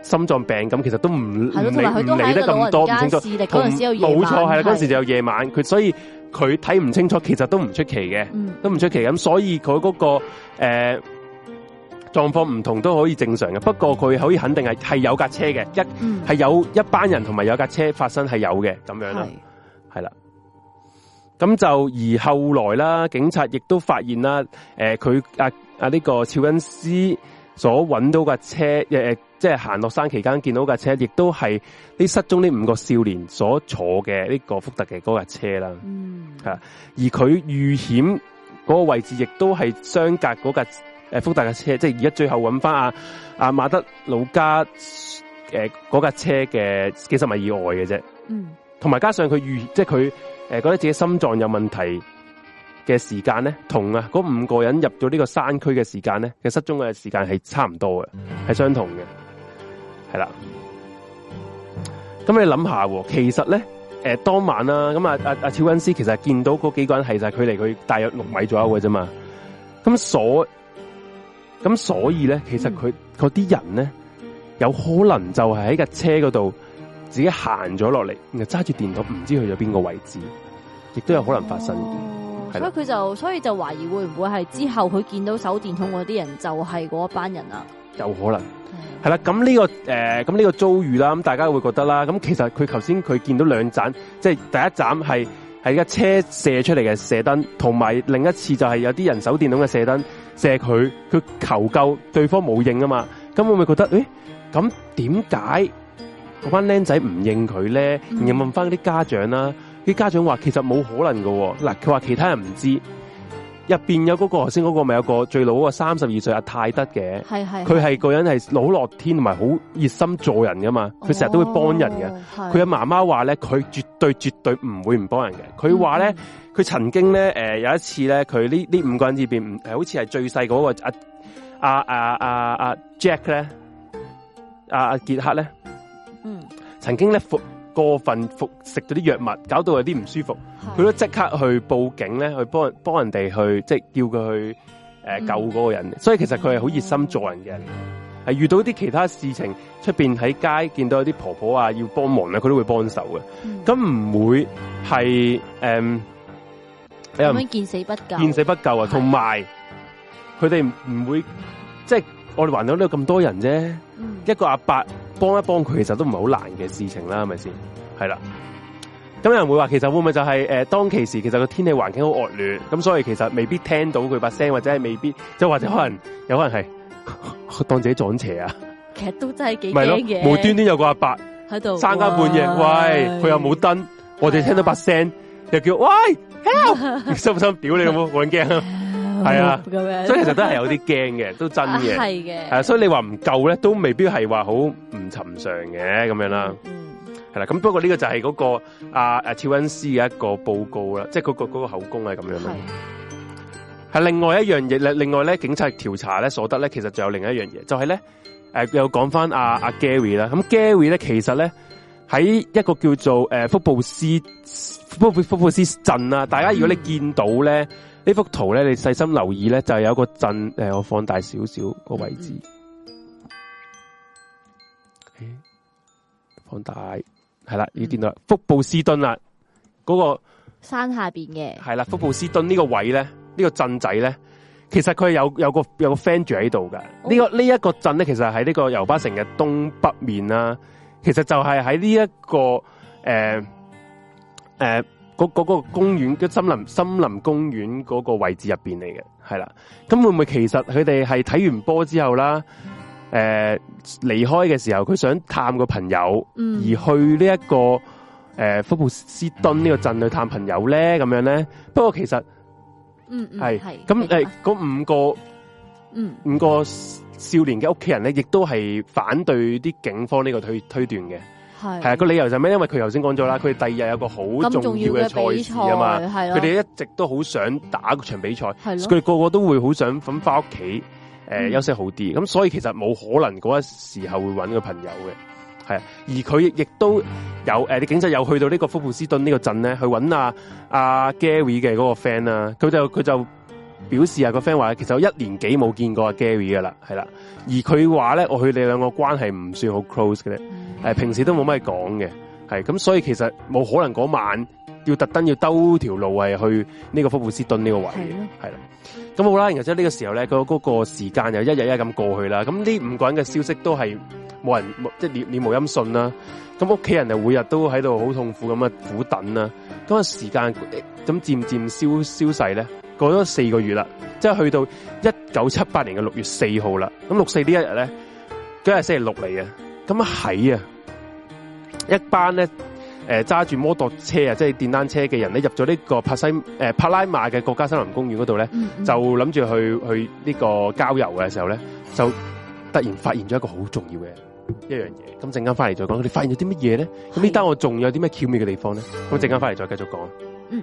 心臟病，咁其實都唔理得咁多唔清楚。冇錯，係啦，嗰時就有夜晚，佢所以佢睇唔清楚，其實都唔出奇嘅、嗯，都唔出奇咁，所以佢嗰、嗰個誒。呃狀況唔同都可以正常嘅，不過佢可以肯定係係有架車嘅，一係有一班人同埋有架車發生係有嘅咁樣啦，係啦，咁就而後來啦，警察亦都發現啦，誒、呃，佢阿呢個喬恩斯所揾到架車，誒、呃、誒，即係行落山期間見到架車，亦都係啲失蹤呢五個少年所坐嘅呢、這個福特嘅嗰架車啦，吓、嗯啊，而佢遇險嗰個位置亦都係相隔嗰架、那個。誒、啊，福特嘅車，即係而家最後搵翻阿阿馬德老家誒嗰、啊、架車嘅幾十米以外嘅啫。嗯，同埋加上佢預，即係佢誒覺得自己心臟有問題嘅時間咧，同啊嗰五個人入咗呢個山區嘅時間咧，嘅失蹤嘅時間係差唔多嘅，係相同嘅，係啦。咁你諗下、啊，其實咧，誒、啊、當晚啦、啊，咁阿阿阿恩師其實見到嗰幾個人係就係佢離佢大約六米左右嘅啫嘛。咁所。咁所以咧，其實佢嗰啲人咧、嗯，有可能就係喺架車嗰度，自己行咗落嚟，然後揸住電筒唔知去咗邊個位置，亦都有可能發生、哦。所以佢就，所以就懷疑會唔會係之後佢見到手電筒嗰啲人，就係嗰一班人啊？有可能係啦。咁呢、呢個誒，咁、呃、呢個遭遇啦，咁大家會覺得啦。咁其實佢頭先佢見到兩盞，即係第一盞係。係一架車射出嚟嘅射燈，同埋另一次就係有啲人手電筒嘅射燈射佢，佢求救，對方冇應啊嘛，咁會唔會覺得誒？咁點解嗰班僆仔唔應佢咧？然後問翻啲家長啦、啊，啲家長話其實冇可能噶、啊，嗱佢話其他人唔知。入邊有嗰、那個，頭先嗰個咪有個最老嗰個三十二歲阿泰德嘅，係係，佢係個人係老樂天同埋好熱心助人噶嘛，佢成日都會幫人嘅。佢嘅媽媽話咧，佢絕對絕對唔會唔幫人嘅。佢話咧，佢曾經咧，誒、呃、有一次咧，佢呢呢五個人入邊唔、呃、好似係最細嗰、那個阿阿阿阿阿 Jack 咧，阿阿傑克咧，嗯，曾經咧。過分服食咗啲藥物，搞到有啲唔舒服，佢都即刻去報警咧，去幫幫人哋去，即係叫佢去誒、呃、救嗰個人、嗯。所以其實佢係好熱心助人嘅人，係、嗯、遇到啲其他事情，出邊喺街見到有啲婆婆啊要幫忙咧，佢都會幫手嘅，咁、嗯、唔會係誒咁見死不救，見死不救啊！同埋佢哋唔會即係我哋環到都有咁多人啫、嗯，一個阿伯。幫一幫佢其實都唔係好難嘅事情啦，係咪先？係啦，咁有人會話其實會唔會就係、是、誒、呃、當其時其實個天氣環境好惡劣，咁所以其實未必聽到佢把聲或者係未必即係或者可能有可能係當自己撞邪啊？其實都真係幾驚嘅，無端端有個阿伯喺度，三更半夜喂，佢又冇燈，我哋聽到把聲、哎、又叫喂， 你心唔心屌你咁，我 驚。 係啊，咁樣，所以其實都係有啲驚嘅，都真嘅，係、啊、嘅。係啊，所以你話唔夠咧，都未必係話好唔尋常嘅咁樣啦。嗯，係啦、啊。咁不過呢個就係嗰、那個阿阿跳恩斯嘅一個報告啦，即係嗰個、那個口供係咁樣。係。係、啊、另外一樣嘢咧，另外咧，警察調查咧所得咧，其實仲有另一樣嘢，就係、是、咧，誒、呃，又講翻阿阿 Gary 啦。咁 Gary 咧，其實咧喺一個叫做誒、啊、福布斯福布福布斯鎮啊。大家如果你見到咧。嗯嗯呢幅圖咧，你細心留意咧，就係、是、有一個鎮，誒、呃，我放大少少、那個位置，嗯、誒放大係啦，你見、嗯、到啦，福布斯敦啦，嗰、那個山下邊嘅係啦，福布斯敦呢個位咧，這個、呢個鎮仔咧，其實佢有有個有個 friend 住喺度噶，哦這個這個、呢個呢一個鎮咧，其實喺呢個游巴城嘅東北面啦、啊，其實就係喺呢一個誒誒。呃呃嗰、嗰個公園嘅、嗰個、森林，森林公園嗰個位置入邊嚟嘅，係啦。咁會唔會其實佢哋係睇完波之後啦，誒、嗯、離、呃、開嘅時候，佢想探個朋友，嗯、而去呢、呢、一個誒、呃、福布斯、斯敦呢個鎮去探朋友咧，咁樣咧？不過其實，嗯，係係咁誒，嗰、嗯呃、五個，嗯，五個少年嘅屋企人咧，亦都係反對啲警方呢個推推斷嘅。係，啊、個理由就咩？因為佢頭先講咗啦，佢哋第二日有個好重要嘅賽事啊嘛，佢哋一直都好想打場比賽，佢哋個個都會好想返翻屋企，誒、呃嗯、休息好啲。咁所以其實冇可能嗰個時候會揾個朋友嘅，係啊。而佢亦都有誒，啲、呃、警察又去到呢個福布斯頓呢個鎮咧，去揾啊阿 Gary 嘅嗰個 friend 啊。佢、啊啊、就佢就表示啊，個 friend 話其實有一年幾冇見過阿、啊、Gary 噶啦，係啦。而佢話咧，我佢哋兩個關係唔算好 close 嘅。嗯誒，平時都冇乜講嘅，係咁，所以其實冇可能嗰晚要特登要兜條路係去呢個福布斯敦呢個位，係啦，咁好啦。然後即係呢個時候咧，佢嗰個時間又一日一日咁過去啦。咁呢五個人嘅消息都係冇人，即係連連冇音訊啦。咁屋企人就每日都喺度好痛苦咁啊苦等啦。咁啊時間咁漸漸消消逝咧，過咗四個月啦，即係去到一九七八年嘅六月四號啦。咁六四呢一日咧，今日星期六嚟嘅，咁喺啊！一班咧，誒揸住摩托車啊，即係電單車嘅人咧，入咗呢個帕西，呃、帕拉馬嘅國家森林公園嗰度咧，就諗住去去呢個郊遊嘅時候咧，就突然發現咗一個好重要嘅一樣嘢。咁陣間翻嚟再講，佢哋發現咗啲乜嘢咧？咁呢單我仲有啲咩巧妙嘅地方咧？咁陣間翻嚟再繼續講。嗯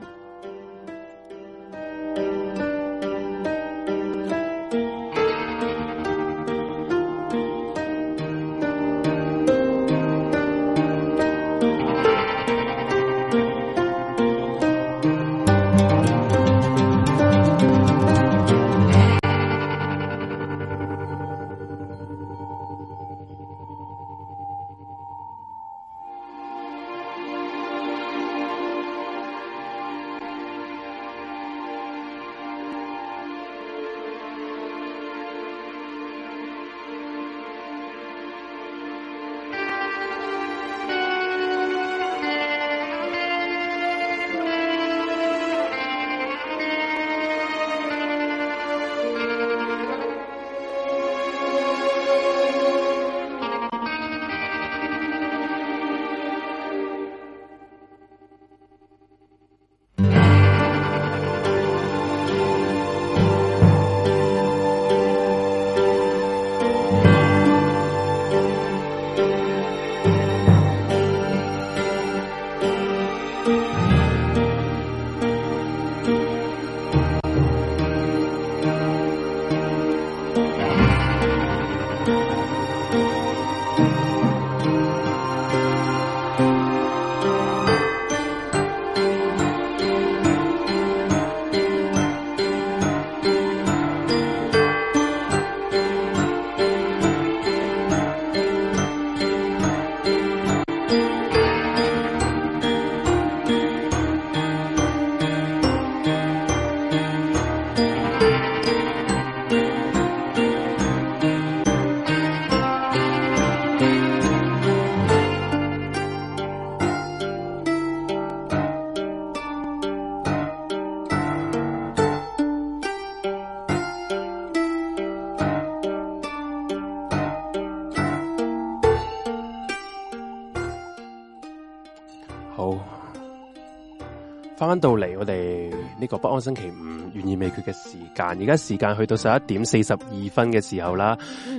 翻到嚟，我哋呢個不安星期五懸而未決嘅時間，而家時間去到十一點四十二分嘅時候啦。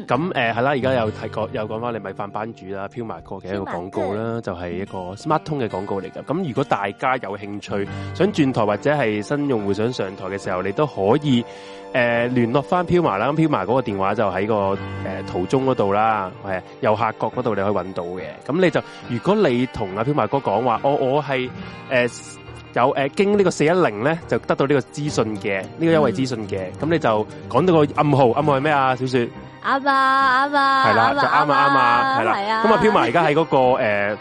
咁誒係啦，而家又係講又講翻，你米飯班主啦，飄、嗯、馬哥嘅一個廣告啦，就係、是、一個 SmarTone 嘅廣告嚟嘅。咁如果大家有興趣想轉台或者係新用戶想上台嘅時候，你都可以誒聯、呃、絡翻飄馬啦，飄馬嗰個電話就喺個誒、呃、途中嗰度啦，係右下角嗰度你可以搵到嘅。咁你就如果你同阿飄馬哥講話，我我係誒。呃有誒、呃、經個410呢個四一零咧，就得到呢個資訊嘅，呢、呢個優惠資訊嘅，咁、嗯、你就講到個暗號，暗號係咩啊？小雪，阿啊阿啊，係啦就啱啊啱啊，係、啊啊、啦。咁啊，啊啊飄埋而家喺嗰個、 呃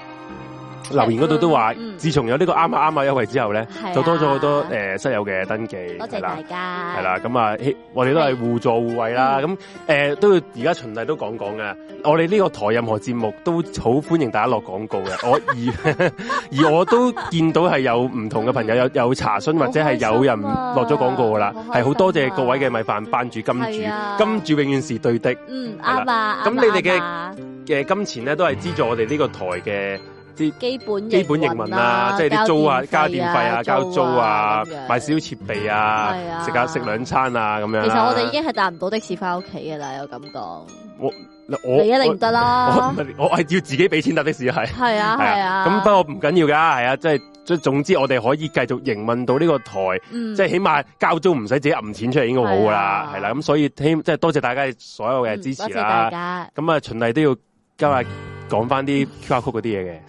留言嗰度都話、嗯嗯，自從有呢、這個啱下啱下優惠之後咧、啊，就多咗好多誒，室友嘅登記。多謝大家，係啦，咁啊，啊我哋都係互助互惠啦。咁誒、啊呃，都要而家循例都講講嘅。我哋呢個台任何節目都好歡迎大家落廣告嘅、嗯。我而 而我都見到係有唔同嘅朋友有有查詢或者係有人落咗廣告噶啦，係好多謝各位嘅米飯班主金主，金主,、啊、金主永遠是對的。嗯，啱啊，咁、嗯啊啊啊、你哋嘅嘅金錢咧都係資助我哋呢個台嘅。啲基本、啊、基本營運啊，即係啲租啊、交電費啊、交租啊、買少少設備啊，食、啊、下食兩餐啊，咁樣、啊。其實我哋已經係搭唔到的士翻屋企嘅啦，有咁講。我你一定唔得啦。我係、啊、要自己俾錢搭的士，係係啊係啊。咁、啊啊啊、不過唔緊要噶，係啊，即係即總之我哋可以繼續營運到呢個台，即、嗯、係起碼交租唔使自己揞錢出嚟，應該好噶啦，係啦。咁所以聽即係多謝大家所有嘅支持啦、啊。咁、嗯、啊，循例都要今日。嗯講翻啲 QR code 嗰啲嘢嘅，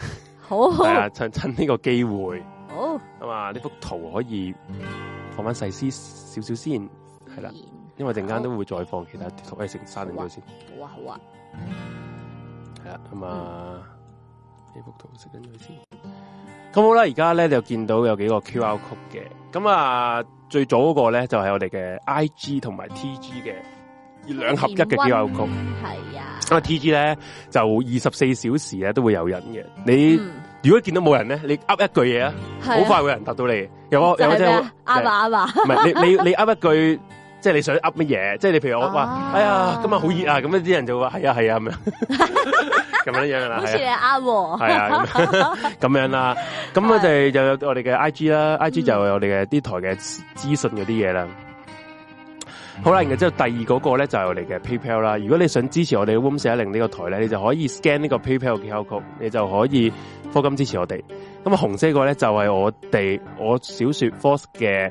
好好啊，趁趁呢個機會，好咁啊，呢幅圖可以放翻細思少少先，先，係啦，因為陣間都會再放其他圖好成好咁好先，好啊好啊，係啦，咁啊，呢、啊啊嗯、幅圖食緊佢先，咁好啦，而家咧就見到有幾個 QR code 嘅，咁啊，最早嗰個咧就係、是、我哋嘅 I G 同埋 T G 嘅。兩合一嘅交友群，係啊，啊 T G 咧就二十四小時咧都會有人嘅。你如果見到冇人咧，你噏一句嘢啊，好快會有人答到你。有啊，有即係阿爸阿爸，唔係你你你噏一句，即係你想噏乜嘢？即係你譬如我話，哎呀，今日好熱啊，咁一啲人就話，係啊係啊咁樣，咁樣樣啦，好似你噏係啊，咁樣啦。咁我哋就有我哋嘅 I G 啦，I G 就有我哋嘅啲台嘅資訊嗰啲嘢啦。好啦，然之後第二個個咧就係我哋嘅 PayPal 啦。如果你想支持我哋《w o m 社一零》呢個台咧，你就可以 scan 呢個 PayPal QR code，你就可以科金支持我哋。咁啊，紅色個咧就係我哋我小說 Force 嘅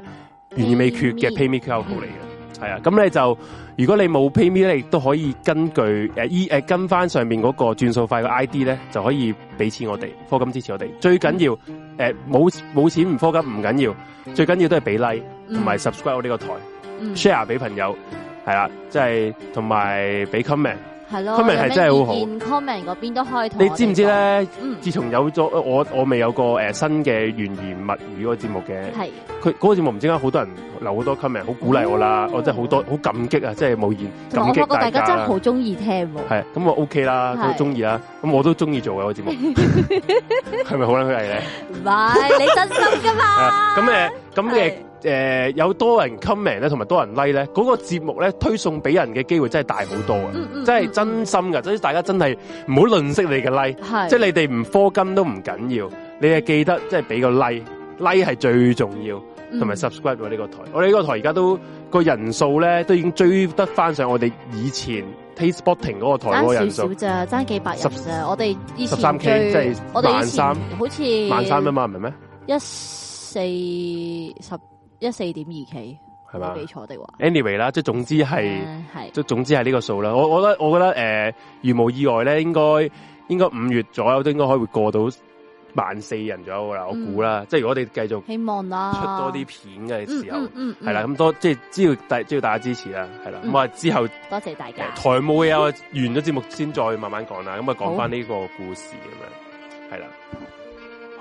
懸而未決嘅 PayMe QR code 嚟嘅。係啊，咁咧就如果你冇 PayMe 咧，亦都可以根據誒誒、呃、跟翻上，上面嗰個轉數快嘅 ID 咧，就可以俾錢我哋科金支持我哋。最緊要誒冇冇錢唔科金唔緊要，最緊要都係俾 like 同埋 subscribe 我呢個台。嗯 share 俾朋友，係啦，即係同埋俾 comment，comment 係真係好好。comment 嗰邊都可以同你知唔知咧？嗯、自從有咗我，我未有個誒新嘅懸言物語嗰、那個節目嘅，係佢嗰個節目，唔知點解好多人留好多 comment，好鼓勵我啦、哦，我真係好多好感激啊，即係冇言感激大家。我覺得大家真係好中意聽，係咁我 OK 啦，都中意啦，咁我都中意做嘅個節目，係咪好啦佢係咧？唔係你真心噶嘛？咁 誒，咁嘅誒、uh，有多人 comment 咧，同埋多人 like 咧，嗰個節目咧，推送俾人嘅機會真係大好多啊！Mm -hmm. 真係真心㗎。所、mm、以 -hmm. 大家真係唔好吝嗇你嘅 like，、mm -hmm. 即係你哋唔科金都唔緊要緊，你哋記得、mm -hmm. 即係俾個 like，like 係 like 最重要，同埋 subscribe 呢個台。Mm -hmm. 我哋呢個台而家都個人數咧，都已經追得翻上我哋以前 TasteBurning 嗰個台個人數，少少咋，爭幾百人咋，我哋十三 K 即係萬三，就是、13, 我好似萬三啊嘛，明咩？一四十。一四點二期，係嘛，冇錯的喎。Anyway 啦，即係總之係，即總之係呢、uh, 個數啦。我我覺得我覺得誒、呃，如無意外咧，應該應該五月左右都應該可以會過到萬四人左右啦、嗯。我估啦，即係如果我哋繼續希望啦，出多啲片嘅時候，係啦咁多，即係只要只要大家支持啦，係啦。咁啊之後、嗯、多謝大家。呃、台妹啊， 完咗節目先再慢慢講啦。咁啊，講翻呢個故事咁樣，係啦。是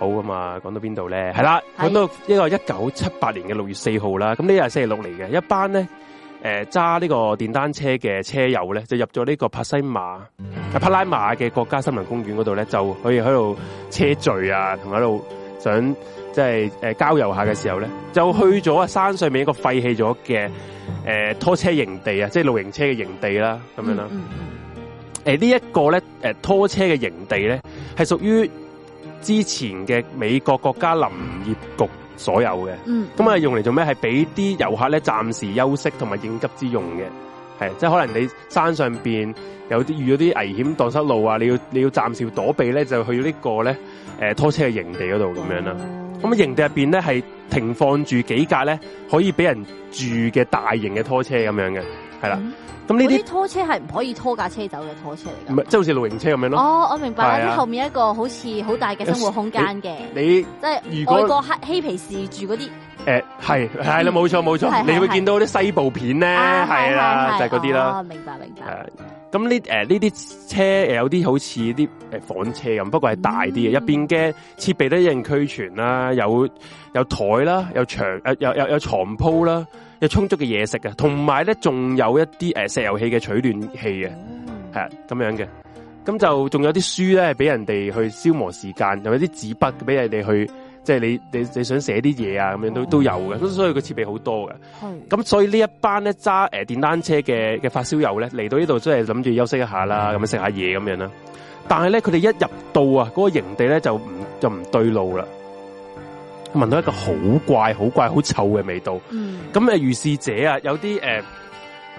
好啊嘛，講到邊度咧？係啦，講到呢個一九七八年嘅六月四號啦。咁呢個係星期六嚟嘅，一班咧誒揸呢、呃、個電單車嘅車友咧，就入咗呢個帕西馬、帕拉馬嘅國家森林公園嗰度咧，就可以喺度車聚啊，同埋喺度想即係誒郊遊下嘅時候咧，就去咗、啊就是呃、山上面一個廢棄咗嘅誒拖車營地啊，即、就、係、是、露營車嘅營地啦，咁樣啦。誒、嗯嗯呃這個、呢一個咧，誒拖車嘅營地咧係屬於。之前嘅美國國家林業局所有嘅，咁、嗯、啊用嚟做咩？係俾啲遊客咧暫時休息同埋應急之用嘅，係即係可能你山上邊有啲遇到啲危險蕩失路啊，你要你要暫時要躲避咧就去呢、這個咧誒、呃、拖車嘅營地嗰度咁樣啦。咁啊營地入邊咧係停放住幾架咧可以俾人住嘅大型嘅拖車咁樣嘅。係啦，咁呢啲拖車係唔可以拖架車走嘅拖車嚟噶，唔係即係好似露營車咁樣咯。哦，我明白，啲後面一個好似好大嘅生活空間嘅，你即係、就是、外國嬉皮士住嗰啲誒，係係啦，冇錯冇錯，你會見到啲西部片咧，係、啊、啦，就係嗰啲啦。明白明白。咁呢誒呢啲車有啲好似啲誒房車咁，不過係大啲嘅，入邊嘅設備都一應俱全啦，有有台啦，有床，誒有有有床鋪啦。有充足嘅嘢食啊，同埋咧仲有一啲誒石油氣嘅取暖器嘅，係咁樣嘅。咁就仲有啲書咧，俾人哋去消磨時間，又有啲紙筆俾人哋去，即係你你你想寫啲嘢啊，咁樣都都有嘅。所以個設備好多嘅。咁所以呢一班咧揸誒電單車嘅嘅發燒友咧嚟到呢度，真係諗住休息一下啦，咁樣食下嘢咁樣啦。但係咧佢哋一入到啊，嗰個營地咧就唔就唔對路啦。聞到一個好怪、好怪、好臭嘅味道。咁、嗯、誒，遇是者啊，有啲誒，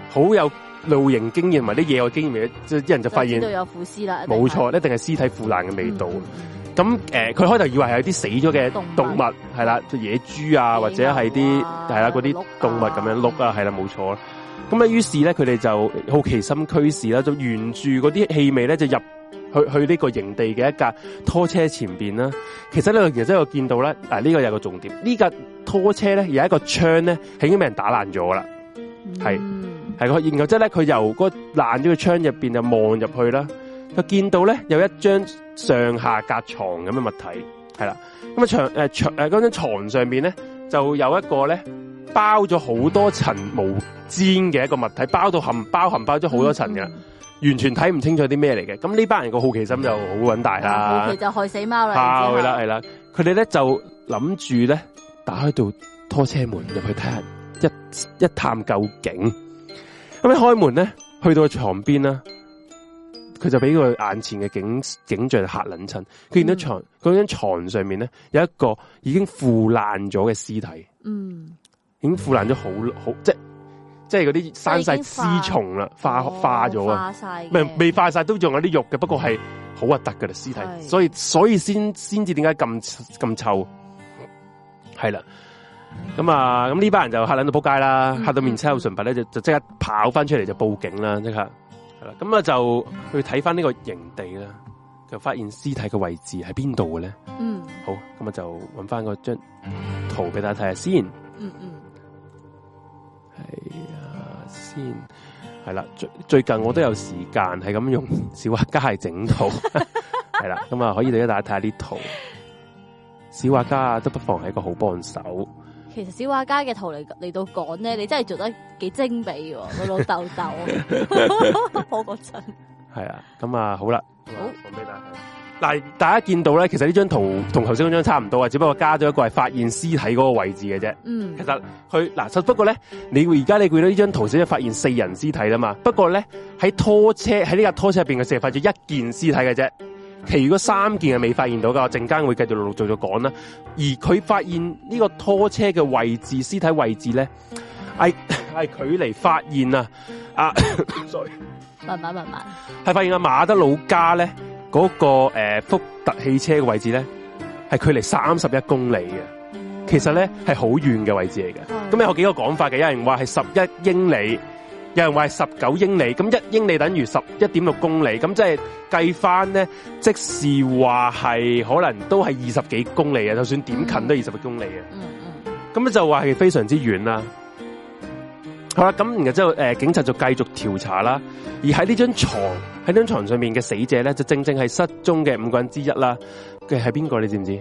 好、呃、有露營經驗或者野外經驗嘅，即啲人就發現，就有腐屍啦。冇錯，一定係屍體腐爛嘅味道。咁、嗯、誒，佢、呃、開頭以為係有啲死咗嘅動物，係啦，野豬啊，或者係啲係啦嗰啲動物咁樣碌啊，係啦，冇錯啦。咁啊，於是咧，佢哋就好奇心驅使啦，就沿住嗰啲氣味咧，就入，去去呢個營地嘅一架拖車前邊啦，其實呢度其實我見到咧，嗱、啊、呢、這個有個重點，呢、這、架、個、拖車咧有一個窗咧已經俾人打爛咗啦，係、嗯、係個，然後即係咧佢由嗰爛咗嘅窗入邊就望入去啦，佢見到咧有一張上下隔床咁嘅物體，係啦，咁啊床誒、呃、床誒嗰張床上邊咧就有一個咧包咗好多層毛氈嘅一個物體，包到含包含包咗好多層嘅。嗯完全睇唔清楚啲咩嚟嘅，咁呢班人個好奇心就好揾大啦、嗯。好奇就害死貓啦，係啦係啦，佢哋咧就諗住咧打開度拖車門入去睇下，一一探究竟。咁一開門咧，去到床邊啦，佢就俾佢眼前嘅景景象嚇撚親。佢見、嗯、到床嗰張床上面咧有一個已經腐爛咗嘅屍體，嗯，已經腐爛咗好好，好即係。即係嗰啲生晒屍蟲啦，化化咗啊，未未化晒、哦、都仲有啲肉嘅，不過係好核突噶啦屍體，所以所以先先至知點解咁咁臭，係啦，咁啊咁呢班人就吓到扑街啦，吓、嗯嗯、到面青口唇白咧，就就即刻跑翻出嚟就報警啦，即刻係啦，咁啊就去睇翻呢個營地啦，就發現屍體嘅位置喺邊度嘅咧，嗯，好，咁啊就揾翻個張圖俾大家睇下先，嗯嗯，係。先係啦，最最近我都有時間係咁用小畫家整圖， 係啦，咁啊可以俾大家睇下啲圖，小畫家啊都不妨係一個好幫手。其實小畫家嘅圖嚟嚟到講咧，你真係做得幾精美嘅， 個老豆豆 我好過真。係啊，咁啊好啦。嗱，大家見到呢，其實呢張圖同頭先嗰張差唔多啊，只不過加咗一個係發現屍體嗰個位置嘅啫。嗯。其實佢嗱，不過呢，你而家你見到呢張圖先，就發現四人屍體啦嘛。不過呢，喺拖車喺呢架拖車入面，佢四人，發現一件屍體嘅啫，其餘嗰三件係未發現到㗎。我陣間會繼續陸陸續續講啦。而佢發現呢個拖車嘅位置，屍體位置咧，係距離發現啊啊，sorry，慢慢慢慢，係發現阿馬德魯加咧。嗰、那個誒、呃、福特汽車嘅位置咧，係距離三十一公里嘅，其實咧係好遠嘅位置嚟嘅。咁你有幾個講法嘅，有人話係十一英里，有人話係十九英里。咁一英里等於十一點六公里，咁即係計翻咧，即是話係可能都係二十幾公里啊！就算點近都二十幾公里啊！咁咧就話係非常之遠啦。好啦，咁然之後誒，警察就繼續調查啦。而喺呢張床喺張床上面嘅死者咧，就正正係失蹤嘅五個人之一啦。佢係邊個你知唔知？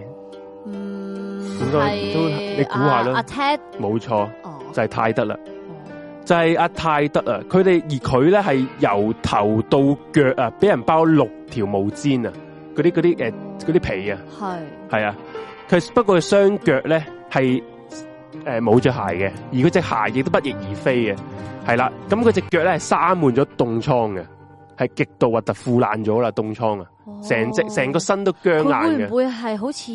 嗯，估下啦阿泰，冇、啊啊、錯，哦、就係、是、泰德啦、嗯，就係、是、阿泰德啦、啊。佢哋而佢咧係由頭到腳啊，俾人包六條毛氈啊，嗰啲嗰啲誒，嗰啲、呃、皮啊，係係啊，佢不過佢雙腳咧係。嗯誒、呃，冇着鞋嘅，而佢隻鞋亦都不翼而飛嘅，係啦。咁佢隻腳咧係生滿咗凍瘡嘅，係極度核突腐爛咗啦，凍瘡啊，成隻成個身都僵硬嘅。哦、會唔會係好似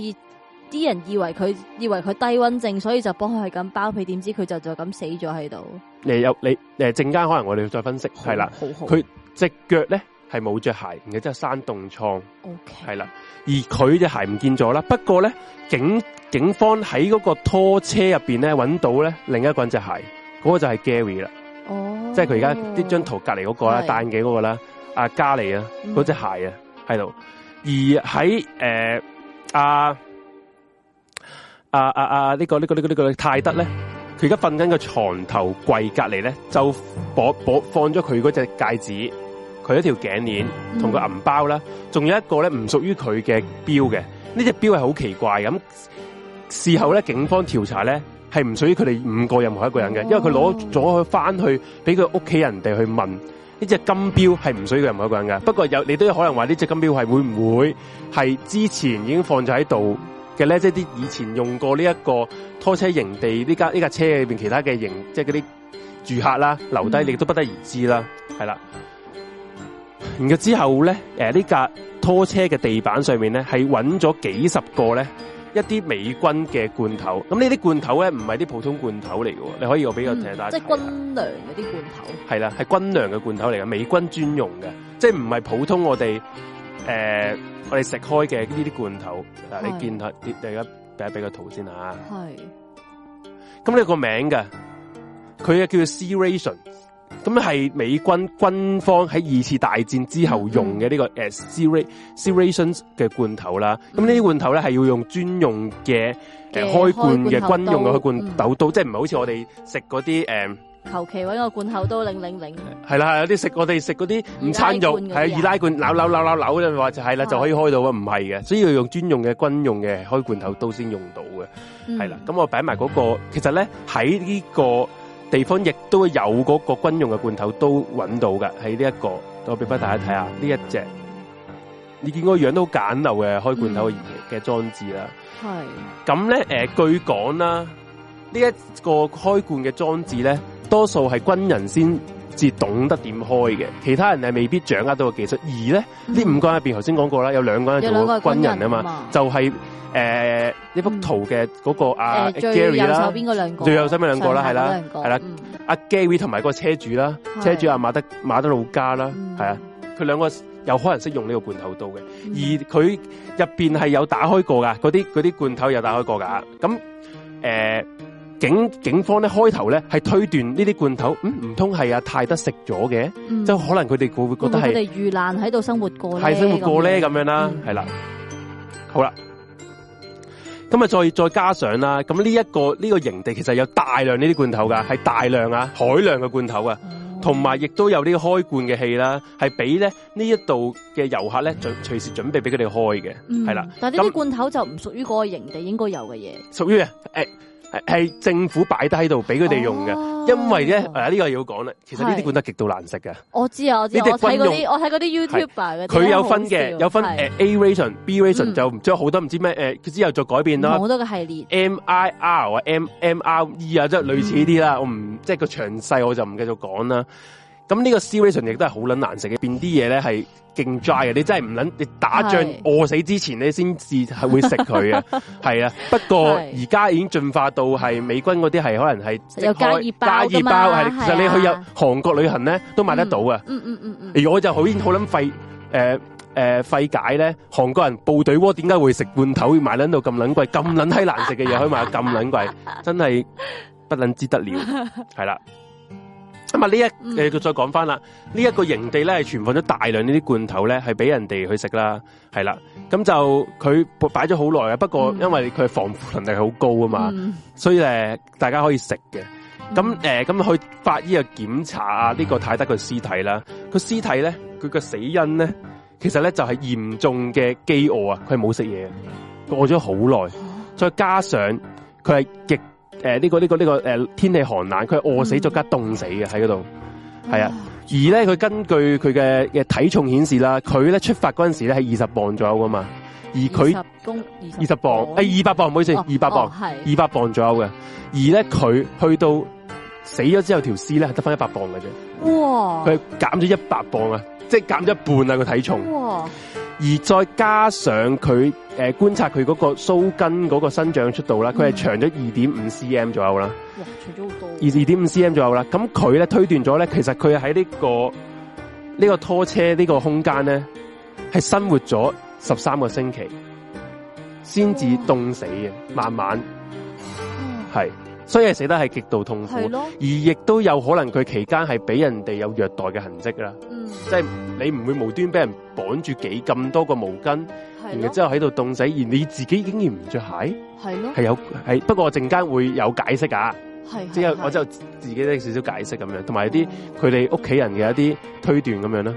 啲人以為佢以為佢低溫症，所以就幫佢係咁包庇，點知佢就就咁死咗喺度？你有你誒，陣間可能我哋再分析係啦。佢隻腳咧係冇着鞋，然之後生凍瘡。OK，係啦。而佢隻鞋唔見咗啦，不過咧警警方喺嗰個拖車入邊咧揾到咧另一個人隻鞋，嗰、嗰個就係 Gary 啦，oh, 即係佢而家呢張圖隔籬嗰個啦，戴眼鏡嗰個啦，阿加里啊，嗰隻鞋、mm -hmm. 呃、啊喺度，而喺誒阿阿阿阿呢個呢、呢個呢、呢個呢個泰德咧，佢而家瞓緊個床頭櫃隔籬咧就放放咗佢嗰隻戒指。佢一條頸鏈同個銀包啦，仲、嗯、有一個咧唔屬於佢嘅表嘅，呢隻表係好奇怪咁。事後咧，警方調查咧係唔屬於佢哋五個任何一個人嘅、哦，因為佢攞咗佢翻去俾佢屋企人哋去問。呢、這、隻、個、金表係唔屬於任何一個人嘅，不過有你都有可能話呢隻金表係會唔會係之前已經放咗喺度嘅咧？即係啲以前用過呢一個拖車營地呢架呢架車裏邊其他嘅營，即係嗰啲住客啦留低，你、嗯、都不得而知啦，係啦。然之後咧，誒呢架拖車嘅地板上面咧係揾咗幾十個咧一啲美軍嘅罐頭，咁呢啲罐頭咧唔係啲普通罐頭嚟嘅，你可以我俾個圖，即係軍糧嗰啲罐頭，係啦，係軍糧嘅罐頭嚟嘅，美軍專用嘅，即係唔係普通我哋誒、呃、我哋食開嘅呢啲罐頭，嗱你見下你，大家俾一俾個圖先吓、啊，係，咁你個名嘅，佢係叫做 C-Ration。咁、嗯、係美軍軍方喺二次大戰之後用嘅呢個誒、嗯、C-Rations 嘅罐頭啦，咁呢啲罐頭咧係要用專用嘅誒、呃、開罐嘅軍用嘅開罐頭刀，嗯、即係唔係好似我哋食嗰啲誒，求其搵個罐頭刀擰擰擰，係啦係，有啲食我哋食嗰啲午餐肉，係易拉罐，易拉罐扭扭扭扭扭咧，話就係啦就可以開到啊，唔係嘅，所以要用專用嘅軍用嘅開罐頭刀先用到嘅，係、嗯、啦，咁、嗯嗯、我擺埋嗰個，其實咧喺呢、這個。地方亦都有嗰個軍用嘅罐頭都揾到㗎。喺呢一個我俾翻大家睇下呢一隻，你見個樣都簡陋嘅開罐頭嘅裝置啦。係咁咧，誒、呃，據講啦，呢、這、一個開罐嘅裝置咧，多數係軍人先至懂得點開嘅，其他人係未必掌握到個技術。而咧，呢、嗯、五個人入邊頭先講過啦，有兩個人做過軍人啊嘛，就係、是。誒、呃，呢幅圖嘅嗰個阿 Gary 啦，最右手邊兩個，最右手邊兩個啦，係啦，係啦，阿、嗯啊、Gary 同埋個車主啦，車主阿、啊、馬德馬德魯加啦，係、嗯、啊，佢兩個有可能識用呢個罐頭刀嘅，嗯、而佢入邊係有打開過噶，嗰啲啲罐頭有打開過噶，咁誒、呃，警警方咧開頭咧係推斷呢啲罐頭，嗯，唔通係阿泰德食咗嘅，即、嗯、係可能佢哋會會覺得係，佢哋遇難喺度生活過咧，係生活過咧咁樣啦，係、嗯、啦，好啦。咁啊，再再加上啦，咁呢一個呢、這個營地其實有大量呢啲罐頭噶，係大量啊海量嘅罐頭噶，同埋亦都有呢啲開罐嘅器啦，係俾咧呢一度嘅遊客咧準隨時準備俾佢哋開嘅，係、mm. 啦。但係呢啲罐頭那就唔屬於嗰個營地應該有嘅嘢，屬於誒。哎係政府擺低喺度俾佢哋用嘅，因為咧誒呢、哦啊這個要講咧，其實呢啲管得極度難食嘅。我知啊，我知。我睇嗰啲，我睇嗰啲 YouTube 佢有分嘅，有分誒 A ration、B ration 就唔知好多唔知咩誒之後再改變啦。好多個系列 MIR 啊、MMRE 啊，即係類似呢啲啦。我唔即係個詳細，我就唔繼續講啦。咁呢個 situation 亦都係好撚難食嘅，變啲嘢咧係勁 dry 嘅，你真係唔撚，你打仗餓死之前呢，先至係會食佢啊。係 啊。不過而家已經進化到係美軍嗰啲係可能係有加熱包，加熱包係其實你去有韓國旅行咧都買得到啊。嗯嗯嗯嗯，而我就好好撚費誒誒費解咧，韓國人部隊鍋點解會食罐頭買撚到咁撚貴咁撚閪難食嘅嘢可以買咁撚貴， 真係不撚知得了，係 啦。咁啊呢一誒，再講翻啦。呢、嗯、一、這個營地咧，係存放咗大量呢啲罐頭咧，係俾人哋去食啦。係啦，咁就佢擺咗好耐啊。不過因為佢防腐能力好高啊嘛、嗯，所以誒大家可以食嘅。咁、嗯、誒，咁去法醫啊檢查啊呢、這個泰德個屍體啦。個屍體咧，佢個死因咧，其實咧就係嚴重嘅飢餓啊。佢冇食嘢，餓咗好耐，再加上佢係極。誒、呃，呢、這個呢、這個呢、這個誒、呃，天氣寒冷，佢係餓死咗加、嗯、凍死嘅喺嗰度，係啊、嗯。而咧佢根據佢嘅嘅體重顯示啦，佢咧出發嗰陣時咧係二十磅左右噶嘛，而佢二十磅誒二百磅唔、哎、好意思，二、哦、百磅二百、哦、磅左右嘅。而咧佢去到死咗之後，條屍咧係得翻一百磅嘅啫。哇！佢減咗一百磅啊，即係減咗一半啊個體重。哇而再加上佢，誒、呃、觀察佢嗰個鬚根嗰個生長速度啦，佢、嗯、係長咗二點五 cm 左右啦，哇除咗好多二二點五 cm 左右啦。咁佢咧推斷咗咧，其實佢喺呢個呢、呢個拖車呢個空間咧，係生活咗十三個星期，先至凍死嘅，慢慢係。嗯所以係死得係極度痛苦，而亦都有可能佢期間係俾人哋有虐待嘅痕跡啦。嗯，即係你唔會無端俾人綁住幾咁多個毛巾，然之後喺度凍死，而你自己竟然唔着鞋，係咯是，係有係。不過我陣間會有解釋噶，係即係我之後自己都少少解釋咁樣，同埋啲佢哋屋企人嘅一啲推斷咁樣啦。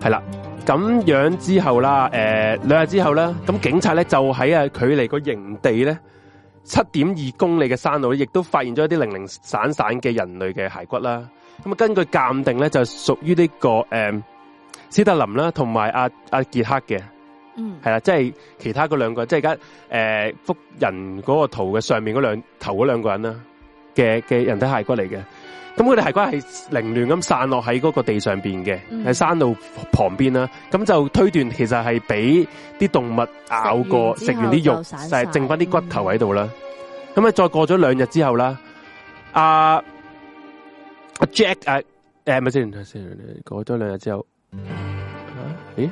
係啦，咁樣之後啦，誒兩日之後咧，咁警察咧就喺啊，距離個營地咧。七點二公里嘅山路咧，亦都發現咗一啲零零散散嘅人類嘅骸骨啦。咁啊，根據鑑定咧，就係屬於呢、這個誒、呃、斯德林啦，同埋阿阿傑克嘅，嗯，嗯，係啦，即係其他嗰兩個，即係而家誒福人嗰個圖嘅上面嗰兩頭嗰兩個人啦嘅嘅人體骸骨嚟嘅。咁佢哋骸骨係凌亂咁散落喺嗰個地上邊嘅，喺、嗯、山路旁邊啦。咁就推斷其實係俾啲動物咬過，食完啲肉，就係剩翻啲骨頭喺度啦。咁、嗯、啊，再過咗兩日之後啦，阿阿 Jack 啊，誒咪先，過咗兩日之後，啊，咦、啊欸欸，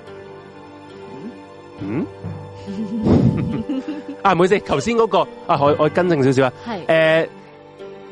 嗯， 啊，唔好意思，頭先嗰個啊，我我跟正少少啊，係，誒。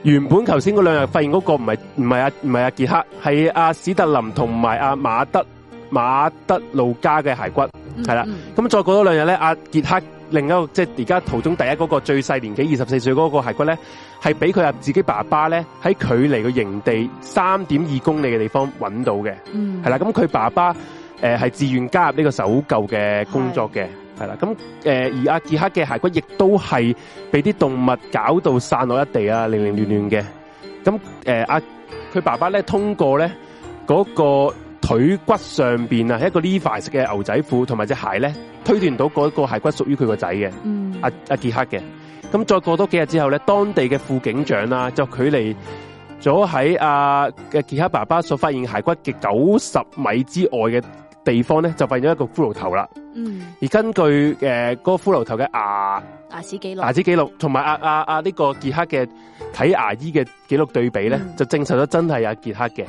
原本頭先嗰兩日發現嗰個唔係，唔係啊，唔係啊傑、啊、克，係阿、啊、史特林同埋阿馬德馬德魯加嘅骸骨，係、嗯、啦。咁再過多兩日咧，阿、啊、傑克另一個即係而家途中第一個最細年紀二十四歲嗰個骸骨咧，係俾佢入自己爸爸咧，喺距離個營地三點二公里嘅地方揾到嘅，係、嗯、啦。咁佢爸爸誒係、呃、自願加入呢個搜救嘅工作嘅。係啦，咁誒，而阿傑克嘅骸骨亦都係俾啲動物搞到散落一地連連連連連的、嗯、啊，零零亂亂嘅。咁誒，阿佢爸爸咧，通過咧嗰、那個腿骨上邊啊，一個 Levi's 嘅牛仔褲同埋隻鞋咧，推斷到嗰個骸骨屬於佢個仔嘅，阿阿傑克嘅。咁、嗯、再過多幾日之後咧，當地嘅副警長啊，就距離咗喺阿嘅傑克爸爸所發現骸骨嘅九十米之外嘅地方咧就發現咗一個骷髏頭啦，嗯，而根據誒嗰、呃嗰個骷髏頭嘅牙牙齒記錄、牙齒記錄同埋阿呢個傑克嘅睇牙醫嘅記錄對比咧，嗯、就證實咗真係有傑克嘅。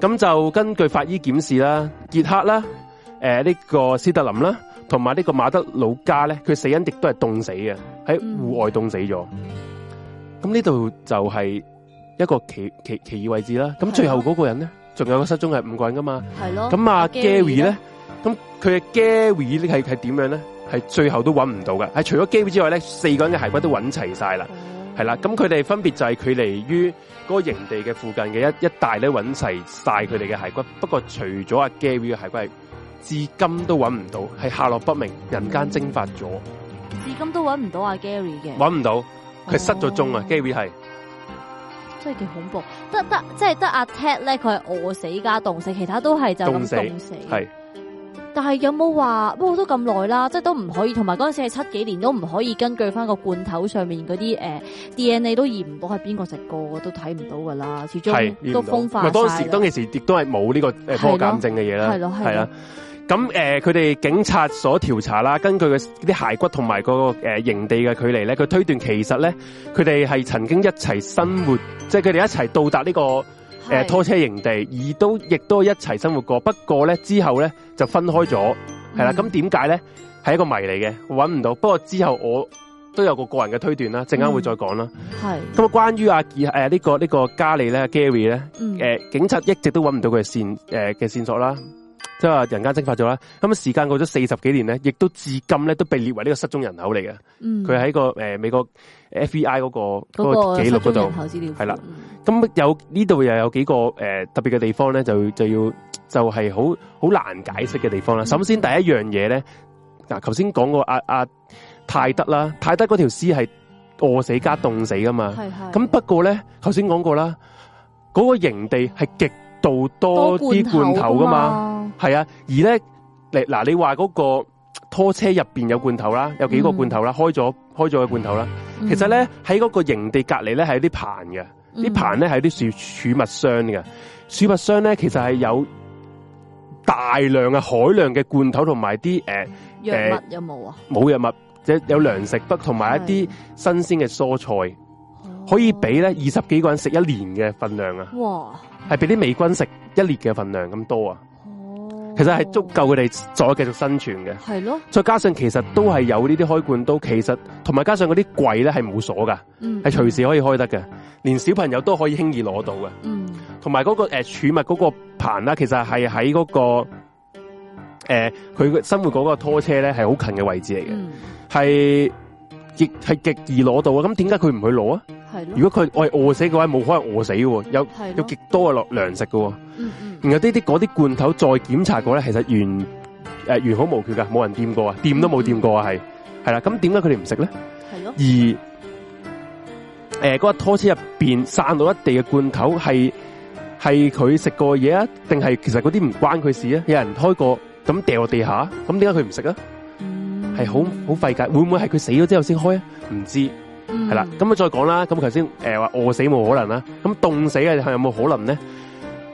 咁就根據法醫檢視啦，傑克啦，誒、呃、呢、呢個斯特林啦，同埋呢個馬德魯加咧，佢死因亦都係凍死嘅，喺戶外凍死咗。咁呢度就係一個奇奇奇異位置啦。咁最後嗰個人咧？仲有個失蹤係五個人噶嘛？係咯、啊。咁啊 Gary 咧，咁佢嘅 Gary 咧係係點樣咧？係最後都揾唔到嘅。係除咗 Gary 之外咧，四個人嘅骸骨都揾齊晒啦。係、哦、啦，咁佢哋分別就係距離於嗰個營地嘅附近嘅一一帶咧揾齊晒佢哋嘅骸骨。不過除咗阿 Gary 嘅骸骨係至今都揾唔到，係下落不明，人間蒸發咗。至今都揾唔到阿 Gary 嘅。揾唔到，佢失咗蹤啊！Gary 係。真係幾恐怖，得得即係得阿 Ted 咧，佢係餓死加凍死，其他都係就咁凍死。係，但係有冇話？不過都咁耐啦，即係都唔可以，同埋嗰陣時係七幾年，都唔可以根據翻個罐頭上面嗰啲誒 DNA 都驗唔到係邊個食過的，都睇唔到噶啦，始終都風化了。咪當時當其時亦都係冇呢個誒破症證嘅嘢啦，係啦。咁誒，佢、呃、哋警察所調查啦，根據嘅啲骸骨同埋、個誒、呃、營地嘅距離咧，佢推斷其實咧，佢哋係曾經一齊生活，即係佢哋一齊到達呢、呢個誒、呃、拖車營地，而都亦都一齊生活過。不過咧，之後咧就分開咗，係啦。咁點解咧？係一個謎嚟嘅，搵唔到。不過之後我都有個個人嘅推斷啦，陣間會再講啦。係。咁啊，關於阿傑呢個呢、呢個、加利咧 Gary 咧、嗯呃，警察一直都揾唔到佢嘅線嘅、呃、線索啦。即係話人間蒸發咗啦，咁時間過咗四十幾年咧，亦都至今咧都被列為呢個失蹤人口嚟嘅。佢、嗯、喺個誒、呃、美國 FBI 嗰、那個嗰、那個記錄嗰度係啦。咁、那個、有呢度又有幾個誒、呃、特別嘅地方咧，就就要就係好好難解釋嘅地方啦、嗯。首先第一樣嘢咧，嗱頭先講過阿、啊、阿、啊、泰德啦，泰德嗰條屍係餓死加凍死噶嘛。咁、嗯、不過咧頭先講過啦，嗰、那個營地係極。做多啲罐頭噶嘛，係啊，而咧，嗱，你話嗰個拖車入邊有罐頭啦，有幾個罐頭啦，嗯、開咗開咗個罐頭啦，嗯、其實咧喺嗰個營地隔籬咧係有啲棚嘅，啲、嗯、棚咧係啲儲儲物箱嘅，儲物箱咧其實係有大量嘅海量嘅罐頭同埋啲誒藥物有冇啊？冇藥物，即係有糧食不同埋一啲新鮮嘅蔬菜，哎、可以俾咧二十幾個人食一年嘅份量啊！哇！係俾啲美軍食一列嘅份量咁多啊，其實係足夠佢哋再繼續生存嘅。係咯，再加上其實都係有呢啲開罐刀，其實同埋加上嗰啲櫃咧係冇鎖噶，係隨時可以開得嘅，連小朋友都可以輕易攞到嘅、那個。嗯、呃，同埋嗰個誒儲物嗰個棚啦，其實係喺嗰個誒佢、呃、生活嗰個拖車咧係好近嘅位置嚟嘅，係極係極易攞到啊！咁點解佢唔去攞啊？如果佢係餓死嘅話，冇可能餓死嘅，有有極多嘅落糧食㗎喎。然後呢啲嗰啲罐頭再檢查過咧，其實完誒、呃、完好無缺噶，冇人掂過啊，掂都冇掂過啊，係係啦。咁點解佢哋唔食咧？係咯。而誒嗰、呃嗰個拖車入邊散落一地嘅罐頭，係係佢食過嘢啊？定係其實嗰啲唔關佢事啊？有人開過咁掉地下，咁點解佢唔食啊？係好好費解，會唔會係佢死咗之後先開啊？唔知。係、嗯、啦，咁啊再講啦，咁頭先誒話餓死冇可能啦，咁凍死係有冇可能咧？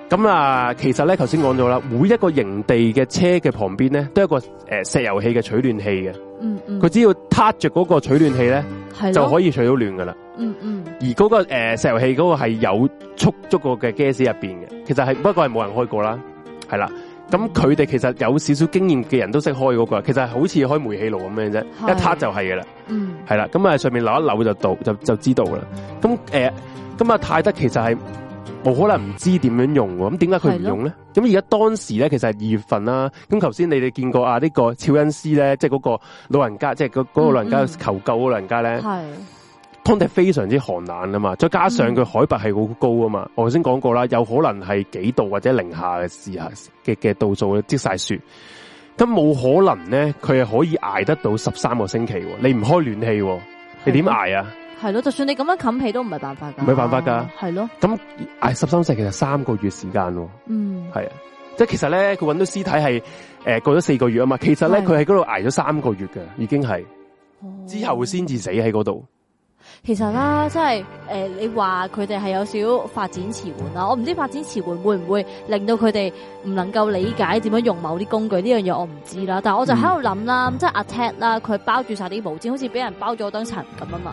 咁啊、呃，其實咧頭先講咗啦，每一個營地嘅車嘅旁邊咧，都有一個誒、呃、石油氣嘅取暖器嘅，嗯嗯，佢只要撻着嗰個取暖器咧，係就可以取到暖噶啦，嗯嗯，而嗰、那個誒、呃、石油氣嗰個係有足足夠嘅 gas 入邊嘅，其實係不過係冇人開過啦，係啦。咁佢哋其實有少少經驗嘅人都識開嗰、那個，其實係好似開煤氣爐咁樣啫，一撻就係嘅啦。嗯，係啦，咁啊上面扭一扭就到就就知道啦。咁誒，咁、呃、啊泰德其實係冇可能唔知點樣用，咁點解佢唔用咧？咁而家當時咧其實係二月份啦、啊。咁頭先你哋見過啊呢、這個超恩師咧，即係嗰個老人家，即係嗰個老人家求救嗰老人家咧。嗯嗯當地非常之寒冷啊嘛，再加上佢海拔係好高啊嘛，嗯、我頭先講過啦，有可能係幾度或者零下嘅時候嘅嘅度數，積晒雪，咁冇可能咧，佢係可以挨得到十三個星期。你唔開暖氣，你點挨啊？係咯，就算你咁樣冚被都唔係辦法噶，唔、啊、係辦法噶，係咯。咁挨十三世其實三個月的時間咯，嗯，係啊，即係其實咧，佢揾到屍體係誒、呃、過咗四個月啊嘛，其實咧佢喺嗰度挨咗三個月嘅，已經係、哦、之後先至死喺嗰度。其實啦，即係誒，你話佢哋係有少少發展遲緩啦，我唔知發展遲緩會唔會令到佢哋唔能夠理解點樣用某啲工具呢樣嘢，我唔知啦。但我就喺度諗啦，嗯、即係阿 t e k 啦，佢包住晒啲毛氈，好似俾人包咗層塵咁啊嘛。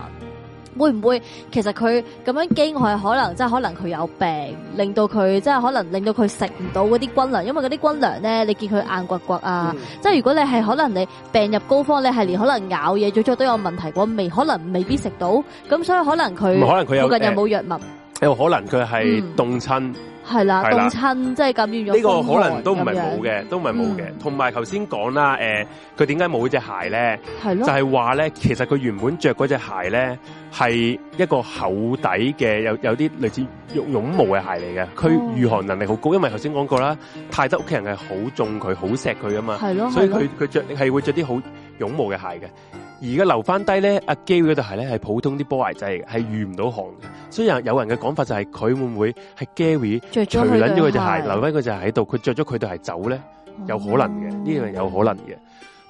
會唔會其實佢咁樣驚，係可能即係可能佢有病，令到佢即係可能令到佢食唔到嗰啲軍糧，因為嗰啲軍糧咧，你見佢硬骨骨啊，即係如果你係可能你病入膏肓，你係連可能咬嘢，最初都有問題，我未可能未必食到，咁所以可能佢附近有冇藥物？有可能佢係凍親。係啦，凍親即係感染咗。呢個可能都唔係冇嘅，都唔係冇嘅。同埋頭先講啦，誒，佢點解冇隻鞋咧？係咯，就係話咧，其實佢原本着嗰隻鞋咧，係一個厚底嘅，有有啲類似絨絨毛嘅鞋嚟嘅。佢御寒能力好高，因為頭先講過啦，泰德屋企人係好中佢，好錫佢啊嘛。係咯，所以佢佢着係會着啲好絨毛嘅鞋嘅。而家留翻低咧，阿 Gary 嗰對鞋咧，係普通啲波鞋仔嚟，係、就是、遇唔到寒嘅。所以有人嘅講法就係、是、佢會唔會係 Gary 除撚咗佢隻鞋，留翻佢隻鞋喺度，佢着咗佢對鞋走咧、嗯，有可能嘅，呢、這、樣、個、有可能嘅。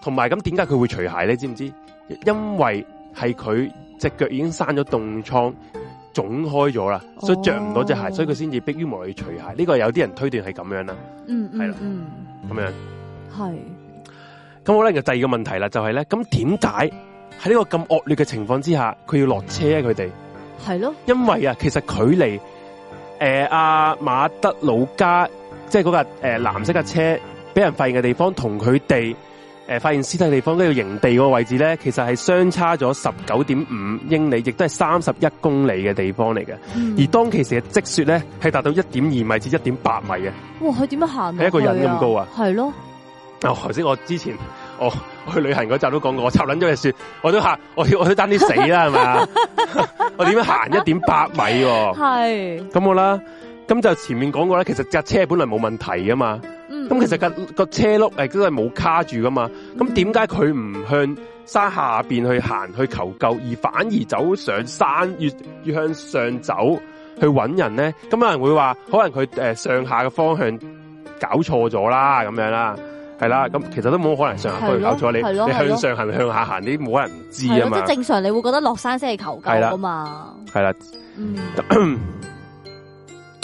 同埋咁，點解佢會除鞋咧？知唔知？因為係佢隻腳已經生咗凍瘡，腫開咗啦，所以着唔到隻鞋、哦，所以佢先至逼於無奈除鞋。呢、這個有啲人推斷係咁樣啦。嗯嗯嗯，咁樣係。嗯咁我咧就第二個問題啦、就係，就係咧，咁點解喺呢個咁惡劣嘅情況之下，佢要落車咧？佢哋係咯，因為啊，其實距離誒阿、呃、馬德魯加即係嗰架誒藍色嘅車俾人發現嘅地方，同佢哋誒發現屍體嘅地方，呢、那、住、個、營地個位置咧，其實係相差咗十九點五英里，亦都係三十一公里嘅地方嚟嘅。嗯、而當其時嘅積雪咧，係達到一點二米至一點八米嘅。哇！佢點樣行？係一個人咁高啊？係咯。哦，頭先我之前、哦、我去旅行嗰陣都講過，我插撚咗隻船，我都嚇，我我我單啲死啦，係嘛？我，我點樣行一點八米喎？係咁好啦，咁就前面講過咧，其實架車本來冇問題㗎嘛。咁、嗯、其實架個車轆誒都係冇卡住噶嘛。咁點解佢唔向山下面去行去求救，而反而走上山越越向上走去揾人咧？咁有人會話，可能佢上下嘅方向搞錯咗啦，咁樣啦。係啦，咁 其實都冇可能上下去搞錯你，你向上行向下行你冇人知啊嘛。即、係、正常你會覺得落山先係求救啊嘛。係啦，嗯，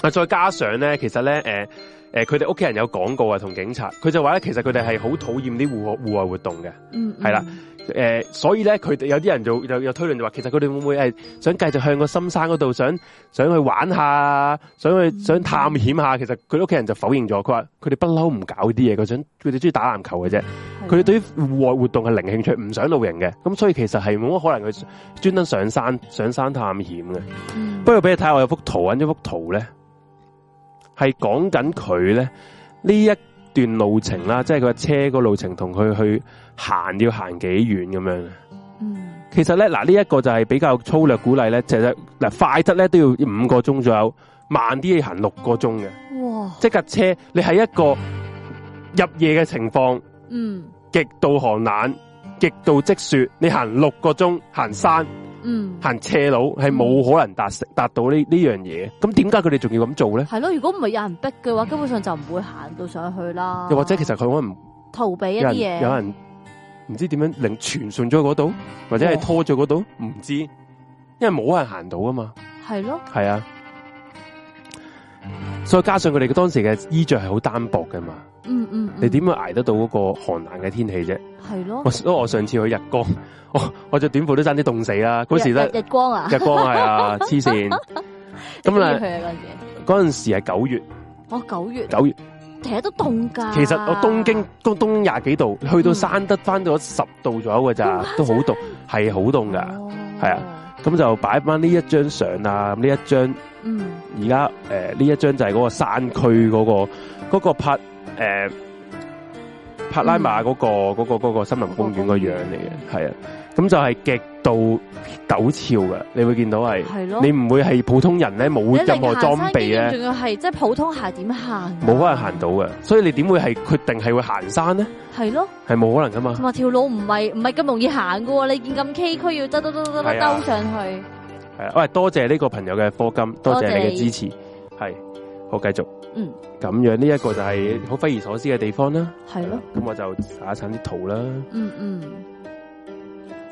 啊 再加上咧，其實咧，誒、呃、誒，佢哋屋企人有講過啊，同警察，佢就話咧，其實佢哋係好討厭啲戶外戶外活動嘅，嗯，係啦。嗯誒、呃，所以咧，佢哋有啲人就有推論，就推論就話，其實佢哋會唔會係想繼續向個深山嗰度想想去玩下，想去想探險下，嗯？其實佢屋企人就否認咗，佢話佢哋不嬲唔搞啲嘢，佢想佢哋中意打籃球嘅啫。佢、嗯、哋對於戶外活動係零興趣，唔想露營嘅。咁所以其實係冇乜可能去專登上山上山探險嘅，嗯。不過俾你睇下，我有幅圖，嗰幅圖咧係講緊佢咧呢一段路程啦，即係個車個路程同佢去行要行幾遠咁樣。嗯，其實咧嗱，呢一個就係比較粗略鼓勵咧，其實嗱快得咧都要五個鐘左右，慢啲要行六個鐘嘅。哇！即架車你係一個入夜嘅情況，嗯，極度寒冷、極度積雪，你行六個鐘行山。嗯，行斜路係冇可能達成達到、嗯、呢呢樣嘢，咁點解佢哋仲要咁做咧？係咯，如果唔係有人逼嘅話，根本上就唔會行到上去啦。又或者其實佢可能逃避一啲嘢，有人唔知點樣令傳傳咗嗰度，或者係拖咗嗰度，唔、哦、知，因為冇人行到啊嘛。係咯，係啊。再加上佢哋嘅當時嘅衣着係好單薄嘅嘛，嗯嗯，你點樣捱得到嗰個寒冷嘅天氣啫？係咯，我我上次去日光我，我就短褲都差啲凍死啦。嗰時咧日光啊，日光係 啊，黐線。咁 啊，嗰陣時係九月，哦，九月九月，其實都凍噶。其實我東京都東廿幾度，去到山得翻到十度左右嘅咋，都好凍，係好凍噶，係、哦、啊。咁就擺翻呢一張相啊，呢一張嗯。而家誒呢一張就係嗰個山區嗰個嗰個拍，誒帕拉馬嗰個嗰個嗰個森林公園個樣嚟嘅，係啊，咁就係極度陡峭嘅，你會見到係、嗯，你唔會係普通人咧，冇任何裝備，仲要係即係普通鞋點行？冇可能行到嘅，所以你點會係決定係會行山咧？係咯，係冇可能噶嘛？同埋條路唔係唔係咁容易行嘅喎，你見咁崎嶇，要兜兜兜兜兜兜上去。係啊，喂，多謝呢個朋友嘅課金，多謝，多謝你嘅支持。係，好繼續。嗯，咁樣呢一，這個就係好匪夷所思嘅地方啦。係咯，咁我就查一啲圖啦。嗯嗯，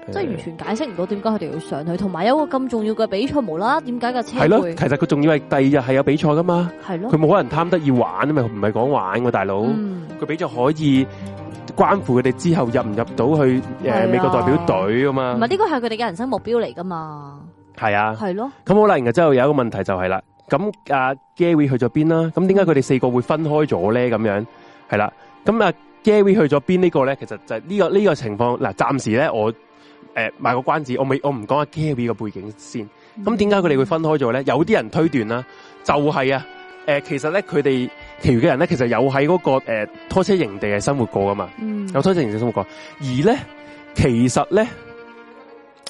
呃、即係完全解釋唔到點解佢哋要上去，同埋有一個咁重要嘅比賽，無啦，點解嘅車？係咯，其實佢仲以為第二日係有比賽噶嘛。係咯，佢冇可能貪得意玩啊嘛，唔係講玩喎大佬。佢、嗯、比賽可以關乎佢哋之後入唔入到去誒、呃、美國代表隊啊嘛。唔係呢個係佢哋嘅人生目標嚟噶嘛。係啊，係咯、啊，咁好啦。然之後有一個問題就係、是、啦，咁阿 Gary 去咗邊啦？咁點解佢哋四個會分開咗咧？咁樣，係啦，咁阿、啊、Gary 去咗邊呢個咧？其實就呢、呢個呢、呢個情況嗱，暫時咧我誒賣、呃、個關子，我未我唔講下 Gary 嘅背景先。咁點解佢哋會分開咗咧、嗯？有啲人推斷啦、就是，就係啊，誒，其實咧佢哋其餘嘅人咧，其實有喺嗰、那個誒、呃、拖車營地係生活過噶嘛、嗯，有拖車營地生活過。而咧，其實咧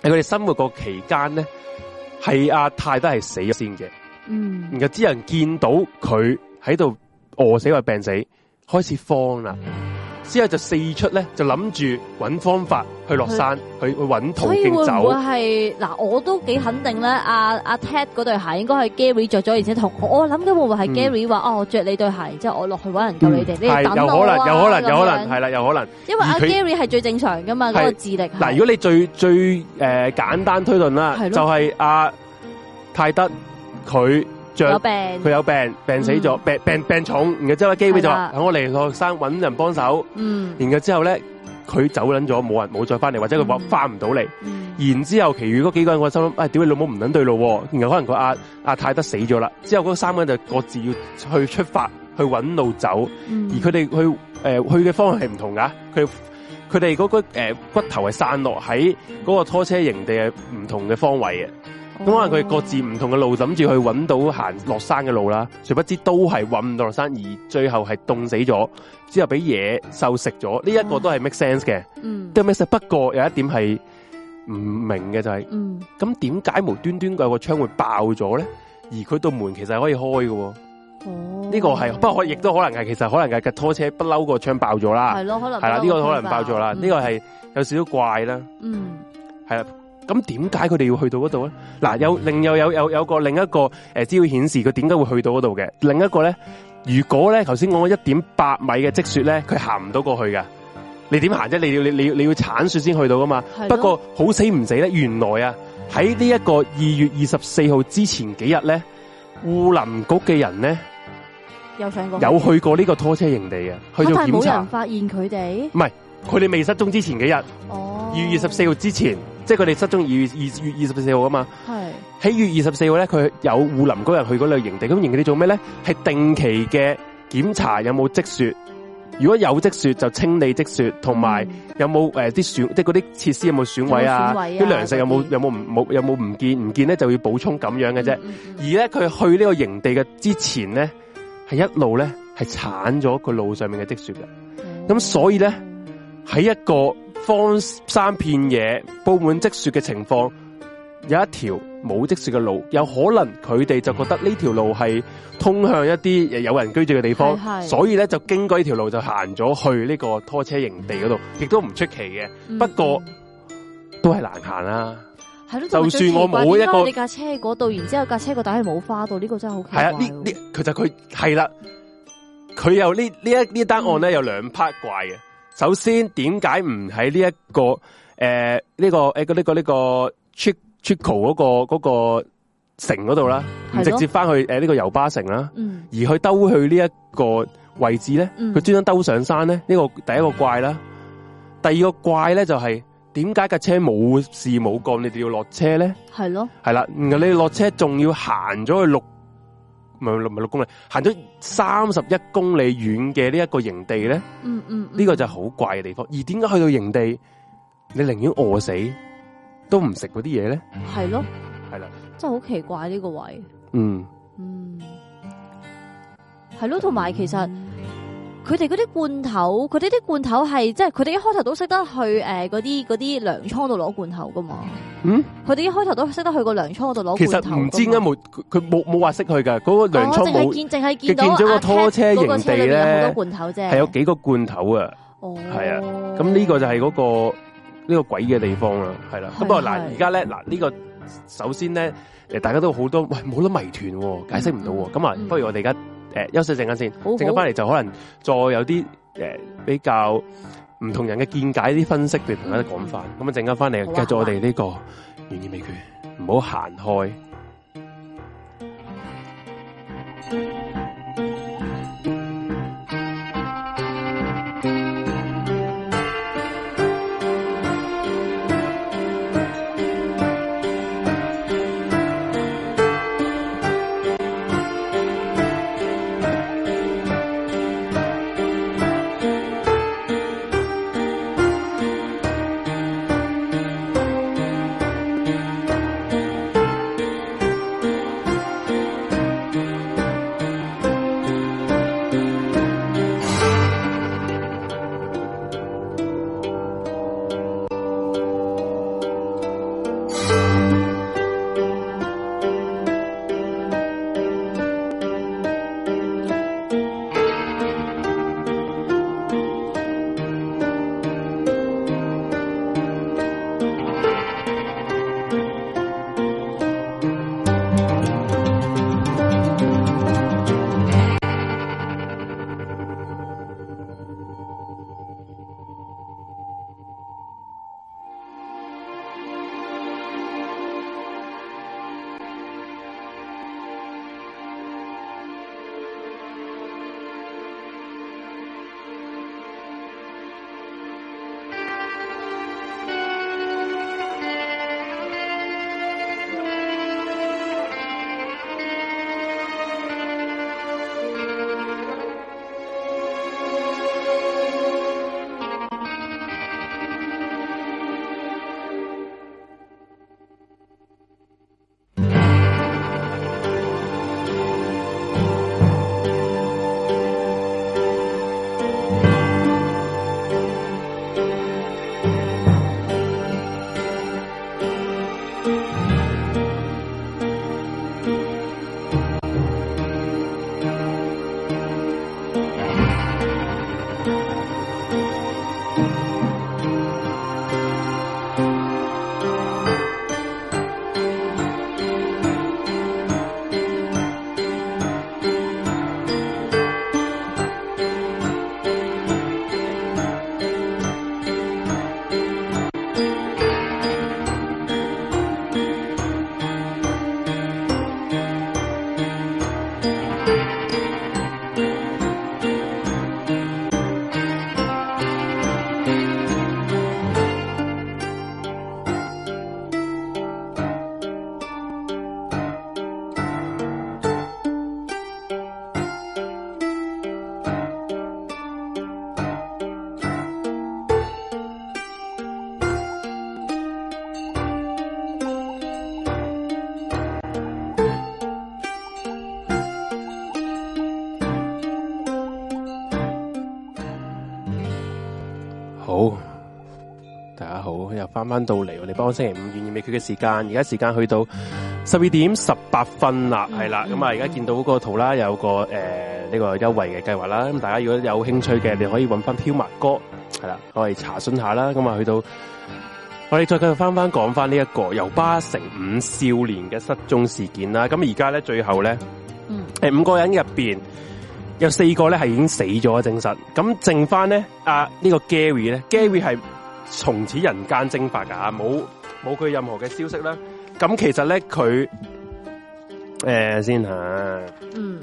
喺佢哋生活過期間咧。係阿、啊、泰都係死咗先嘅，嗯，然後啲人見到佢喺度餓死或病死，開始慌啦。之後就四出咧，就諗住揾方法去落山，去去揾途徑走。所以會唔會係嗱？我都幾肯定咧。阿、啊、阿、啊、Ted 嗰對鞋應該係 Gary 着咗，而且同我諗緊會唔會係 Gary 話、嗯、哦，我着你對鞋，然之後我落去揾人救你哋呢、嗯、有可能、啊，有可能，有可能，係啦，有可能。因為阿 Gary 係最正常噶嘛，嗰個智力。嗱，如果你最最誒、呃、簡單推論啦，就係、是、阿、呃、泰德佢。著佢，有，有病，病死咗、嗯，病病病重。然之後阿基偉就話，我嚟，落山，揾人幫手。嗯。然之後之後咧，佢走捻咗，冇人冇再翻嚟，或者佢話翻唔到嚟。嗯。然之後，其餘嗰幾個人個心諗，誒、哎，屌你老母唔捻對路。然後可能佢阿阿泰德死咗啦。之後嗰三個人就各自要去出發，去揾路走。嗯。而佢哋去誒、呃、去嘅方向係唔同噶佢佢哋嗰個誒、呃、骨頭係散落喺嗰個拖車營地係唔同嘅方位嘅。咁可能佢各自唔同嘅路諗住去揾到行落山嘅路啦，誰不知都係揾唔到落山，而最後係凍死咗，之後俾嘢獸食咗。呢一個都係 make sense 嘅，都 make sense。不過有一點係唔明嘅就係、是，咁點解無端端個個窗會爆咗咧？而佢度門其實可以開嘅。哦，呢、這個係、嗯、不過亦都可能係，其實可能係架拖車不嬲個窗爆咗啦。係咯，可能係啦，呢、這個可能爆咗啦。呢個係有少少怪啦。嗯，係、這、啦、個。嗯咁點解佢哋要去到嗰度咧？嗱、啊，有另又有有有，有個另一個誒資料顯示佢點解會去到嗰度嘅？另一個咧、呃，如果咧頭先講一點八米嘅積雪咧，佢行唔到過去㗎。你點行啫？你要你你要你要鏟雪先去到噶嘛？不過好死唔死咧，原來啊喺呢一個二月二十四號之前幾日咧，護林局嘅人咧有去過有去過呢個拖車營地嘅，去做檢查，冇人發現佢哋。唔係。佢哋未失蹤之前幾、oh. 日，二月二十四號之前，即係佢哋失蹤二月二月二十四號啊嘛。係、yes. 喺二月二十四號咧，佢有護林工人去嗰類營地，咁、那個、營地做咩咧？係定期嘅檢查有冇積雪，如果有積雪就清理積雪，同埋有冇誒啲損即啲設施有冇損毀啊？啲、啊、糧食有冇有冇唔冇有冇唔見唔見咧就要補充咁樣嘅啫。Mm. 而咧佢去呢個營地嘅之前咧，係一路咧係鏟咗佢路上面嘅積雪嘅。咁、mm. 所以咧。喺一個荒山遍野，布滿積雪嘅情況，有一條冇積雪嘅路，有可能佢哋就覺得呢條路係通向一啲有人居住嘅地方，是是所以咧就經過呢條路就行咗去呢個拖車營地嗰度，亦都唔出奇嘅。嗯、不過都係難行啦。係咯，就算我冇一個你架車嗰度，然之後架車個底係冇花到，呢、這個真係好奇怪。係啊，呢呢，其實佢係啦，佢有呢呢一呢單案咧有兩 part 怪嘅。首先，點解唔喺呢一個誒呢、呃這個誒、欸那個呢、那個呢、那個出出口嗰個嗰、那個那個城嗰度啦，唔直接翻去誒呢、那個遊巴城啦，而去兜去呢一個位置咧，佢專登兜上山咧，呢、這個第一個怪啦，第二個怪咧就係點解架車冇事冇幹，你哋要落車咧？係咯對，係啦，然後你落車仲要行咗去六。咪六咪六公里，行咗三十一公里遠嘅呢一個營地咧，呢、嗯嗯嗯呢個就係好怪嘅地方。而點解去到營地，你寧願餓死都唔食嗰啲嘢咧？係咯，係啦，真係好奇怪呢、呢個位置。嗯嗯，係咯，同埋其實。嗯佢哋嗰啲罐頭，佢哋啲罐頭係即係，佢哋一開頭都識得去誒嗰啲嗰啲糧倉度攞罐頭噶嘛？嗯，佢哋一開頭都識得去個糧倉度攞罐頭其實唔知、那個哦、啊，冇佢冇冇話識去噶，嗰個糧倉冇。我淨係見淨係見到阿 K 嗰個車入面有好多罐頭啫，係有幾個罐頭啊。哦，係啊，咁呢個就係嗰、那個呢、這個鬼嘅地方啦，係啦。咁啊，嗱、嗯，而家咧嗱呢個，首先咧，誒、嗯，大家都好多喂冇諗謎團，解釋唔到。咁啊，不如我哋而家。誒、呃，休息陣間先，陣間翻嚟，就可能再有啲誒、呃、比較唔同人嘅見解、啲分析，同大家講翻。咁啊，陣間翻嚟繼續我哋呢、這個懸疑美劇，唔好行開。翻翻到嚟，我哋幫星期五願意未決嘅時間，而家時間去到十二點十八分啦，係、嗯、啦，咁啊，而家見到嗰個圖啦，有一個誒呢、呃呢個優惠嘅計劃啦，咁大家如果有興趣嘅，你可以揾翻飄墨哥係啦，我哋查詢下啦，咁啊去到我哋再繼續翻翻講翻呢一個由八成五少年嘅失蹤事件啦，咁而家咧最後咧，誒五個人入邊有四個咧係已經死咗啊，證實，咁剩翻咧啊呢個 Gary 咧，Gary 係。從此人間蒸發噶，冇冇佢任何嘅消息啦。咁其實咧佢誒先吓，嗯，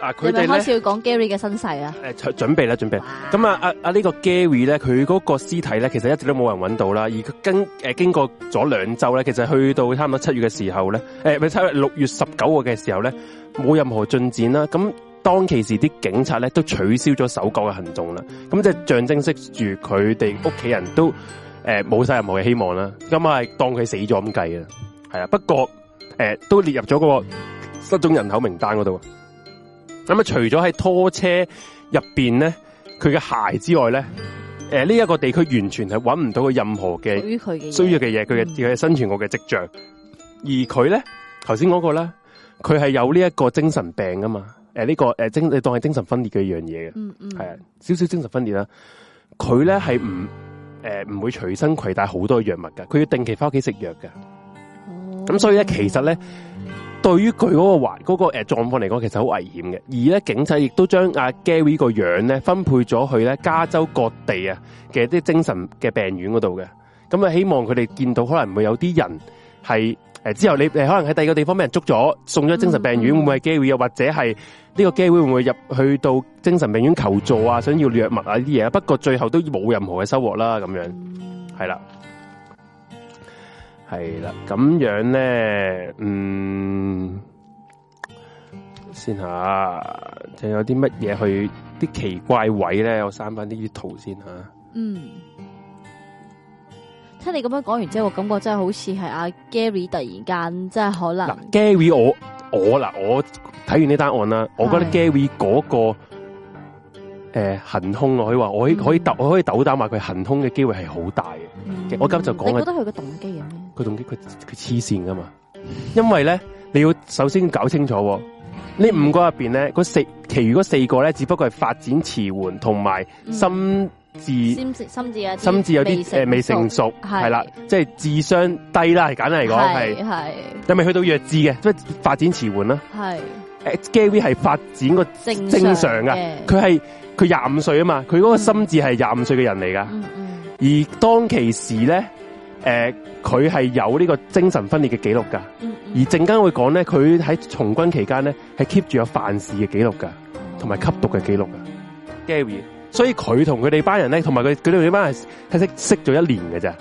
啊佢哋開始要講 Gary 嘅身世啊。誒，準備啦，準備。咁啊，呢、啊呢個 Gary 咧，佢嗰個屍體咧，其實一直都冇人揾到啦。而跟誒、呃、經過咗兩周咧，其實去到差唔多七月嘅時候咧，誒、呃，咪七月六月十九號嘅時候咧，冇任何進展啦。咁。當其時，啲警察咧都取消咗搜救嘅行動啦。咁即係象徵式住佢哋屋企人都誒冇晒任何嘅希望啦。咁、嗯、係當佢死咗咁計啊。係啊，不過誒、呃、都列入咗個失蹤人口名單嗰度。咁、嗯、啊、嗯，除咗喺拖車入邊咧，佢嘅鞋之外咧，誒呢一個地區完全係揾唔到佢任何嘅需要嘅嘢，佢嘅佢嘅生存我嘅跡象。而佢咧，頭先嗰個咧，佢係有呢一個精神病噶嘛。誒、呃，呢、這個誒精，你當係精神分裂嘅一樣嘢嘅，係、嗯、啊，少、嗯、少精神分裂啦。佢咧係唔誒唔會隨身攜帶好多藥物噶，佢要定期翻屋企食藥噶。咁、哦、所以咧，其實咧，對於佢嗰個患嗰、那個誒狀況嚟講，其實好危險嘅。而咧，警察亦都將阿、啊、Gary 個樣咧分配咗去咧加州各地啊，嘅啲精神嘅病院嗰度嘅。咁啊，希望佢哋見到可能會有啲人係。誒，之後你誒，可能喺第二個地方俾人捉咗，送咗精神病院，嗯、會唔會係機會？又或者係呢個機會會唔會入去到精神病院求助啊？想要藥物啊啲嘢、啊、不過最後都冇任何嘅收穫啦，咁樣係啦，係啦，咁樣咧，嗯，先下，仲有啲乜嘢去啲奇怪位咧？我刪翻呢啲圖先吓。嗯。聽你咁樣講完之後，我感覺真係好似係阿 Gary 突然間真係可能。Gary，我我嗱，我睇完呢單案啦，我覺得 Gary 嗰、那個誒、呃、行兇咯，可以話我可以可、嗯、我可以斗膽話佢行兇嘅機會係好大嘅、嗯。我今就講，你覺得佢個動機有咩？佢動機佢佢黐線噶嘛？因為咧，你要首先搞清楚呢、嗯、五個入邊咧，四其餘嗰四個咧，只不過係發展遲緩同埋心。智心智有啲未成熟係啦，即、呃、係、就是、智商低啦，簡單嚟講係係有未去到弱智嘅，即、就、係、是、發展遲緩啦。係誒、欸、Gary 係發展個正常嘅，佢係佢廿五歲啊嘛，佢、嗯、嗰個心智係廿五歲嘅人嚟噶、嗯嗯。而當其時咧，誒佢係有呢個精神分裂嘅記錄噶。而陣間會講咧，佢喺從軍期間咧係 keep 住有犯事嘅記錄噶，同埋吸毒嘅記錄噶，Gary。所以佢同佢哋班人咧，同埋佢佢哋班係係識識咗一年嘅咋，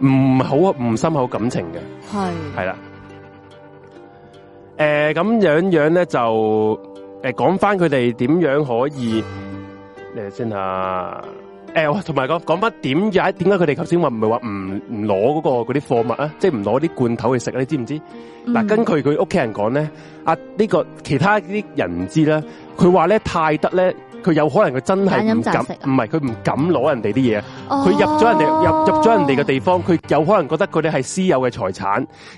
唔好唔深厚感情嘅，係係啦。誒，咁、呃、樣樣咧就誒講翻佢哋點樣可以誒先吓。誒，同埋講講翻點解？點解佢哋頭先話唔係話唔唔攞嗰個嗰啲貨物啊？即係唔攞啲罐頭去食啊？你知唔知？嗱、嗯，根據佢屋企人講咧，呢、啊這個其他啲人唔知啦。佢話咧泰德咧。佢有可能佢真係唔敢，唔係佢唔敢攞人哋啲嘢。佢、oh. 入咗人哋入入咗人哋嘅地方，佢有可能覺得佢哋係私有嘅財產，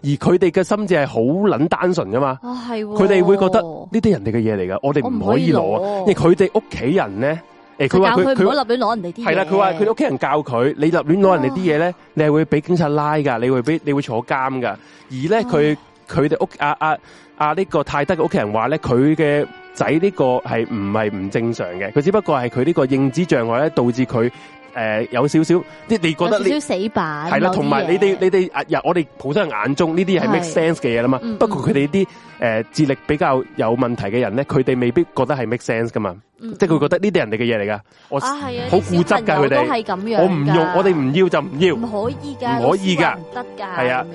而佢哋嘅心智係好捻單純噶嘛。佢、oh. 哋會覺得呢啲、oh. 人哋嘅嘢嚟噶，我哋唔可以攞。因為佢哋屋企人咧，誒，佢話佢佢立亂攞人哋啲，係啦。佢話佢屋企人教佢，你立亂攞人哋啲嘢咧，oh. 你係會俾警察拉噶，你會俾你，你會坐監噶。而咧，佢佢哋屋啊啊啊呢、這個泰德嘅屋企人話咧，佢嘅。仔呢個係唔係唔正常嘅？佢只不過係佢呢個認知障礙咧，導致佢誒、呃、有少少，你你覺得你少死板係啦。同埋你哋你哋我哋普通人眼中呢啲係 make sense 嘅嘢啦嘛。不過佢哋啲誒智力比較有問題嘅人咧，佢哋未必覺得係 make sense 噶嘛。嗯、即係佢覺得呢啲人哋嘅嘢嚟噶，我好、啊啊、固執噶，佢哋我唔用，我哋唔要就唔要，唔可以噶，唔可以噶，唔得噶。係啊，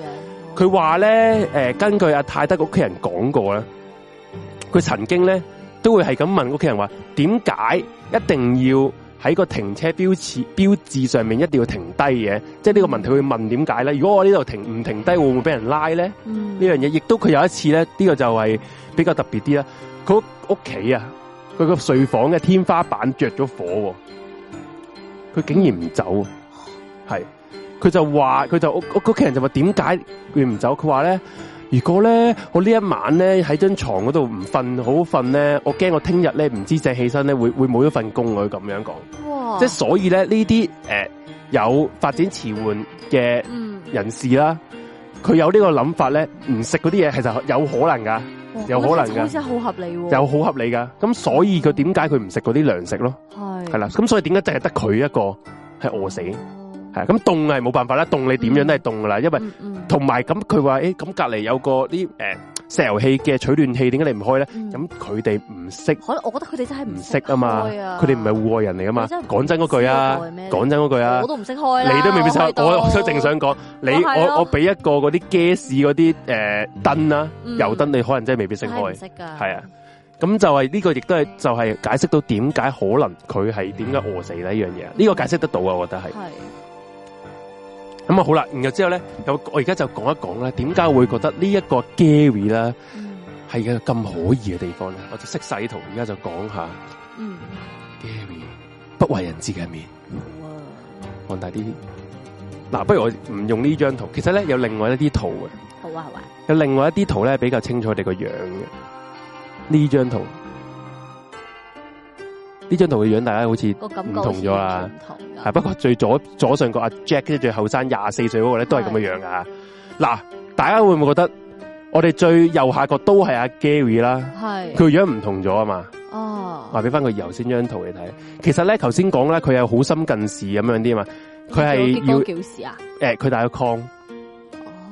佢話咧誒，根據阿泰德屋企人講過咧。佢曾經咧都會係咁問屋企人話，點解一定要喺個停車標誌標誌上面一定要停低嘅，即係呢個問題會問點解咧？如果我呢度停唔停低，會唔會俾人拉咧？呢樣嘢亦都佢有一次咧，呢個就係比較特別啲啦。佢屋企啊，佢個睡房嘅天花板着咗火，佢竟然唔走，係佢就話佢就屋屋企人就話點解佢唔走？佢話咧，如果咧，我呢一晚咧喺張床嗰度唔瞓，好瞓咧，我驚我聽日咧唔知醒起身咧會會冇一份工，佢咁樣講，即係、就是、所以咧呢啲誒、呃、有發展遲緩嘅人士啦，佢、嗯、有個呢個諗法咧，唔食嗰啲嘢，其實有可能噶，有可能噶，好似好合理、哦，有好合理噶，咁所以佢點解佢唔食嗰啲糧食咯？係係啦，咁所以點解淨係得佢一個係餓死？係咁凍係冇辦法啦，凍你點樣都係凍噶啦，因為同埋咁佢話誒，咁隔籬有個啲誒、欸、石油氣嘅取暖器，點解你唔開咧？咁佢哋唔識，可能我覺得佢哋真係唔識啊嘛，佢哋唔係戶外人嚟噶嘛。講真嗰句啊，講真嗰句啊，我都唔識開啦。、啊、開你都未必識，我我，我正想講你，我我俾一個嗰啲 gas 嗰啲誒燈啦，油燈你可能真係未必識、嗯、開，係啊。咁就係呢個亦都係就係、是、解釋到點解可能佢係點解餓死呢樣嘢，呢、嗯、這個解釋得到啊，我覺得係。咁、嗯、啊好啦，然之後咧，我而家就講一講咧，點解會覺得呢一個 Gary 啦、嗯，係一個咁可疑嘅地方咧？我就識晒圖，圖，而家就講下。嗯，Gary 不為人知嘅面。哇！放大啲，嗱，不如我唔用呢張圖，其實咧有另外一啲圖嘅。好啊，好啊。有另外一啲圖咧，比較清楚哋個樣嘅呢張圖。呢張圖嘅樣，大家好似唔同咗啦。係不過最左左上角阿 Jack 即係最後生，廿四歲嗰個咧都係咁嘅樣噶。嗱，大家會唔會覺得我哋最右下角都係阿 Gary 啦？係佢樣唔同咗啊嘛。哦，話俾翻佢頭先張圖嚟睇。其實咧，頭先講咧，佢有好深近視咁樣啲啊嘛。佢係要啊？誒、嗯，佢戴個框。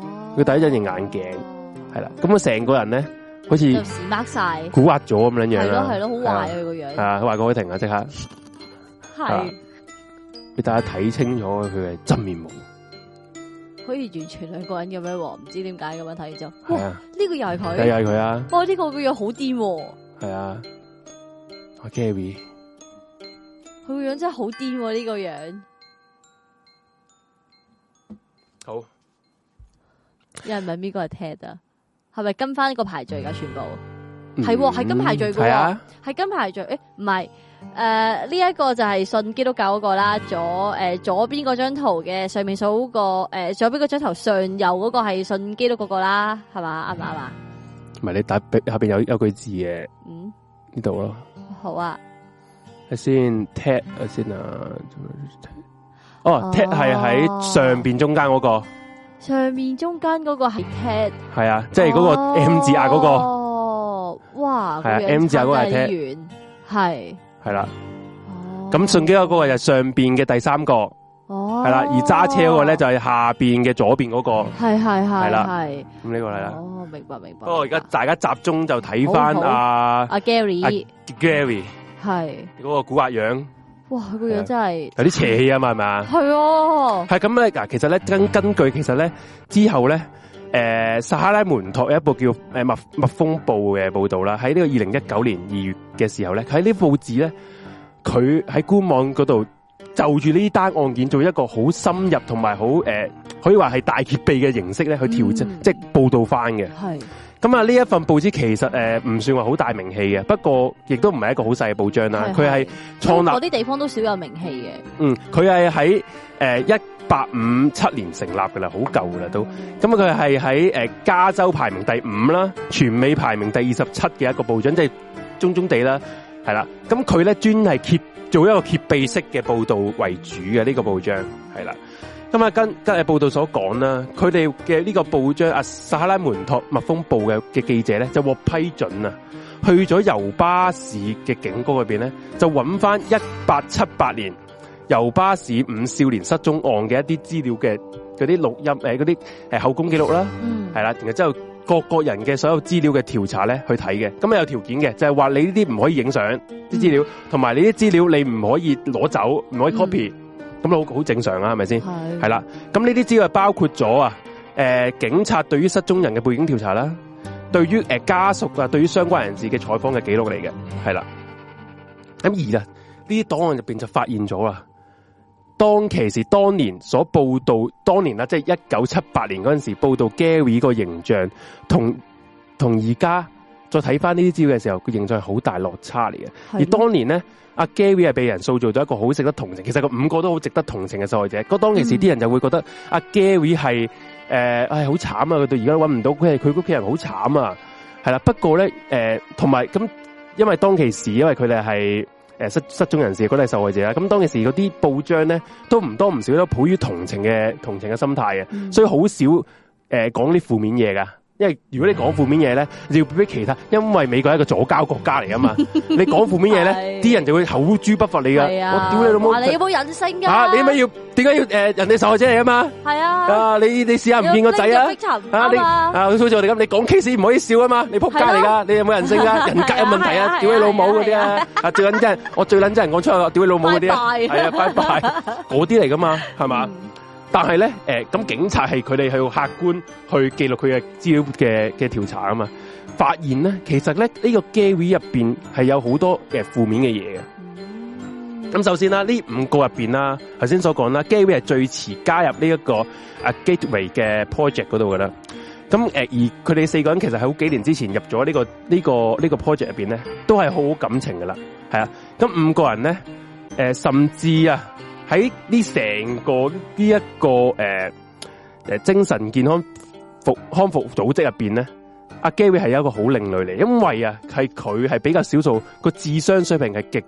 哦。佢戴咗對眼鏡。係啦，咁啊，成個人咧。好似晒，蠱惑咗咁樣樣，係咯係咯，好壞啊佢個、啊、樣，佢壞個開停啊即刻，係俾大家睇清楚佢嘅真面目，可以完全兩個人咁樣，唔知點解咁樣睇就，哇呢、啊這個又係佢，又係佢啊，哇呢、這個樣、啊啊 oh, 樣啊這個樣好癲，係啊，我 carry，佢個樣真係好癲呢個樣，好，又係咪呢個係 Ted 啊？係咪跟翻呢個排序噶？全部係係跟排序噶，係、嗯哦嗯、啊，係跟排序。誒、欸，唔係誒呢一個就係信基督教嗰個啦。左誒、呃、左邊嗰張圖嘅上面數個誒、呃、左邊嗰張圖上右嗰個係信基督嗰個啦，係嘛？啱、嗯、啊？唔係你打下邊有有，有句字嘅，嗯，呢度咯，好啊，係先，Ted 啊，先啊，哦啊，Ted 係喺上邊中間嗰、那個。上面中間嗰個係 t 係啊，即係嗰個 M 字壓嗰個、哦，哇，係、那個、啊，M 字壓嗰個係 t 係係啦，哦，咁順機嗰個就係上邊嘅第三個，哦，係啦、啊，而揸車嗰個咧就係下邊嘅左邊嗰、那個，係係係，係啦、啊，係、那個，咁、哦、呢、啊、個嚟啦，哦，明白明白，不過而家大家集中就睇翻阿阿、啊啊啊、Gary，Gary、啊、係嗰、那個古惑樣。哇，個樣真係、呃、有啲邪氣啊嘛，係咪啊？係係咁咧嗱。其實咧根根據其實咧之後咧，誒撒哈拉門托有一部叫誒《密密風暴》嘅報道啦。喺呢個二零一九年二月嘅時候咧，佢喺呢報紙咧，佢喺官網嗰度就住呢單案件做一個好深入同埋好誒，可以話係大揭秘嘅形式咧去調整，嗯、即係報道翻嘅。係。咁啊，呢一份報紙其實誒唔算話好大名氣嘅，不過亦都唔係一個好細嘅報章啦。佢係創立嗰啲地方都少有名氣嘅。嗯，佢係喺誒一八五七年成立嘅啦，好舊啦都。咁佢係喺誒加州排名第五啦，全美排名第二十七嘅一個報章，即係中中地啦，係啦。咁佢咧專係做一個揭秘式嘅報道為主嘅呢個報章，係啦。今日跟今日報道所講啦，佢哋嘅呢個報章啊，撒哈拉門托蜜蜂報嘅嘅記者咧，就獲批准啊，去咗油巴士嘅警局裏邊咧，就揾翻一八七八年油巴士五少年失蹤案嘅一啲資料嘅嗰啲錄音，誒嗰啲，誒口供記錄啦，係、嗯、啦，然後之後各個人嘅所有資料嘅調查咧去睇嘅，咁啊有條件嘅就係、是、話你呢啲唔可以影相啲資料，同埋你啲資料你唔可以攞走，唔可以 copy、嗯。嗯咁好好正常啊，係咪先？係係啦，咁呢啲資料係包括咗啊，誒、呃，警察對於失蹤人嘅背景調查啦，對於誒、呃、家屬啊，對於相關人士嘅採訪嘅記錄嚟嘅，係啦。咁而啊，呢啲檔案入邊就發現咗啊，當其時當年所報道當年啦，即係一九七八年嗰陣時報道 Gary 個形象，同同而家再睇翻呢啲資料嘅時候，個形象係好大落差嚟嘅。而當年咧。阿 Gary 係被人塑造到一個好值得同情，其實佢五個都好值得同情嘅受害者。個當其時啲人就會覺得阿 Gary 係誒，唉好慘啊！佢到而家都揾唔到，佢係佢屋企人好慘啊，係啦。不過咧，誒同埋咁，因為當其時因為佢哋係誒失失蹤人士，嗰啲受害者啦。咁當其時嗰啲報章咧都唔多唔少都抱於同情嘅同情嘅心態嘅，所以好少誒講啲負面嘢噶。因為如果你講負面嘢咧，你要俾其他，因為美國係一個左膠國家嚟啊嘛，你講負面嘢咧，啲、 啊、人就會口誅筆伐你噶。係啊，我屌你老母！你有冇人性噶？啊，點解要？點解要？誒，人哋受害者嚟啊嘛。係啊。啊，你是是、呃、啊你試下唔見個仔啊，啊。啊，你要啊好似我哋咁，你講 case 唔可以笑啊嘛，你仆街嚟噶，你有冇人性噶，啊？人格有問題啊，屌、啊、你老母嗰啲啊！啊，啊，啊，啊，啊，最捻真，我最捻真，我講出嚟屌你老母嗰啲係啊， 拜拜，嗰啲嚟噶嘛，係嘛？但係咧，誒、呃，咁警察係佢哋係要客觀去記錄佢嘅資料嘅嘅調查啊嘛，發現咧，其實咧呢、這個 Gary 入邊係有好多嘅負、呃、面嘅嘢嘅。咁首先啦、啊，呢五個入邊啦，頭先所講啦，Gary 係最遲加入呢、這、一個啊 gateway 嘅 project 嗰度噶啦。咁誒、呃，而佢哋四個人其實喺好幾年之前入咗呢、這個呢、這個呢、這個 project 入邊咧，都係好好感情噶啦，係啊。咁五個人咧，誒、呃，甚至啊。喺呢成個呢一個誒誒、呃、精神健康復康復組織入邊咧，阿、mm -hmm. 啊、Gary 係一個好另類嚟，因為啊係佢係比較少數個智商水平係極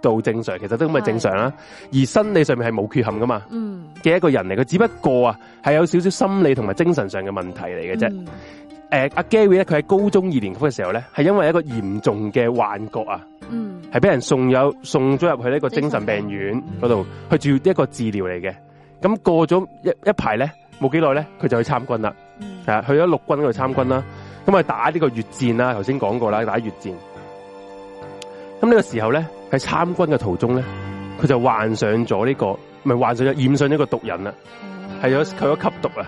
度正常，其實都咁係正常啦，yes. 而生理上面係冇缺陷噶嘛，嘅、mm -hmm. 一個人嚟，佢只不過啊係有少少心理同埋精神上嘅問題嚟嘅啫。Mm -hmm. 誒，阿 Gary 咧，佢喺高中二年級嘅時候咧，係因為一個嚴重嘅幻覺啊，係、嗯、俾人送有送咗入去呢個精神病院嗰度、嗯、去住一個治療嚟嘅。咁過咗一一排咧，冇幾耐咧，佢就去參軍啦，係、嗯、啊，去咗陸軍度參軍啦。咁、嗯、啊打呢個越戰啦，頭先講過啦，打越戰。咁呢個時候咧，喺參軍嘅途中咧，佢就患上咗呢個，唔係患上咗染上呢個毒癮啦，係有佢有吸毒啊。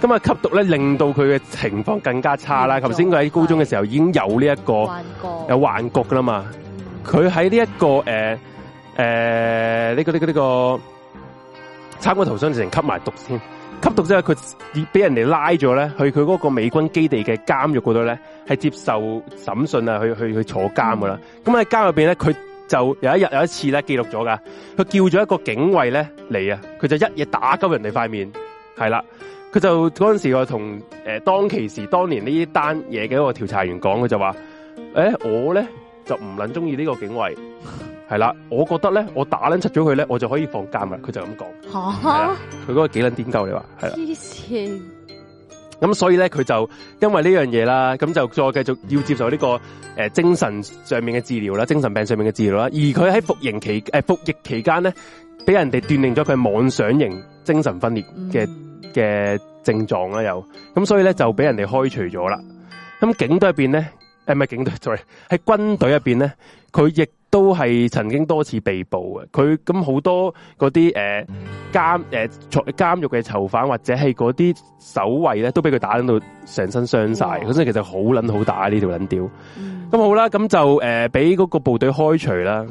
咁啊！吸毒咧令到佢嘅情況更加差啦。頭先佢喺高中嘅時候已經有呢一個有幻覺噶啦嘛。佢喺呢一個誒誒呢個呢個呢個參觀頭商城，吸埋毒先，吸毒之後佢被俾人哋拉咗咧去佢嗰個美軍基地嘅監獄嗰度咧，係接受審訊啊，去去去坐監噶啦。咁喺監入邊咧，佢就有一日有一次咧記錄咗噶，佢叫咗一個警衛咧嚟，啊，佢就一嘢打鳩人哋塊面，係啦。佢就嗰陣時我同誒、呃、當其時當年呢一單嘢嘅一個調查員講，佢就話：誒、欸、我咧就唔捻中意呢個警衛，係 啦，我覺得咧我打捻出咗佢咧，我就可以放監啦。佢就咁講。佢、啊、嗰個幾捻癲鳩你話係啦。黐線！咁所以咧，佢就因為呢樣嘢啦，咁就再繼續要接受呢、這個誒、呃、精神上面嘅治療啦，精神病上面嘅治療啦。而佢喺服刑期誒服役期間咧，俾人哋斷定咗佢妄想型精神分裂嘅、嗯。嘅症狀啦，又咁所以咧就俾人哋開除咗啦。咁警隊入面咧，誒、啊、唔係警隊，sorry，喺軍隊入面咧，佢亦都係曾經多次被捕嘅。佢咁好多嗰啲誒監誒囚、呃、獄嘅囚犯或者係嗰啲守衛咧，都俾佢打到成身傷曬。所、哦、以其實狠狠狠狠、嗯、好撚好打呢條撚屌。咁好啦，咁就誒俾嗰個部隊開除啦。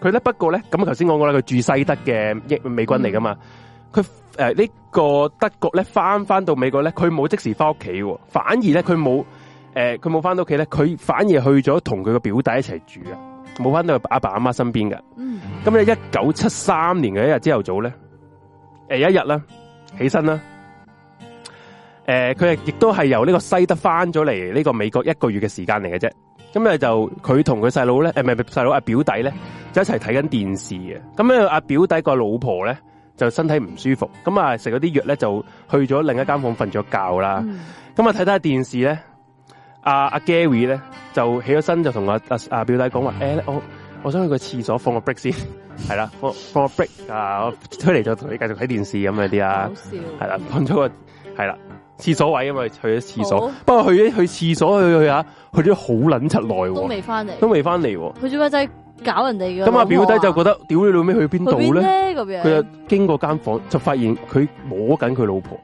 佢咧不過咧，咁頭先講過啦，佢住西德嘅英美軍嚟噶嘛，佢、嗯。誒、呃、呢、這個德國咧翻翻到美國咧，佢冇即時翻屋企喎，反而咧佢冇誒，佢冇翻到屋企咧，佢反而去咗同佢個表弟一齊住啊，冇翻到阿爸阿媽身邊嘅。咁咧、 呃，一九七三年嘅一日朝頭早咧，誒，一日啦，起身啦，誒、呃，佢亦都係由呢個西德翻咗嚟呢個美國一個月嘅時間嚟嘅啫。咁咧就佢同佢細佬咧，誒、呃，咪細細佬，阿、啊、表弟咧，就一齊睇緊電視嘅。咁咧阿表弟個老婆咧。就身體唔舒服，咁啊食咗啲藥咧，就去咗另一間房瞓咗覺啦。咁啊睇睇電視咧，阿、啊、阿、啊、Gary 咧就起咗身就同阿阿表弟講話：，誒、欸，我我想去個廁所放個 break 先，係 啦，放放個 break 啊，我出嚟就同你繼續睇電視咁嗰啲啊。好笑。係啦，瞓咗個係啦廁所位咁嘛，去咗廁所。不過去咗去廁所去去啊，去咗好捻七耐，都未翻嚟，都未翻嚟。佢做乜仔？搞人哋嘅，咁阿表弟就覺得屌你老味去邊度咧？佢就經過間房，就發現佢摸緊佢老婆。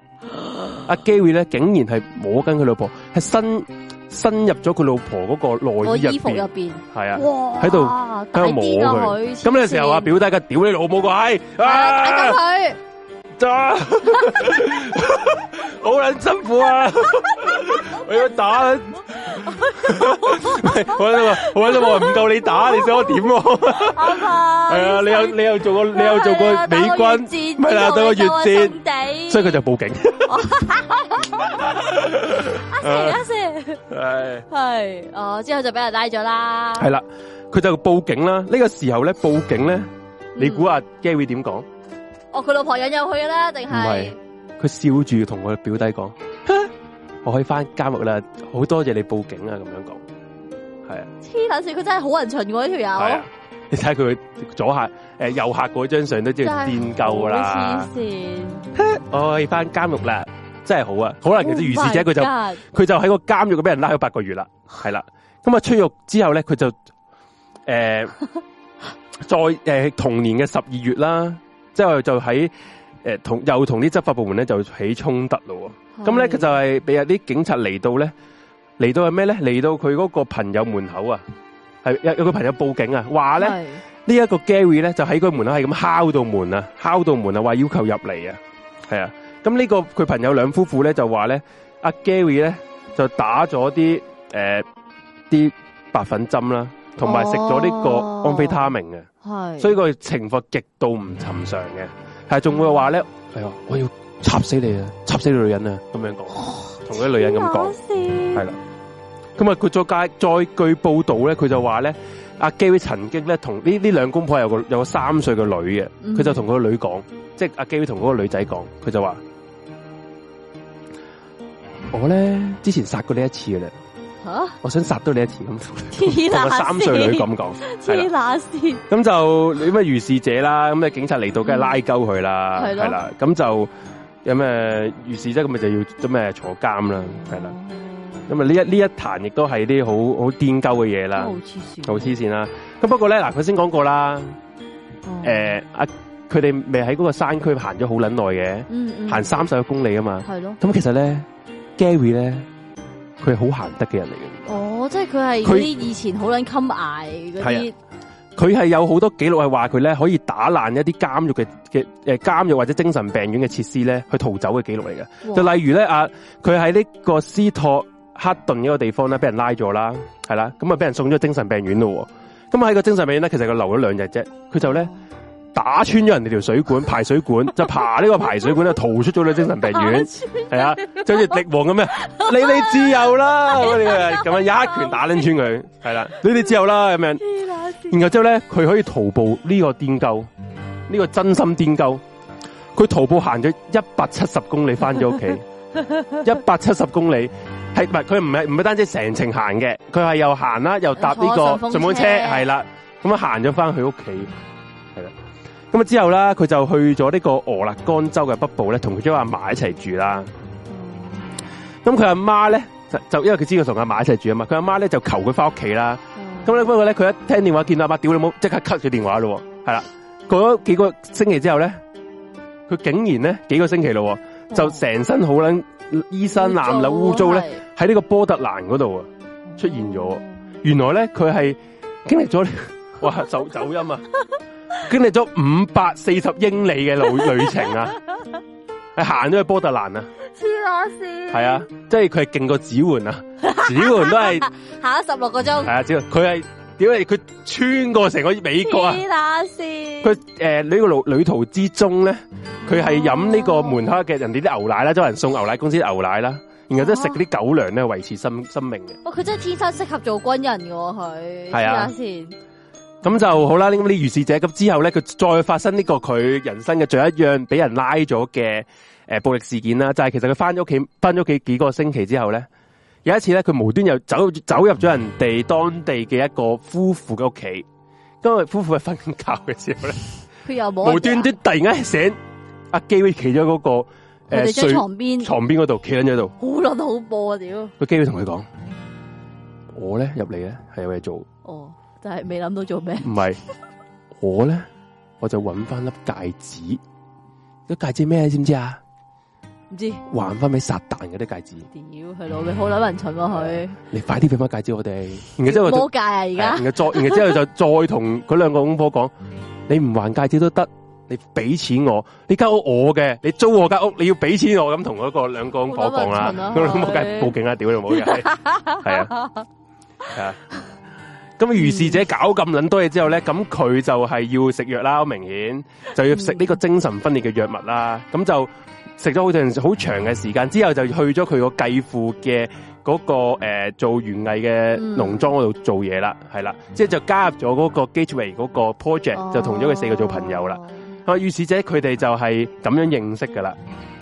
阿 Gary 咧，竟然係摸緊佢老婆，係伸伸入咗佢老婆嗰個內衣入邊。係啊，喺度喺度摸佢。咁呢個時候，阿表弟嘅屌你老母鬼！打到佢。打，好捻辛苦啊！我要打，喂你話，喂你話唔夠你打，你想我點？係啊，你有你有做過，你有做過美軍，唔係啦，做過越戰，所以佢就報警。阿 Sir，阿 Sir，係係哦，之後就俾人拉咗啦。係啦，佢就報警啦。呢個時候咧，報警咧，你估阿 Gary 點講？哦，佢老婆引入去啦，定係？唔係，佢笑住同我表弟講： 我可以翻監獄啦，好多謝你報警啊！咁樣講，係啊。黐捻線，佢真係好人秦噶呢條友。你睇下佢左下誒右下嗰張相都即係癲夠啦。黐線，我可以翻監獄啦，真係 好啊！好啦其實，oh、如是者佢就佢就喺個監獄俾人拉咗八個月啦，係啦。咁啊出獄之後咧，佢就誒再誒同年嘅十二月啦。之後就喺誒同又同啲執法部門咧就起衝突咯，咁咧佢就係，比如啲警察嚟到咧，嚟到係咩咧？嚟到佢嗰個朋友門口啊，係有有個朋友報警啊，話咧呢一個 Gary 咧就喺個門口係咁敲到門啊，敲到門啊，話要求入嚟啊，係啊，咁呢個佢朋友兩夫婦咧就話咧阿 Gary 咧就打咗啲誒啲白粉針啦，同埋食咗呢個、哦、安非他命嘅。所以個情況極度唔尋常嘅，係仲會話咧，係、哎、話我要插死你啊，插死女人啊，咁樣講，同嗰啲女人咁講，係啦。咁啊，佢、嗯嗯、再介再據報道咧，佢就話咧，阿基會曾經咧同呢呢兩公婆有個有個三歲嘅女嘅，佢就同、嗯啊、個女講，即係阿基會同嗰個女仔講，佢就話，我咧之前殺過呢一次人。啊、我想殺到你一次咁，同埋三歲女咁講，天哪！咁就你咩如是者啦？咁你警察嚟到梗係拉鳩佢啦，係、嗯、啦。咁就有咩如是者咁咪就要咁咩坐監啦，係啦。咁啊呢一呢一壇亦都係啲好好癲鳩嘅嘢啦，黐線，好黐線啦。咁不過咧，嗱，佢先講過啦，誒、哦，佢哋未喺嗰個山區行咗好卵耐嘅，行三十個公里啊嘛，係咯。咁其實咧，Gary 咧。佢係好行得嘅人嚟嘅。哦，即係佢係嗰啲以前好捻襟挨嗰啲。佢係、啊、有好多記錄係話佢咧可以打爛一啲監獄嘅嘅誒，監獄或者精神病院嘅設施咧去逃走嘅記錄嚟嘅。就例如咧啊，佢喺呢個斯托克頓呢個地方咧，俾人拉咗啦，係啦、啊，咁啊俾人送咗精神病院咯、哦。咁喺個精神病院咧，其實佢留咗兩日啫，佢就咧。打穿咗人哋條水管排水管， 就爬呢個排水管咧逃出咗呢精神病院，係 啊，就好似力王咁樣， 你你自由啦，咁 樣，樣有一拳打撚穿佢，係 啦、啊，你你自由啦，咁樣，然後之後咧，佢可以徒步呢個癲鳩，呢、這個真心癲鳩，佢徒步行咗一百七十公里翻咗屋企，一百七十公里係唔係佢唔係唔係單止成程行嘅，佢係又行啦又搭呢、這個順風車，係啦，咁啊行咗翻去屋企。咁啊之後咧，佢就去咗呢個俄勒岡州嘅北部咧，同佢阿嫲一齊住啦。咁佢阿媽咧就就因為佢知道同阿嫲一齊住啊嘛，佢阿媽咧就求佢翻屋企啦。咁、嗯、咧不過咧，佢一聽電話見阿爸屌你冇，即刻 cut 咗電話咯。係啦，過咗幾個星期之後咧，佢竟然咧幾個星期咯，就成身好撚衣衫襤褸、污糟咧，喺呢個波特蘭嗰度啊出現咗。原來咧佢係經歷咗 哇走走音啊！ 經歷咗五百四十英里嘅路旅程啊，係行咗去波特蘭啊。黐綫！係啊，即係佢係勁過指煥啊， 啊，指煥都係行咗十六個鐘。係啊，指煥佢係點解？佢穿過成個美國啊。黐綫！佢誒呢個路旅途之中咧，佢係飲呢個門口嘅人哋啲牛奶啦，都、哦、人送牛奶公司啲牛奶啦，然後都食啲狗糧咧維持生生命嘅。哦，佢真係天生適合做軍人喎、啊，佢黐綫。是啊咁就好啦。呢呢如是者咁之後咧，佢再發生呢、這個佢人生嘅最一樣俾人拉咗嘅誒暴力事件啦。就係、是、其實佢翻咗屋企，翻咗屋企幾個星期之後咧，有一次咧，佢無端又走走入咗人哋當地嘅一個夫婦嘅屋企，因為夫婦喺瞓覺嘅時候咧，佢又無端端突然間醒，阿基偉企咗嗰個誒、呃、睡床邊，床邊嗰度企喺嗰度，好都好怖啊屌！個基偉同佢講，我咧入嚟咧係有嘢做。哦。就係未諗到做咩？唔係我咧，我就揾翻粒戒指。個戒指咩？知唔知啊？唔知還翻俾撒旦嗰啲戒指？屌佢咯，你好捻人蠢喎、啊、佢。你快啲俾翻戒指我哋。然之後冇戒啊，而家。然之後就再同嗰兩個公婆講： 你唔還戒指都得，你俾錢我。你交我嘅，你租我間屋，你要俾錢我。咁同嗰個兩個公婆講啦。兩個梗係報警啊！屌你冇戒，係啊，係啊。 是的 咁、嗯、如是者搞咁撚多嘢之後咧，咁佢就係要食藥啦，好明顯就要食呢個精神分裂嘅藥物啦。咁就食咗好陣好長嘅時間之後就、那個呃嗯，就去咗佢個繼父嘅嗰個做園藝嘅農莊嗰度做嘢啦，係啦，即係就加入咗嗰個 Gateway 嗰個 project，就同咗佢四個做朋友啦。啊，如是者佢哋就係咁樣認識噶啦，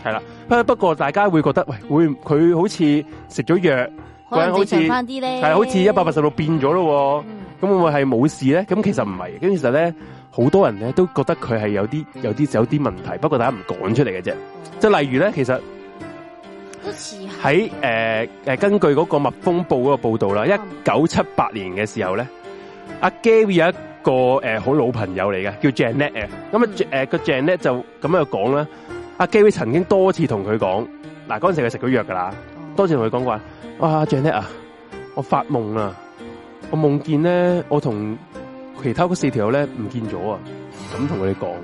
係啦。不過大家會覺得喂，會佢好似食咗藥。我好似係好似一百八十六變咗咯，咁、嗯、會唔會係冇事咧？咁其實唔係，跟、嗯、住其實咧，好多人咧都覺得佢係有啲有啲有啲問題，不過大家唔講出嚟嘅啫。即係例如咧，其實喺誒誒，根據嗰、那個蜜蜂報嗰、那個報道啦，一九七八年嘅時候咧，阿、啊、Gary 有一個誒好、呃、老朋友嚟嘅，叫 Janet 嘅。咁啊，誒、嗯、個、呃、Janet 就咁樣講啦。阿、啊、Gary 曾經多次同佢講，嗱嗰陣時係食咗藥噶啦，多次同佢講過。哇，Janet 啊，我發夢啊，我夢見咧，我同其他嗰四條友咧唔見咗啊，咁同佢哋講，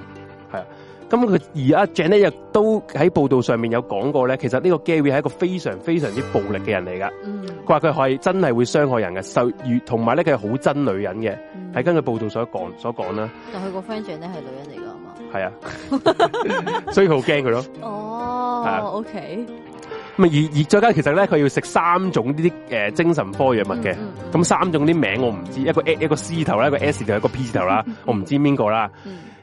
係啊，咁佢而家 Janet 又都喺報道上面有講過咧，其實呢個 Gary 係一個非常非常之暴力嘅人嚟噶，嗯，佢話佢係真係會傷害人嘅，受同埋咧佢係好憎女人嘅，係、嗯、根據報道所講所講啦，但佢個 friend Janet 係女人嚟噶嘛，係啊， 所以佢好驚佢咯，哦，係啊，OK。而而再加，其實咧佢要食三種呢啲誒精神科藥物嘅，咁、mm -hmm. 三種啲名我唔知，一個 A 一個 C 頭啦，一個 S 頭，一個 P 頭，mm -hmm. 個 P 頭啦，我唔知邊個啦。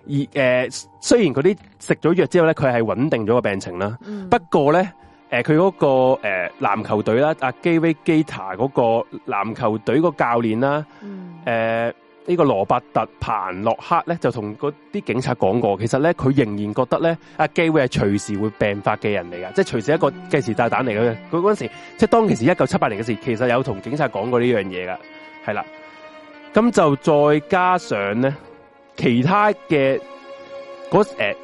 而、呃、誒，雖然佢啲食咗藥之後咧，佢係穩定咗個病情啦，mm -hmm. 不過咧，誒佢嗰個誒籃、呃、球隊啦，阿 g a v y Gita 嗰個籃球隊個教練啦，誒、mm -hmm. 呃。呢、這個羅伯特彭洛克咧就同嗰啲警察講過，其實咧佢仍然覺得咧阿機會係隨時會病發嘅人嚟噶即係隨時一個計時炸彈嚟嘅。佢嗰陣時，即係當其時一九七八年嘅事，其實有同警察講過呢樣嘢噶係啦。咁就再加上咧其他嘅嗰誒。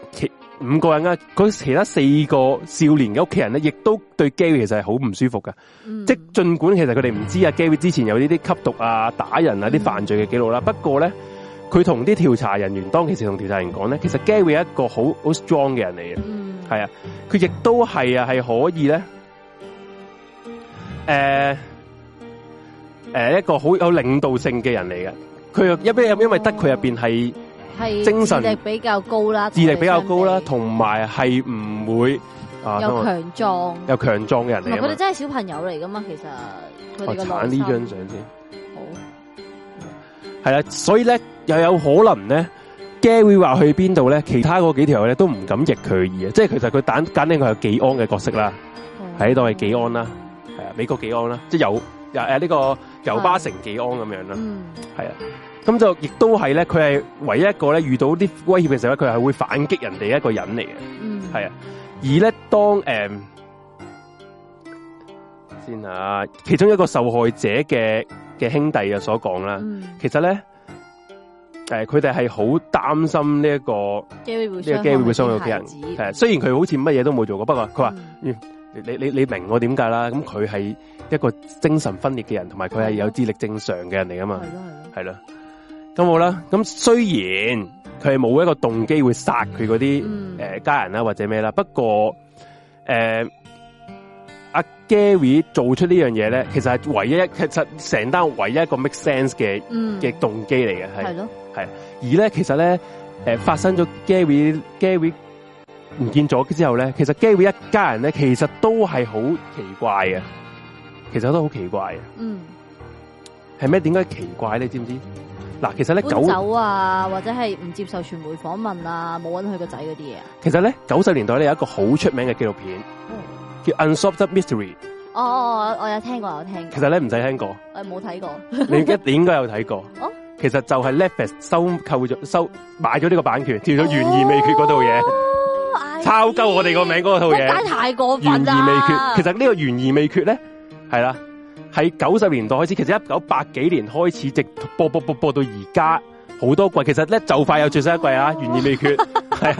五個人啊，其他四個少年嘅屋企人咧，亦都對 Gary 其實係好唔舒服噶、嗯。即係盡管其實佢哋唔知啊，Gary 之前有呢啲吸毒啊、打人啊啲犯罪嘅記錄啦。不過咧，佢同啲調查人員當其時同調查人員講咧，其實 Gary 係一個好好 strong 嘅人嚟嘅，係、嗯、啊，佢亦都係啊，係可以咧，誒、呃，誒、呃，一個好有領導性嘅人嚟嘅。佢又因為因為得佢入邊係。係精神力比較高啦，智力比較高啦，同埋係唔會啊，有強壯有強壯嘅人嚟。佢哋真係小朋友嚟噶嘛？其實佢哋個我鏟呢張相先。好。係啦，所以咧又有可能咧，Gary 話去邊度咧，其他嗰幾條咧都唔敢逆佢意啊。即係其實佢揀緊定佢係紀安嘅角色啦。喺度係紀安啦，係啊，美國紀安啦，即油油誒呢個油巴城紀安咁樣啦。係啊。咁就亦都係咧，佢係唯一一個咧遇到啲威脅嘅時候咧，佢係會反擊人哋一個人嚟嘅、嗯。嗯，係啊。而咧當誒，先吓，其中一個受害者嘅嘅兄弟啊所講啦，嗯、其實咧誒，佢哋係好擔心呢、這、一個呢個機會會傷到嘅人。誒，雖然佢好似乜嘢都冇做過，不過佢話、嗯嗯、你你你明我點解啦？咁佢係一個精神分裂嘅人，同埋佢係有智力正常嘅人嚟啊嘛。係咯，係咯，係咯。咁好啦，咁雖然佢係冇一個動機會殺佢嗰啲誒家人啦，或者咩啦，嗯、不過誒阿、呃啊、Gary 做出呢樣嘢咧，其實係唯一一，其實成單唯一一個 make sense 嘅嘅、嗯、動機嚟嘅，係係咯，係而咧，其實咧誒、呃、發生咗 Gary Gary 唔見咗之後咧，其實 Gary 一家人咧，其實都係好奇怪嘅，其實都好奇怪嘅，嗯，係咩？點解奇怪？呢？你知唔知？嗱，其實咧，走啊，或者係唔接受傳媒訪問啊，冇揾佢個仔嗰啲嘢。其實咧，九十年代咧有一個好出名嘅紀錄片，嗯、叫 Unsolved Mystery 哦。哦，我有聽過，有聽過。其實咧，唔使聽過，我冇睇過。你一點應該有睇過。哦， 其實就係 Left Fest 收購咗收買咗呢個版權，叫做懸疑未決嗰套嘢、哦哎，抄鳩我哋個名嗰套嘢，太過分啦、啊！懸疑未決，其實呢個懸疑未決咧，係啦。喺九十年代開始，其實一九八幾年開始，直播播播播到而家好多季，其實咧就快有最新一季啊，懸、啊、疑未決，係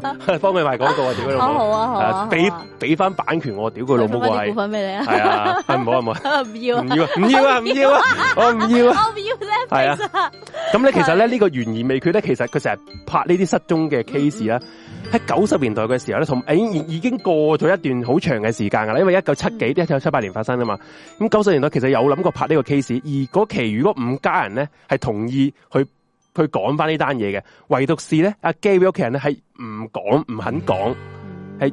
啊，方永邁講到啊，屌佢老母，好啊，俾俾翻版權我，屌佢老母，我係，係啊，唔好唔好，唔、哎、要唔要唔要啊唔要啊，我唔要，我唔要咧，係啊。咁咧，其實咧呢個懸疑未決咧，其實佢成日拍呢啲失蹤嘅 case 啊。喺九十年代嘅時候咧，同誒已經過咗一段好長嘅時間噶啦，因為一九七幾，一九七八年發生噶嘛。咁九十年代其實有諗過拍呢個 case，而嗰其餘嗰五家人咧係同意去去講翻呢單嘢嘅，唯獨是咧阿 Gary 屋企人咧係唔講，唔肯講，係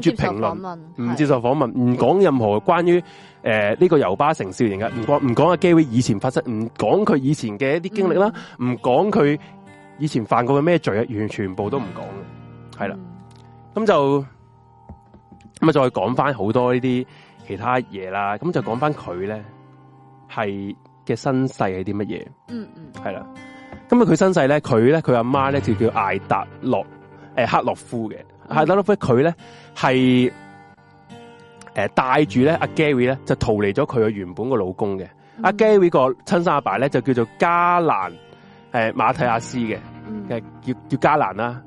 拒絕評論，唔接受訪問，唔講任何關於誒呢個游巴城少年嘅，唔講唔講阿 Gary 以前發生，唔講佢以前嘅一啲經歷啦，唔講佢。以前犯過嘅咩罪啊？完全全部都唔講嘅，係啦，咁、嗯、就咁啊，就再講翻好多呢啲其他嘢啦。咁就講翻佢咧係嘅身世係啲乜嘢？嗯嗯，係啦。咁啊，佢身世咧，佢咧，佢阿媽咧就叫艾達洛誒、呃、克洛夫嘅，艾達洛、嗯、夫，佢咧係誒帶住咧阿 Gary 咧就逃離咗佢嘅原本個老公嘅。阿、嗯啊、Gary 個親生阿爸咧就叫做加蘭誒、呃、馬提亞斯嘅。嘅叫叫加蘭啦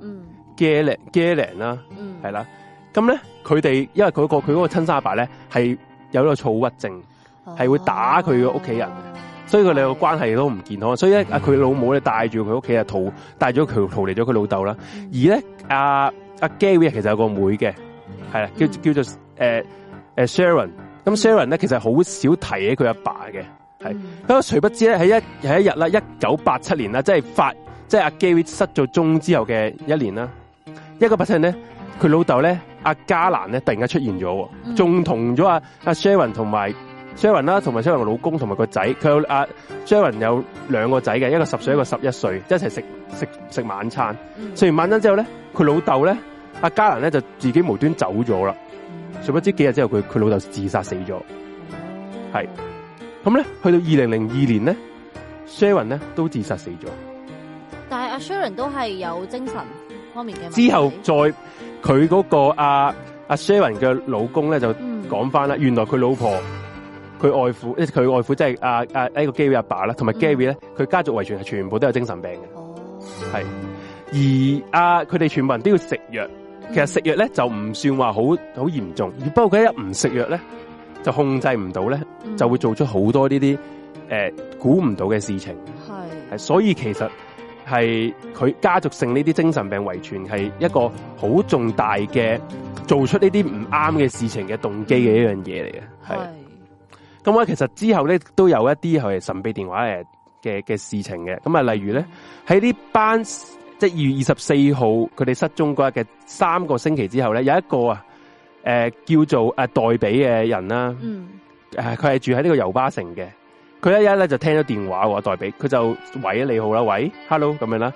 ，Galen，Galen 啦，係、嗯、啦。咁、嗯、咧，佢哋因為佢、那個佢嗰個親生阿爸咧係有咗躁鬱症，係、哦、會打佢個屋企人、哦哦，所以佢哋個關係都唔健康。所以咧，佢、嗯啊、老母咧帶住佢屋企人逃，帶咗佢逃離咗佢老豆啦。而咧，阿、啊、阿、啊、Gary 其實有個妹嘅，係啦，叫、嗯、叫做誒誒、呃呃、Sharon、嗯。咁 Sharon 咧、嗯、其實好少提起佢阿爸嘅，係。咁、嗯、啊，誰不知咧喺一喺一日啦，一九八七年啦，即係發。即係阿 Gary 失咗蹤之後嘅一年啦，一個不幸咧，佢老豆咧阿加蘭咧突然間出現咗，仲同咗阿阿 Sharon 同埋 Sharon 啦，同埋 Sharon 老公同埋、啊、Sheron 個仔，佢有阿 Sharon 有兩個仔嘅，一個十歲，一個十一歲，一齊食食食晚餐。食、嗯、完晚餐之後咧，佢老豆咧阿加蘭咧就自己無端走咗啦。殊不知幾日之後他，佢佢老豆自殺死咗。係，咁咧去到二零零二年咧 Sharon 咧都自殺死咗。阿 Sharon 都係有精神方面嘅問題。之後再佢嗰個阿、啊、阿 Sharon 嘅老公咧就講翻啦，原來佢老婆佢外父，即係佢外父、啊，即係阿阿呢個 Gary 阿爸啦，同埋 Gary 咧，佢、嗯、家族遺傳係全部都有精神病嘅，係、哦。而阿佢哋全部人都要食藥，其實食藥咧就唔算話好好嚴重，而不過佢一唔食藥咧就控制唔到咧，就會做出好多呢啲誒估唔到嘅事情。係，係，所以其實。係佢家族性呢啲精神病遺傳係一個好重大嘅做出呢啲唔啱嘅事情嘅動機嘅一樣嘢嚟嘅。係咁啊，其實之後咧都有一啲係神秘電話誒嘅嘅事情嘅。咁啊，例如咧喺呢班即係二月二十四號佢哋失蹤嗰日嘅三個星期之後咧，有一個啊誒、呃、叫做誒、呃、代比嘅人啦，誒佢係住喺呢個油巴城嘅。佢一一咧就聽咗電話喎，黛比，佢就喂你好啦，喂，hello 咁樣啦。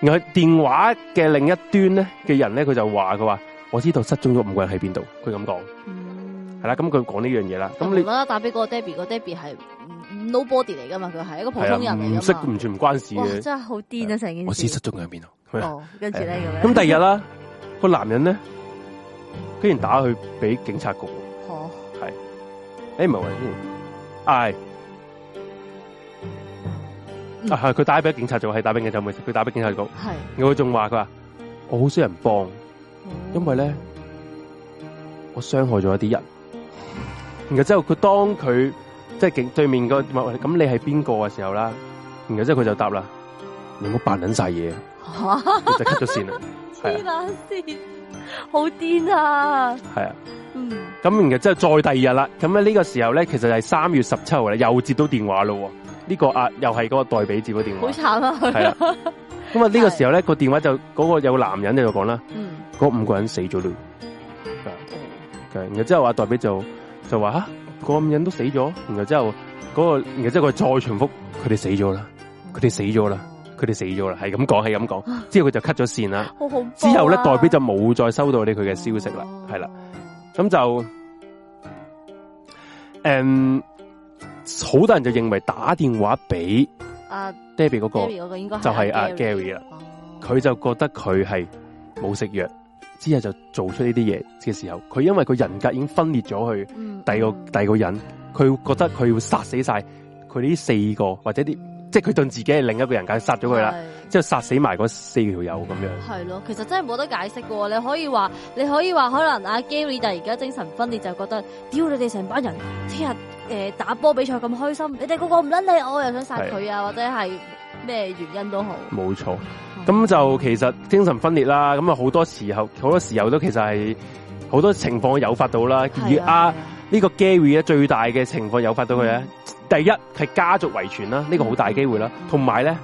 然後電話嘅另一端咧嘅人咧，佢就話佢話我知道失蹤咗五個人喺邊度，佢咁講。係、嗯、啦，咁佢講呢樣嘢啦。咁、嗯、你打俾嗰個黛比，個黛比係 no body 嚟噶嘛，佢係一個普通人來的。唔識，完全唔關事嘅。真係好癲啊！成件事。我知道失蹤喺邊度。哦。跟住咧咁第二日啦， 個男人咧，居然打去俾警察局。哦。係。誒唔係我先、嗯哎啊係佢打俾警察做，係打俾警察做，佢打俾警察局。係，佢仲話佢話我好少人幫、嗯，因為咧我傷害咗一啲人。然後之後佢當佢即係警對面個咁你係邊個嘅時候啦，然後之後佢就答啦， 你冇扮撚晒嘢， 就 cut 咗線啦。黐線， 是的 好癲啊！係啊，嗯。咁然後之後再第二日啦，咁咧呢個時候咧其實係三月十七號咧又接到電話咯。呢、這個啊又係嗰個代比接個電話，好慘啊！係啦、啊，咁啊呢個時候咧個電話就嗰、那個有個男人喺度講啦，嗰、嗯那個、五個人死咗啦、嗯啊啊啊那個，然後之後阿代比就就話吓，嗰五人都死咗，然後之後嗰個，然後之後佢再重複佢哋死咗啦，佢哋死咗啦，佢哋死咗啦，係咁講，係咁講，之後佢就 cut 咗線啦，之後咧代比就冇再收到你佢嘅消息啦，係啦、啊，咁、嗯、就，誒、嗯。好多人就認為打電話俾阿 Debbie 嗰個，就係阿、啊、Gary 啦。佢就覺得佢係冇食藥，之後就做出呢啲嘢嘅時候，佢因為佢人格已經分裂咗去第二個第二個人，佢覺得佢會殺死晒佢呢四個或者啲。即係佢當自己係另一個人格，殺咗佢啦，即係殺死埋嗰四條友咁樣。係咯，其實真係冇得解釋喎。你可以話，你可以話，可能阿 Gary 就而家精神分裂，就覺得屌你哋成班人，聽日誒打波比賽咁開心，你哋個個唔捻你，我又想殺佢啊，或者係咩原因都好錯。冇錯，咁就其實精神分裂啦。咁啊好多時候，好多時候都其實係好多情況誘發到啦。而阿、啊、呢、這個 Gary 咧，最大嘅情況誘發到佢咧。嗯第一係家族遺傳啦，這個很嗯、呢個好大機會啦。同埋咧，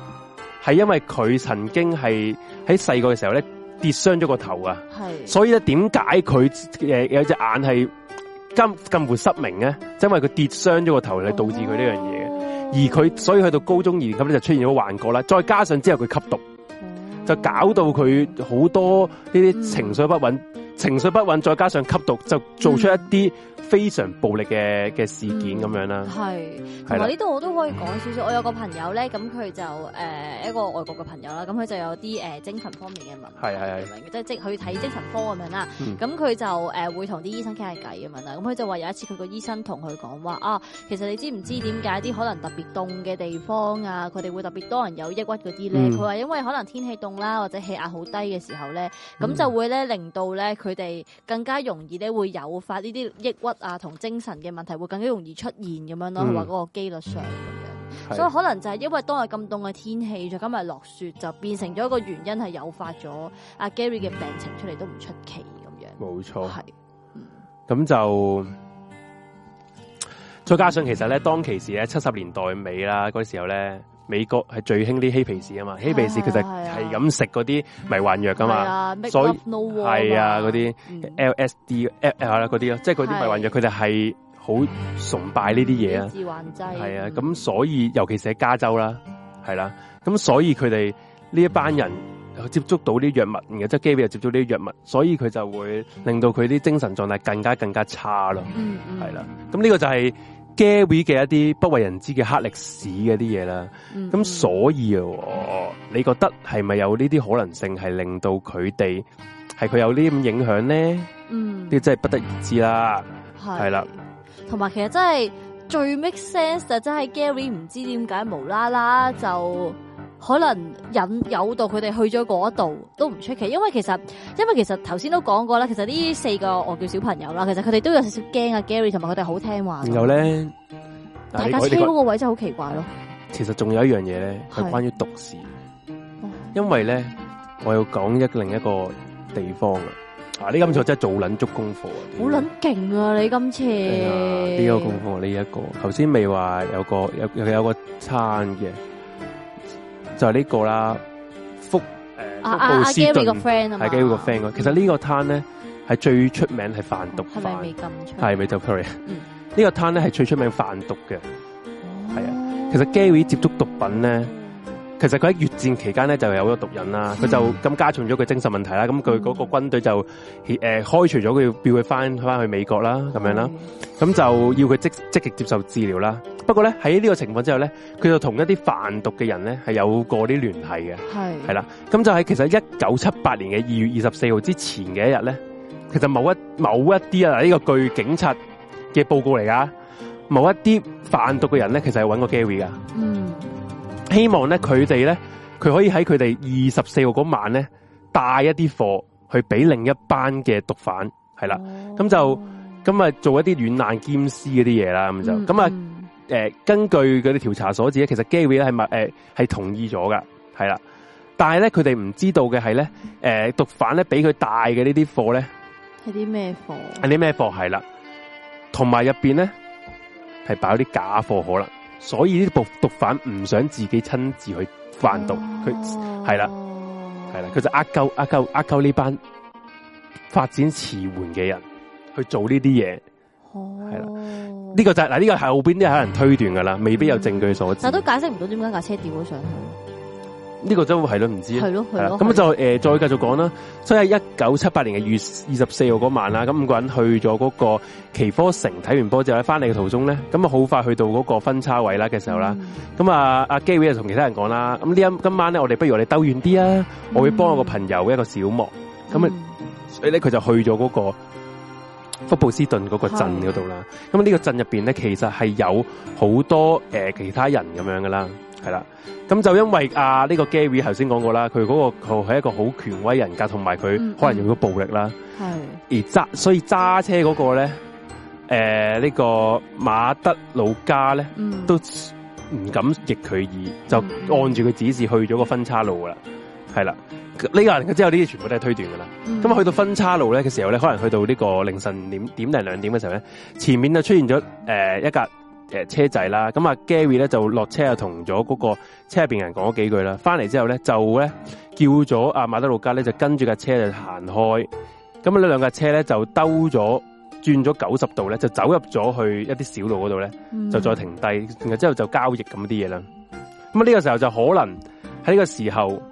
係因為佢曾經係喺細個嘅時候咧跌傷咗個頭啊。係。所以咧，點解佢誒有隻眼係近近乎失明咧？就是，因為佢跌傷咗個頭嚟導致佢呢樣嘢。而佢所以去到高中二年級咧就出現咗幻覺啦。再加上之後佢吸毒，就搞到佢好多呢啲情緒不穩、嗯，情緒不穩再加上吸毒就做出一啲。嗯非常暴力嘅嘅事件咁、嗯、樣啦，係。同埋呢度我都可以講少少。我有個朋友咧，咁佢就誒、呃、一個外國嘅朋友啦，咁佢就有啲誒、呃、精神方面嘅問題，係係，即係即係去睇精神科咁樣啦。咁佢、嗯、就誒、呃、會同啲醫生傾下偈咁樣啦。咁佢就話有一次佢個醫生同佢講話啊，其實你知唔知點解啲可能特別凍嘅地方啊，佢哋會特別多人有抑鬱嗰啲咧？佢、嗯、話因為可能天氣凍啦，或者氣壓好低嘅時候咧，咁就會咧、嗯、令到咧佢哋更加容易咧會誘發呢啲抑鬱。啊，同精神嘅問題會更加容易出現咁樣咯，話、嗯、嗰個機率上咁樣，所以可能就係因為當日咁凍嘅天氣，再加埋落雪，就變成咗一個原因，係誘發咗阿 Gary 嘅病情出嚟都唔出奇咁樣。冇錯，係、嗯，咁就再加上其實咧，當其時咧，七十年代尾啦，嗰時候咧。美國係最興啲嬉皮士啊嘛，嬉皮士其實係咁食嗰啲迷幻藥噶嘛，所以係啊嗰啲 LSD 係啦嗰啲咯，即係嗰啲迷幻藥佢哋係好崇拜呢啲嘢啊，致幻劑係啊，咁所以尤其是喺加州啦，係啦，咁所以佢哋呢一班人接觸到啲藥物，然後即係基比又接觸啲藥物，所以佢就會令到佢啲精神狀態更加更加差咯，係啦，咁呢個就係。Gary 嘅一啲不為人知嘅黑歷史嘅啲嘢啦，咁所以哦，你覺得係咪有呢啲可能性係令到佢哋係佢有呢啲咁影響咧？嗯，呢啲真係不得而知啦，係啦。同埋其實真係最 make sense 就真係 Gary 唔知點解無啦啦就。可能引誘到佢哋去咗嗰度都唔出奇，因為其實因為其實頭先都講過啦，其實呢四個我叫小朋友啦，其實佢哋都有少少驚啊 Gary 同埋佢哋好聽話。然後咧，大家車嗰個位真係好奇怪咯。其實仲有一樣嘢咧係關於讀史，因為咧我要講一另一個地方啊！啊，呢今次真係做捻足功課啊！好捻勁啊！你今次呢、哎哎、個功課呢一個，頭先未話有個有有個餐嘅。就係、是、呢、這個啦，福阿阿、呃啊啊啊、Gary 個 friend Gary 個 friend 其實呢個攤咧係最出名的是是出名係、嗯這個、販毒的，係咪未禁？係就 sorry 呢個攤咧係最出名販毒嘅，係啊。其實 Gary 接觸毒品咧。其實佢喺越戰期間咧就有咗毒癮啦，佢、嗯、就咁加重咗佢精神問題啦，咁佢嗰個軍隊就誒開除咗佢，叫佢翻翻去美國啦，咁、嗯、樣啦，咁就要佢積積極接受治療啦。不過咧喺呢個情況之後咧，佢就同一啲販毒嘅人咧係有過啲聯繫嘅，係係啦。咁就喺其實一九七八年嘅二月二十四號之前嘅一日咧，其實某一某一啲啊呢個據警察嘅報告嚟噶，某一啲販、這個、毒嘅人咧其實係揾個 Gary 噶，嗯。希望咧，佢哋咧，佢可以喺佢哋二十四號晚咧，帶一啲貨去俾另一班嘅毒販，係啦，咁、哦、就咁啊，咁做一啲軟硬兼施嗰啲嘢啦，咁就咁啊，誒、嗯嗯呃，根據嗰啲調查所指咧，其實 Gary 咧係咪誒係同意咗噶，係啦，但係咧佢哋唔知道嘅係咧，誒、呃，毒販咧俾佢帶嘅呢啲貨咧係啲咩貨？係啲咩貨？係啦，同埋入邊咧係擺啲假貨可能。所以呢啲毒毒販唔想自己親自去販毒，佢係啦，係啦，佢就呃鳩呃鳩呃鳩呢班發展遲緩嘅人去做呢啲嘢，啊，係啦，呢個就係，嗱，呢個係後邊都有人推斷噶啦，未必有證據所指，嗯。但都解釋唔到點解架車掉咗上去。呢、這個真會係咯，唔知啊。係咯，係咯。咁就、呃、再再繼續講啦。所以喺一九七八年嘅二月二十四號嗰晚啦，咁、那、五個人去咗嗰個奇科城睇完波之後，喺翻嚟嘅途中咧，咁啊好快去到嗰個分叉位啦嘅時候啦。咁、嗯、啊，阿基偉就同其他人講啦。咁呢一今晚咧，我哋不如我哋兜遠啲啊！我會幫我個朋友一個小莫。咁、嗯、啊，所以咧佢就去咗嗰個福布斯頓嗰個鎮嗰度啦。咁呢個鎮入邊咧，其實係有好多誒、呃、其他人咁樣噶啦，係啦。咁就因為啊呢、這個 Gary 頭先講過啦，佢嗰、那個佢係一個好權威人格，同埋佢可能用咗暴力啦、嗯嗯，而揸所以揸車嗰個咧，誒、呃、呢、這個馬德魯加咧、嗯、都唔敢逆佢意、嗯，就按住佢指示去咗、嗯這個分岔路噶啦，係啦，呢個人之後呢啲全部都係推斷噶啦。咁、嗯、啊去到分岔路咧嘅時候咧，可能去到呢個凌晨點點定兩點嘅時候咧，前面就出現咗、呃、一架。誒，車仔啦，咁啊 Gary 咧就落車啊，同咗嗰個車入邊人講咗幾句啦，翻嚟之後咧就咧叫咗阿馬德路加咧就跟住架車就行開，咁啊呢兩架車咧就兜咗轉咗九十度咧就走入咗去一啲小路嗰度咧，就再停低，然之後就交易咁啲嘢啦。咁啊呢個時候就可能喺呢個時候，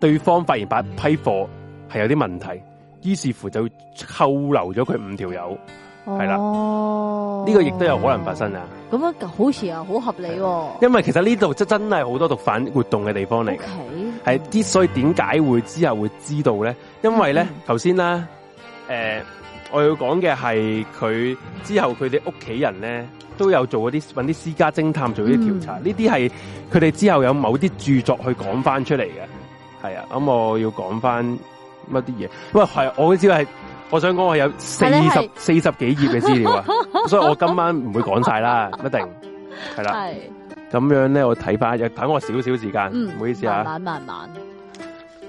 對方發現把批貨係有啲問題，於是乎就扣留咗佢五條友。係啦，呢、oh, 個亦都有可能發生啊！咁樣好似又好合理。因為其實呢度真真係好多毒販活動嘅地方嚟，嘅、okay？係啲所以點解會之後會知道咧？因為咧，頭先啦，誒、mm -hmm. 呃、我要講嘅係佢之後佢哋屋企人咧都有做嗰啲揾啲私家偵探做啲調查，呢啲係佢哋之後有某啲著作去講翻出嚟嘅。係啊，咁我要講翻乜啲嘢？喂，係我都知道係。我想講我有四十四十幾頁嘅資料啊， 所以我今晚唔會講晒啦， 一定係啦。咁樣咧，我睇翻，又等我少少時間，唔、嗯、好意思啊。慢慢慢慢，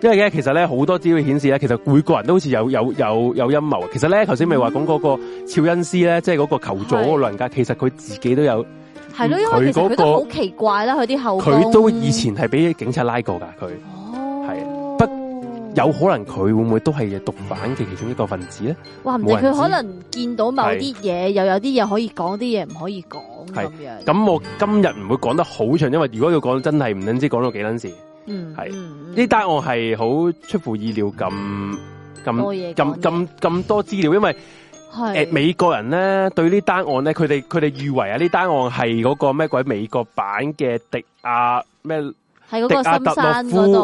因為咧，其實咧，好多資料顯示咧，其實每個人都好似有有有有陰謀啊。其實咧，頭先咪話講嗰個肖恩斯咧，即係嗰個求助嗰個老人家，其實佢自己都有係咯，佢嗰個好奇怪啦，佢啲後佢都以前係俾警察拉過噶佢。他有可能佢會唔會都係毒販嘅其中一個分子咧？哇！唔知佢可能見到某啲嘢，又有啲嘢可以講，啲嘢唔可以講嘅。咁、嗯、我今日唔會講得好長，因為如果要講，真係唔知講到幾捻事。嗯、係呢、嗯、單案係好出乎意料，咁咁咁咁咁多資料，因為誒、呃、美國人咧對呢單案咧，佢哋佢哋認為啊，呢單案係嗰個咩鬼美國版嘅迪亞咩？什麼係迪亞特洛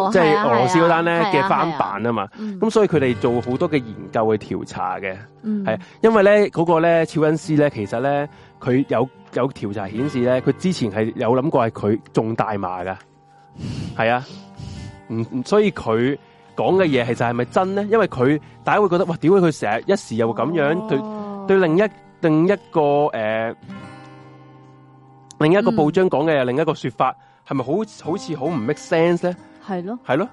夫，即係、就是、俄羅斯嗰單咧嘅翻版啊，啊，啊嘛、咁、啊啊嗯、所以佢哋做好多嘅研究去調查嘅，係、嗯啊、因為咧嗰、那個咧，喬恩斯咧，其實咧佢有有調查顯示咧，佢之前係有諗過係佢中大麻噶，係啊，嗯，所以佢講嘅嘢其實係咪真咧？因為佢大家會覺得，哇，點解佢成日一時又會咁樣、哦、對對另一另一個誒、呃，另一個報章講嘅、嗯、另一個說法？係咪好好似好唔 make sense 咧？係咯，咯，係咯。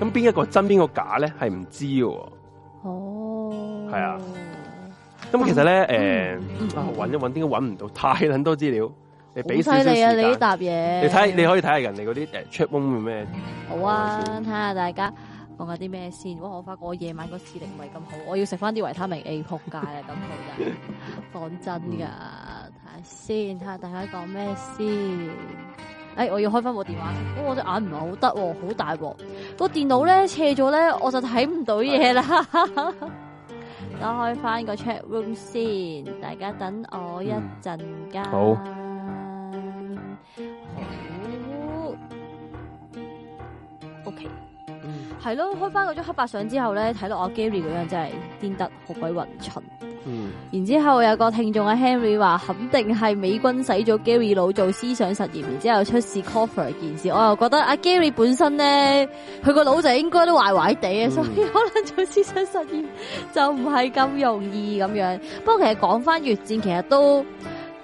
咁邊一個真邊個假咧？係唔知嘅、啊。哦，係啊。咁其實咧，誒、嗯呃，搵一搵，點解搵唔到？太很多資料，你俾晒少時睇你啊，你呢沓嘢。你睇，你可以睇下人哋嗰啲誒 checkroom 叫咩？好啊，睇下大家講下啲咩先。如果我發覺我夜晚個視力唔係咁好，我要食翻啲維他命 A 撲街 啊！等佢啊。講真噶，睇下先，睇下大家講咩先。哎，我要開翻部電話，咁、哦、我隻眼唔係好得，好大鑊。個電腦咧斜咗咧，我就睇唔到嘢啦。啊、 開翻個 chat room 先，大家等我一陣間、嗯。好，好，好，OK。係咯，開翻嗰張黑白相之後咧，睇到阿 Gary 嗰樣真係癲得好鬼混蠢。然之後有個聽眾阿 Henry 話，肯定係美軍洗咗 Gary 腦，做思想實驗，然之後出 Coffin 件事。我又覺得阿 Gary 本身咧，佢個腦就應該都壞壞地、嗯，所以可能做思想實驗就唔係咁容易咁樣。不過其實講翻越戰，其實都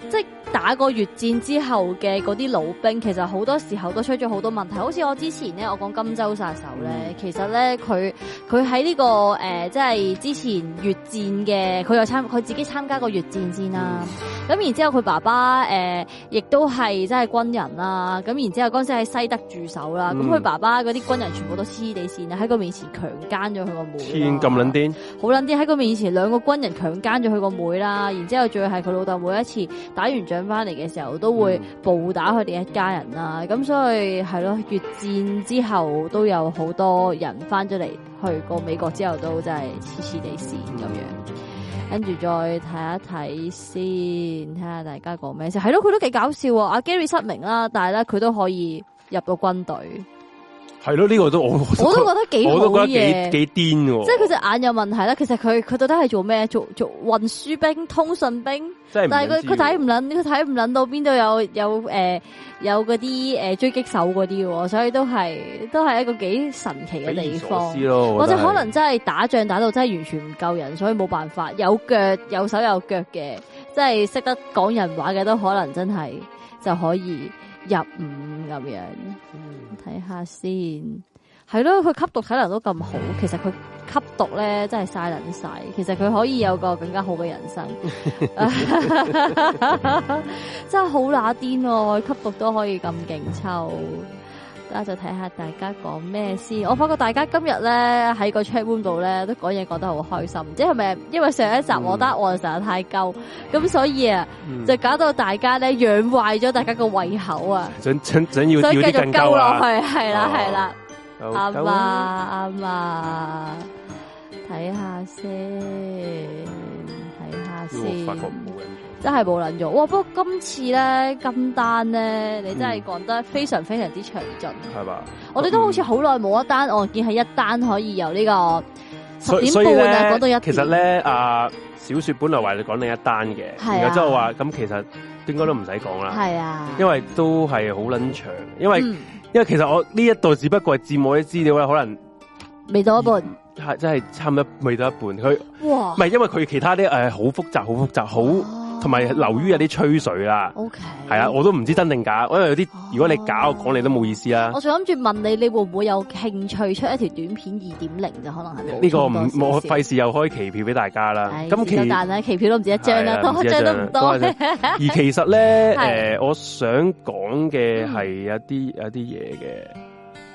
即打過越戰之後嘅嗰啲老兵，其實好多時候都出咗好多問題。好似我之前咧，我講金州殺手咧，其實咧佢佢喺呢、這個誒，即、呃、係之前越戰嘅，佢又參佢自己參加過越戰先啦、啊。咁然之後佢爸爸誒、呃，亦都係即係軍人啦、啊。咁然之後嗰陣時喺西德駐守啦。咁佢爸爸嗰啲軍人全部都黐地線啊，喺佢面前強姦咗佢個妹、啊。天咁撚癲，好撚癲！喺佢面前兩個軍人強姦咗佢個妹啦、啊。然之後再係佢老豆每一次打完仗，翻嚟嘅時候都會暴打佢哋一家人啦，咁所以係咯越戰之後都有好多人翻咗嚟，去過美國之後都真係黐黐地線咁樣，跟住再睇一睇先，睇下大家講咩先，係咯佢都幾搞笑的。阿、啊、Gary 失明啦，但係咧佢都可以入到軍隊。係咯，呢、這個都我，我都覺得幾好嘢，幾癲喎！即係佢隻眼有問題啦。其實佢佢到底係做咩？做做運輸兵、通訊兵，是不但係佢佢睇唔捻，佢睇唔捻到邊度有有誒、呃、有嗰啲誒追擊手嗰啲嘅，所以都係都係一個幾神奇嘅地方的我、就是，或者可能真係打仗打到真係完全唔夠人，所以冇辦法有腳有手有腳嘅，即係識得講人話嘅都可能真係就可以。入伍咁樣，睇、嗯、下先。係咯，佢吸毒體能都咁好，其實佢吸毒咧真係晒捻晒。其實佢可以有個更加好嘅人生， 真係好乸癲喎！吸毒都可以咁勁抽。就看看大家就睇下大家講咩先，我發覺大家今日咧喺個 check room 度咧都講嘢講得好開心，唔知係咪因為上一集我得、嗯、我成日太夠，咁所以啊，就搞到大家咧養壞咗大家個胃口啊，想想想要繼續夠落去，係啦係啦，啱啊啱啊，睇下先，睇下先。真係冇捻咗，哇！不過今次咧今單咧，你真係講得非常非常之詳盡，係、嗯、嘛？我哋都好似好耐冇一單，嗯、案件係一單可以由呢個十點半啊講到一。其實咧、啊，小雪本來話你講另一單嘅、啊，然後即係話咁，其實應該都唔使講啦，係啊，因為都係好捻長，因為、嗯、因為其實我呢一度只不過係字我啲資料咧，可能未到一半，係、啊、真係差唔多未到一半，佢唔係因為佢其他啲誒好複雜，好複雜，好。同埋流於有啲吹水啦、okay，係啊，我都唔知真定假，因為有啲如果你假我講、oh, 你都冇意思啦、啊。我仲諗住問你，你會唔會有興趣出一條短片二點零？就可能係呢、這個唔我費事又開期票俾大家啦。咁但係期票都唔止一張啦、啊啊啊，多張、啊啊、都唔多、啊。而其實咧，誒， 我想講嘅係一啲一啲嘢嘅。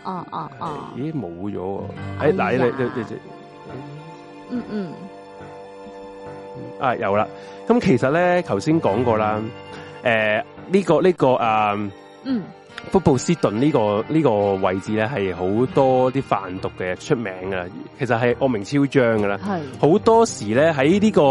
哦哦哦，咦冇咗喎？誒、啊，嗱你你你嗯嗯。啊有啦，咁、嗯、其實咧，頭先講過啦，誒、呃、呢、這個呢、這個啊，嗯，福布斯頓呢個呢、這個位置咧係好多啲販毒嘅出名噶，其實係惡名昭彰噶啦，係好多時咧喺呢個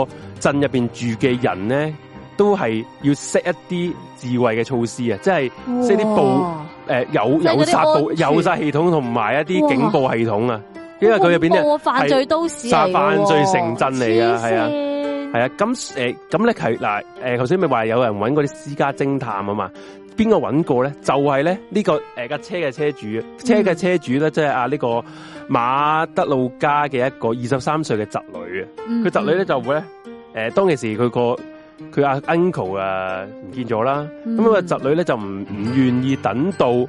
鎮入邊住嘅人咧，都係要 set 一啲智慧嘅措施啊，即係識啲暴誒有有殺暴有殺系統同埋一啲警報系統啊，因為佢入邊呢，犯罪都市，犯罪城鎮嚟噶，係啊。係啊，咁、嗯、誒，咁咧係嗱，誒、嗯，頭先咪話有人搵嗰啲私家偵探啊嘛，邊個搵過咧？就係咧呢個誒架、呃、車嘅車主，嗯、車嘅車主咧，即係啊呢個馬德路家嘅一個二十三歲嘅侄女啊。佢、嗯嗯、侄女咧就會咧，誒、呃，當其時佢個佢阿 uncle 啊唔見咗啦，咁、嗯、個、嗯、侄女咧就唔唔願意等到誒啲、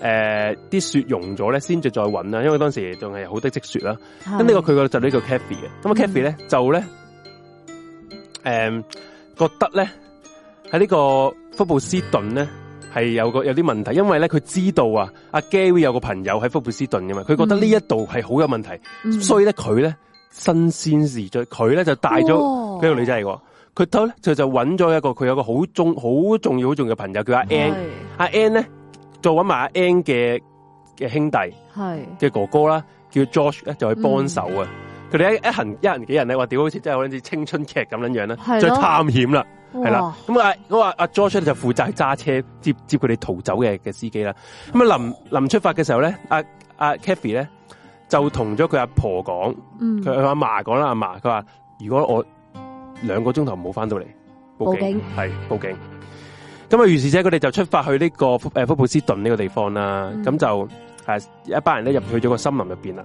呃、雪融咗咧先至再搵啦，因為當時仲係好多積雪啦。咁呢個佢個侄女叫 Cathy 嘅、嗯，咁啊 Cathy 咧就咧。誒、um,，覺得咧喺呢在這個福布斯頓咧係有個有啲問題，因為咧佢知道啊，阿 Gary 有個朋友喺福布斯頓嘅嘛，佢覺得呢一度係好有問題，嗯、所以咧佢咧新鮮事在，佢咧就帶咗呢個女仔嚟，佢都咧就就揾咗一個佢有個好重好重要好重要嘅朋友叫阿 N，阿 N 咧再揾埋阿 N 嘅嘅兄弟係嘅哥哥啦，叫 George 咧就去幫手啊。嗯佢哋一一行一行幾人咧，話屌，好似真係好似青春劇咁樣樣啦，再探險啦，係啦。咁、嗯嗯嗯嗯、啊，我話阿 Joshua 就負責揸車接接佢哋逃走嘅嘅司機啦。咁、嗯、啊，臨臨出發嘅時候咧，阿阿 Kathy 咧就同咗佢阿婆講，佢阿阿嫲講啦，阿嫲佢話如果我兩個鐘頭冇翻到嚟，報警係報警。咁啊，於、嗯、是者佢哋就出發去呢、這個誒福布斯頓呢個地方啦。咁、嗯、就誒一班人咧入去咗個森林入邊啦。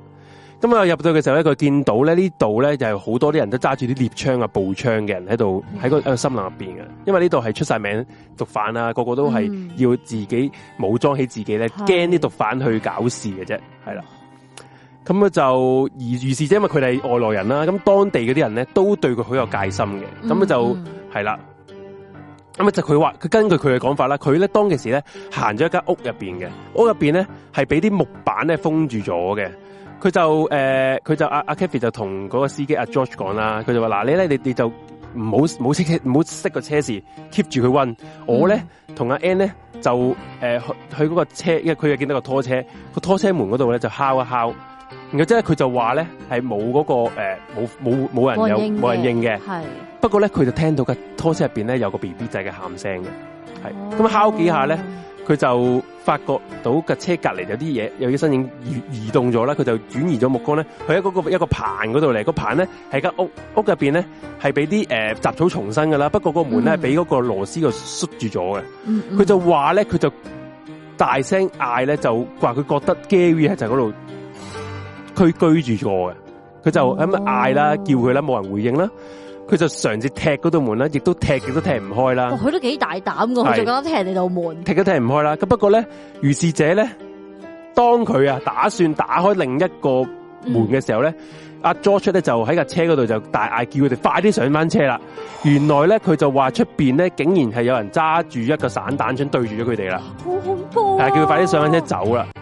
咁啊入到嘅時候咧，佢見到咧呢度咧就係好多啲人都揸住啲獵槍啊、步槍嘅人喺度，喺個誒森林入邊嘅。因為呢度係出晒名毒販啊，個個都係要自己武裝起自己咧，驚啲毒販去搞事嘅啫。係啦，咁啊就而如是者，因為佢哋係外來人啦，咁當地嗰啲人咧都對佢好有戒心嘅。咁、嗯、就係啦，咁啊就佢話佢根據佢嘅講法啦，佢咧當其時咧行咗一間屋入邊嘅，屋入邊咧係俾啲木板咧封住咗嘅。佢就誒，佢、呃、就阿阿、啊啊、Kathy 就同嗰個司機阿、啊、George 講啦，佢就話：嗱，你咧，你你、嗯、就唔好唔好熄唔好熄個車時，keep 住佢溫。我咧同阿 N 咧就誒去去嗰個車，因為佢又見到一個拖車，個拖車門嗰度咧就敲一敲。然後之後佢就話咧係冇嗰個冇冇冇人有冇人應嘅。係不過咧，佢就聽到個拖車入邊咧有個 B B 仔嘅喊聲嘅。係咁、哦、敲幾下咧。佢就發覺到架車隔籬有啲嘢，有啲身影移動移動咗啦，佢就轉移咗目光咧，去喺嗰個一個棚嗰度嚟，個棚咧係間屋，屋入邊咧係俾啲誒雜草重生噶啦，不過個門咧俾嗰個螺絲個縮住咗嘅。佢、嗯嗯、就話咧，佢就大聲嗌咧，就話佢覺得 Gary 就喺嗰度居居住過嘅，佢就咁嗌啦，叫佢啦，冇人回應啦。佢就嘗試踢嗰道門啦，亦都踢，亦都踢唔開啦。佢、哦、都幾大膽噶，佢就覺得踢你度門，門，踢都踢唔開啦。咁不過咧，如是者咧，當佢啊打算打開另一個門嘅時候咧，阿、嗯、George 咧就喺架車嗰度就大嗌叫佢哋快啲上翻車啦。原來咧佢就話出邊咧竟然係有人揸住一個散彈槍對住咗佢哋啦，好恐怖、啊！係叫佢快啲上翻車走啦。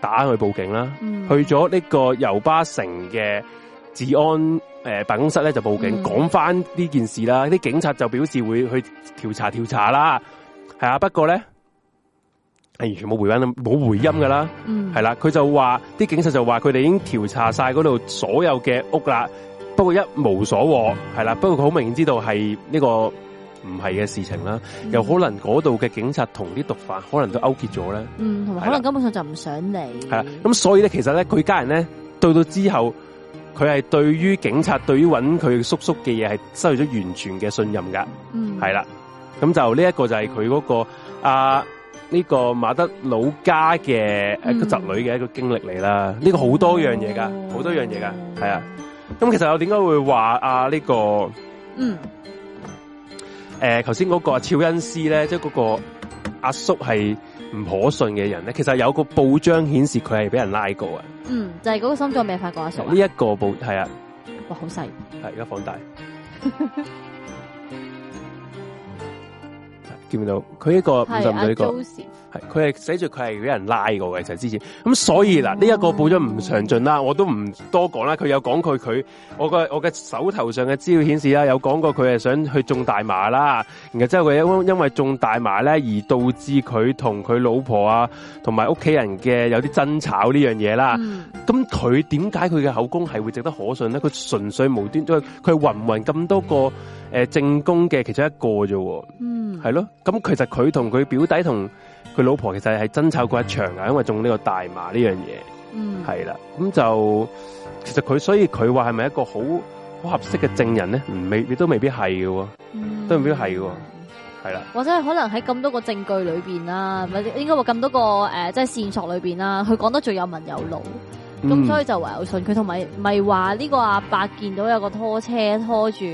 打去報警啦、嗯，去咗呢個油巴城嘅治安誒辦公室咧就報警，講翻呢件事啦。啲警察就表示會去調查調查啦，係啊。不過咧係完全冇回音冇回音噶啦，係、嗯、啦。佢就話啲警察就話佢哋已經調查晒嗰度所有嘅屋啦，不過一無所獲係啦。不過佢好明顯知道係呢、這個。唔係嘅事情啦、嗯，又可能嗰度嘅警察同啲毒販可能都勾結咗咧。嗯，同埋可能根本上就唔想嚟。係啊，咁所以咧，其實咧，佢、嗯、家人咧到到之後，佢係對於警察對於揾佢叔叔嘅嘢係失去咗完全嘅信任噶。嗯，係啦，咁就呢一個就係佢嗰個、嗯、啊，呢個馬德老家嘅一個侄女嘅一個經歷嚟啦。呢個好多樣嘢噶，好、嗯、多樣嘢噶，係、嗯、啊。咁其實我點解會話啊，呢個嗯？誒、呃，頭先嗰個啊，超恩師咧，即係嗰個阿叔係唔可信嘅人咧。其實有個報章顯示佢係俾人拉過啊。嗯，就係、是、嗰個心臟未發過。阿叔、啊。呢、這、一個報係啊，哇，好細。係而家放大，見 唔到佢一個五十到呢個。係，佢係寫住佢係俾人拉過嘅，就係、是、之前咁，所以嗱呢一個報章唔詳盡啦，我都唔多講啦。佢有講佢佢我嘅我嘅手頭上嘅資料顯示啦，有講過佢係想去種大麻啦，然後之後佢因因為種大麻咧，而導致佢同佢老婆啊，同埋屋企人嘅有啲爭吵呢樣嘢啦。咁佢點解佢嘅口供係會值得可信咧？佢純粹無端，佢佢芸芸咁多個誒、呃、正宮嘅其中一個啫，嗯，係咯。咁其實佢同佢表弟同。佢老婆其實係爭吵過一場噶因為中呢個大麻呢樣嘢，嗯，係啦，咁就其實佢所以佢話係咪一個好好合適嘅證人咧？唔未都未必係嘅、嗯，都未必係嘅，係啦。或者係可能喺咁多個證據裏邊啦，或者應該話咁多個誒，即、呃、係、就是、線索裏邊啦，佢講得最有文有路。咁、嗯、所以就唯有信，佢同埋咪話呢個阿伯見到有個拖車拖住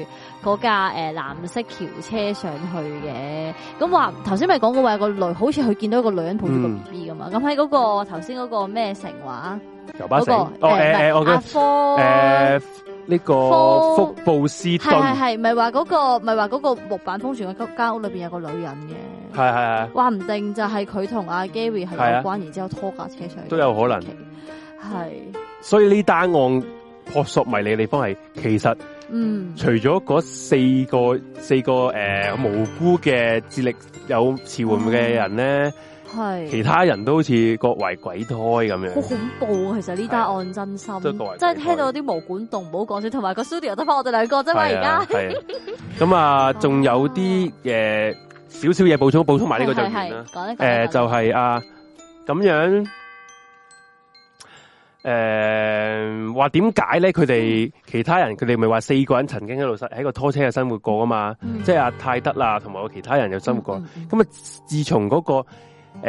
嗰架、呃、藍色橋車上去嘅。咁話頭先咪講過話個女，好似佢見到一個女人抱住個 B B 㗎嘛。咁喺嗰個頭先嗰個咩城話嗰、那個誒阿方誒呢個福布斯，係係係，咪話嗰個唔係話嗰個木板封住嘅間屋裏面有個女人嘅。係係係，話唔定就係佢同阿 Gary 係有關，啊、然之後拖架車上去都有可能。係，所以呢單案撲朔迷離嘅地方係，其實嗯、呃，嗯，除咗嗰四個四個誒無辜嘅智力有遲緩嘅人咧，係其他人都好似各懷鬼胎咁樣，好恐怖啊！其實呢單案真心，就是、真係聽到啲毛管動，唔好講笑。同埋個 studio 得翻我哋兩個啫嘛，而家，咁啊，仲、啊啊、 有啲誒少少嘢補充，補充埋呢個證據啦。誒、呃，就係、是、啊，咁樣。誒、呃，話點解咧？佢哋其他人佢哋咪話四個人曾經喺度喺個拖車嘅生活過啊嘛、嗯，即係阿泰德啦、啊，同埋個其他人有生活過。咁、嗯、啊，嗯、自從嗰、那個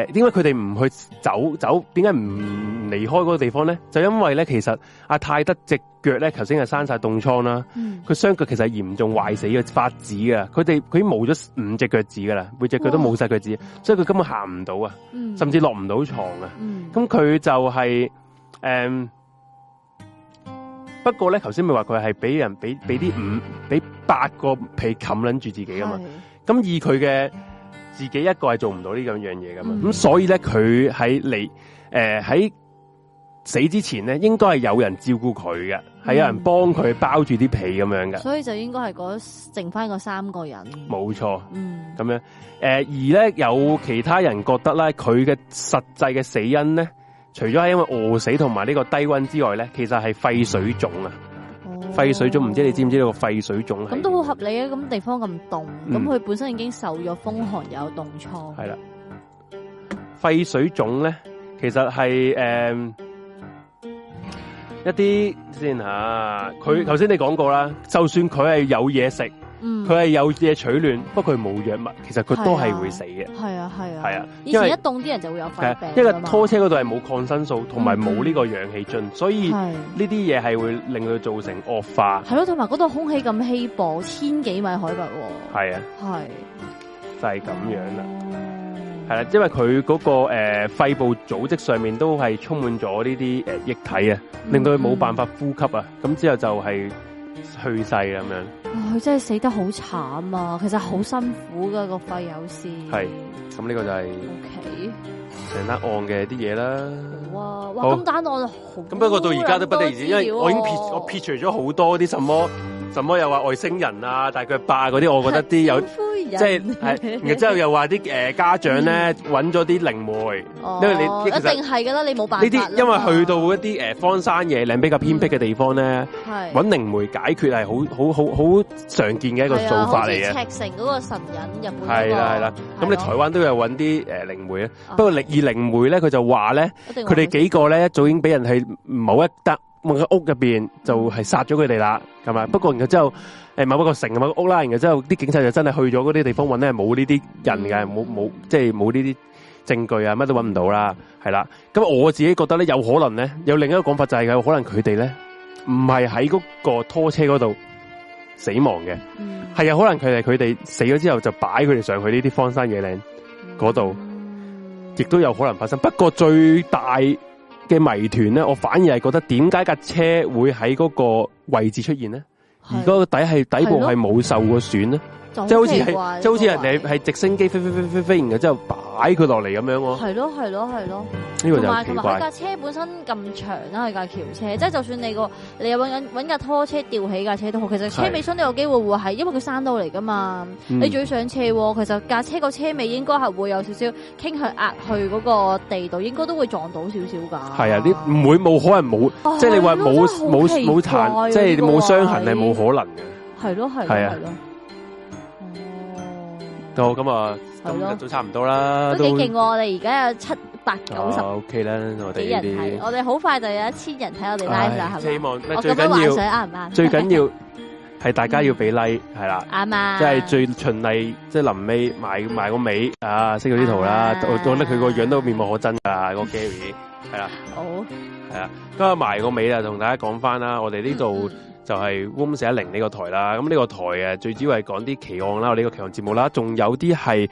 誒，點解佢哋唔去走走？點解唔離開嗰個地方咧？就因為咧，其實阿泰德隻腳咧，頭先係生晒凍瘡啦，佢雙腳其實係嚴重壞死嘅，發紫㗎。佢哋佢已經冇咗五隻腳趾噶啦，每隻腳都冇晒腳趾，所以佢根本行唔到啊，甚至落唔到床啊。咁、嗯、佢就係、是。誒、um,，不過咧，頭先咪話佢係俾人俾俾啲五，俾八個被冚捻住自己㗎嘛。咁以佢嘅自己一個係做唔到呢兩樣嘢噶嘛。咁、嗯嗯、所以咧，佢喺嚟誒喺死之前咧，應該係有人照顧佢嘅，係、嗯、有人幫佢包住啲被咁樣嘅。所以就應該係嗰剩翻嗰三個人。冇錯，嗯，咁樣誒、呃，而咧有其他人覺得咧，佢嘅實際嘅死因咧，除咗係因為餓死同埋呢個低溫之外咧，其實係肺水腫啊！肺、oh. 水腫唔知你知唔知道個肺水腫啊？咁都好合理啊！咁地方咁凍，咁、嗯、佢本身已經受咗風寒又有凍瘡，係啦。肺水腫咧，其實係誒、嗯、一啲先吓，佢頭先你講過啦，就算佢係有嘢食。佢、嗯、係有嘢取暖，不過佢冇藥物，其實佢都係會死嘅。係啊，係啊。係啊，因為一凍啲人就會有肺病啊嘛。因為拖車嗰度係冇抗生素，同埋冇呢個氧氣樽，所以呢啲嘢係會令佢造成惡化。係咯、啊，同埋嗰度空氣咁稀薄，千幾米海拔。係啊，係、啊啊、就係、是、咁樣啦。係、嗯、啦、啊，因為佢嗰、嗰個誒、呃、肺部組織上面都係充滿咗呢啲誒液體啊，令到佢冇辦法呼吸、嗯、啊，咁之後就係去世咁樣。佢、啊、真係死得好慘啊！其實好辛苦噶，啊這個肺有事。係，咁呢個就係屋企成單案嘅啲嘢啦。好、啊、哇！咁單案好，咁不過到而家都不得而知，因為我已經撇、哦、我撇除咗好多啲什麼。什麼又話外星人啊？大腳八嗰啲，我覺得啲有即係，然之後又話啲誒家長咧揾咗啲靈媒，因為你其實一定係嘅啦，你冇辦法呢啲，因為去到一啲誒荒山野嶺比較偏僻嘅地方咧，揾靈媒解決係好好好好常見嘅一個做法嚟嘅。赤城嗰個神隱入去係啦係啦，咁你台灣都有揾啲誒靈媒啊。不過靈二靈媒咧，佢就話咧，佢哋幾個咧早已經俾人係唔好一得。個屋入邊就係殺咗佢哋啦，係嘛？不過然後之後誒，某、欸、一個城，某個屋啦。然後之後啲警察就真係去咗嗰啲地方揾咧，冇呢啲人嘅，冇冇即係冇呢啲證據啊，乜都揾唔到啦，係啦。咁我自己覺得咧，有可能咧，有另一個講法就係、有、佢可能佢哋咧唔係喺嗰個拖車嗰度死亡嘅，係有可能佢哋佢哋死咗之後就擺佢哋上去呢啲荒山野嶺嗰度，亦都有可能發生。不過最大。嘅謎團咧，我反而係覺得點解架車會喺嗰個位置出現咧？而嗰個底係底部係冇受過損咧？即係好似係，即、這、係、個、好似人哋係直升機飛飛飛飛飛完之後擺佢落嚟咁樣。係咯係咯係咯。呢、這個就奇怪。架車本身咁長啦，架橋車，即、就、係、是、就算你個你有搵搵架拖車吊起架車都好，其實車尾箱都有機會會係，因為佢山到嚟噶嘛。你仲要上車，其實架車個車尾應該係會有少少傾向壓去嗰個地度，應該都會撞到少少噶。係啊，你唔會冇可能冇，即係你話冇冇冇彈，即係冇傷痕係冇可能嘅。係咯係。係啊。都咁啊，都得咗差唔多啦，都幾勁喎！我哋而家有七百九十，O K 啦，我哋，我哋好快就有一千人睇我哋 live 啦，係嘛？我咁樣幻想啱唔啱？最緊要係大家要俾 like，係啦，啱嘛？即係最循例，即係臨尾埋埋個尾啊！識到啲圖啦，我我覺得佢個樣都面目可憎啊！個 Gary 係啦，好係啦，今日埋個尾啊，同大家講翻啦，我哋呢度。就係 Wom 四一零呢個台啦，咁呢個台誒，最主要係講啲奇案啦，呢個奇案節目啦，仲有啲係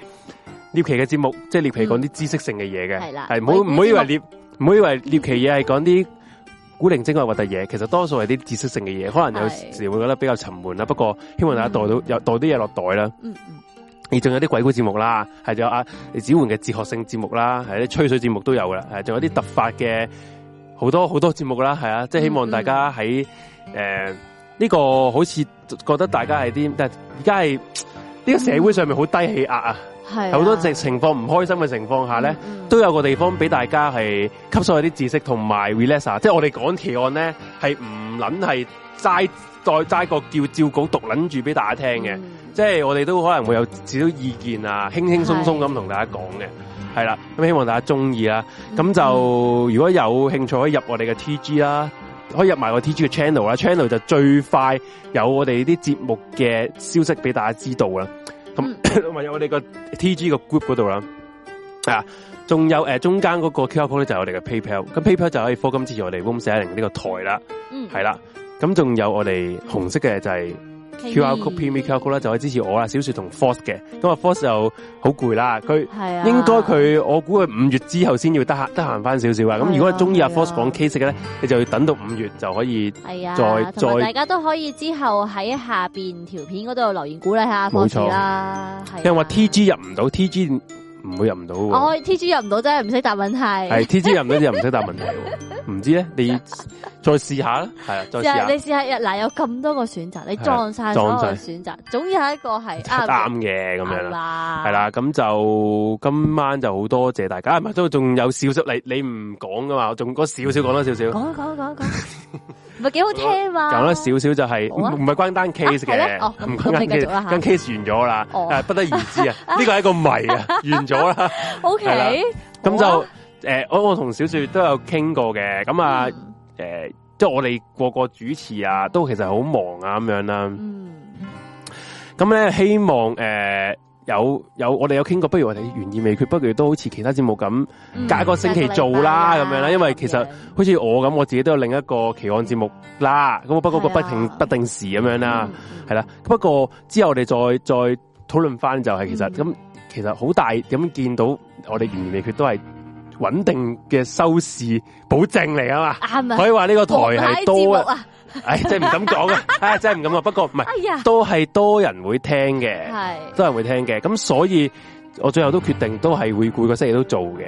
獵奇嘅節目，即係獵奇講啲知識性嘅嘢嘅，係啦，係唔好唔好以為獵唔好以為獵奇嘢係講啲古靈精怪核突嘢，其實多數係啲知識性嘅嘢，可能有時會覺得比較沉悶啦，不過希望大家袋到、嗯、有袋啲嘢落袋啦，嗯嗯，而仲有啲鬼故節目啦，係仲有阿李子煥嘅哲學性節目啦，係啲吹水節目都有噶啦，係仲有啲突發嘅好多好多節目啦，係啊，即係希望大家喺。誒、呃，呢、這個好似覺得大家係啲，但而家係呢個社會上面好低氣壓啊，係，好多情況唔開心嘅情況下咧，都有個地方俾大家係吸收一啲知識同埋 relax 啊，即係我哋講奇案咧係唔捻係齋再齋個叫照稿讀捻住俾大家聽嘅，即係我哋都可能會有少少意見啊，輕輕鬆鬆咁同大家講嘅，係啦，咁希望大家中意啦，咁就如果有興趣可以入我哋嘅 TG 啦。可以入埋我 T G 嘅 channel 啦，channel 就最快有我哋啲節目嘅消息俾大家知道啦。咁還、嗯、 有我哋個 T G 個 group 嗰度啦，啊，仲有誒、呃、中間嗰個 QR code 咧就係我哋嘅 PayPal，咁 PayPal 就可以貨 r 今次我哋 w o o m s 1 i 呢個台啦，嗯，係啦。咁仲有我哋紅色嘅就係、是。嗯嗯 QR 曲 QR 曲啦，PM，就可以支持我啦。小雪同 Force 嘅，咁啊 Force 就好攰啦。佢係啊，應該佢，我估佢五月之後先要得閒，得閒翻少少啊。咁如果係中意阿 Force 講 case 嘅咧，啊、你就要等到五月就可以。係啊，再再，大家都可以之後喺下邊條片嗰度留言鼓勵下 Force 啦。冇錯，因為話 TG 入唔到 TG。TG 唔會入唔到我哦！TG 入唔到真係唔使答問題，係 TG 入唔到就唔使答問題，唔 知咧，你再試下啦，係啊，再試下、下、下，你試下，嗱有咁多個選擇，你裝晒所有選擇，總有一個係啱嘅咁樣啦，係啦，咁就今晚就好多謝大家，係、啊、咪？都仲有少少你你唔講噶嘛，仲嗰少少講多少少，講講講講。 唔係幾好聽嘛、啊，講得少少就係唔係關單 case 嘅，唔、啊 oh, 關單 case，關 case 完咗啦，oh. 不得而知、 okay? 啊，呢個係一個謎啊，完咗啦。OK，咁就誒，我我同小雪都有傾過嘅，咁啊，誒，即係我哋個個主持啊，都其實好忙啊，咁樣啦、啊。咁、嗯、咧、嗯、希望誒。呃有有我哋有傾過，不如我哋懸疑未決，不如也都好似其他節目咁，隔、嗯、一個星期做啦咁、就是啊、樣啦。因為其實、嗯、好似我咁，我自己都有另一個奇案節目啦。咁、嗯、不過個不停、嗯、不定時咁樣啦，係、嗯、啦。不過之後我哋再再討論返，就係其實咁，其實好、嗯、大咁見到我哋懸疑未決都係穩定嘅收視保證嚟啊嘛。可以話呢個台係多啊。唉、 哎，真係唔敢講啊！唉、 哎，真係唔敢啊！不過唔係，哎、都係多人會聽嘅，係多人會聽嘅。咁所以，我最後都決定都係會每個星期都做嘅，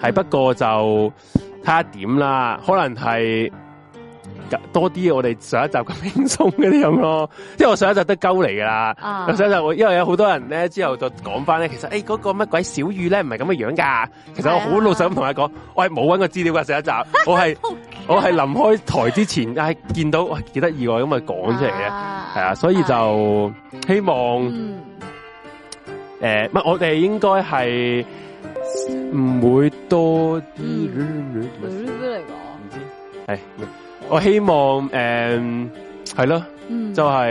係、嗯、不過就睇下點啦。可能係多啲我哋上一集咁輕鬆嘅啲咁咯。因為我上一集得鳩嚟噶啦，啊、上一集會因為有好多人咧，之後就講翻咧，其實誒嗰、欸那個乜鬼小雨咧，唔係咁嘅樣噶。其實我好老實咁同佢講，我係冇搵過資料噶上一集，我係。 我係臨開台之前，係、啊、見到，哇，幾得意喎，咁咪講出嚟嘅，係啊，所以就希望，誒、嗯、唔、呃、我哋應該係唔會多啲。唔、呃嗯呃呃、知嚟講，係、呃嗯，我希望，誒、呃，係咯、嗯，就係、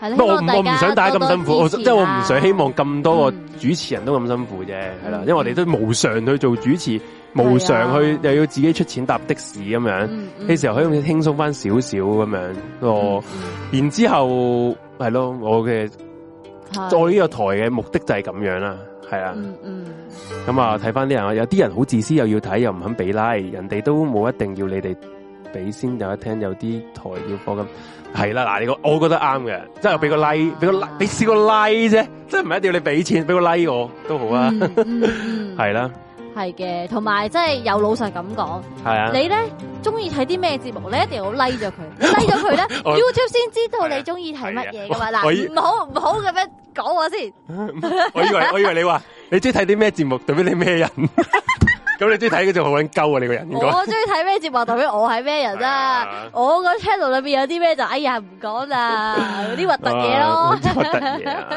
是，不、嗯、我我唔想大家咁辛苦，即係我唔想希望咁多個主持人都咁辛苦啫，係、嗯、啦，因為我哋都無償去做主持。無償去又要自己出錢搭的士咁樣，呢、嗯嗯、時候可以輕鬆翻少少咁樣哦、嗯。然之後係咯，我嘅做呢個台嘅目的就係咁樣啦，係啊。咁、嗯、啊，睇翻啲人，有啲人好自私，又要睇又唔肯俾 like，人哋都冇一定要你哋俾先有一聽。有啲台要播咁，係、啊、啦，嗱，你我我覺得啱嘅，即係俾個 like，俾個俾、啊、少個 like 啫，即係唔係一定要你俾錢，俾個 like 我都好啊，係、嗯、啦。嗯 係嘅，同埋真係有老實咁講。係啊，你呢，你咧中意睇啲咩節目？你一定好 like 咗佢，like 咗佢咧，YouTube 先知道你中意睇乜嘢噶嘛？嗱，唔好唔好咁樣講我先我 我。我以為我以為你話你中意睇啲咩節目，代表你咩人？咁 你中意睇就種好鳩啊？你個人，我中意睇咩節目，代表我係咩人啊？啊我個 channel 裏邊有啲咩就哎呀唔講啦，啲核突嘢咯、哦，核突嘢啊， 啊！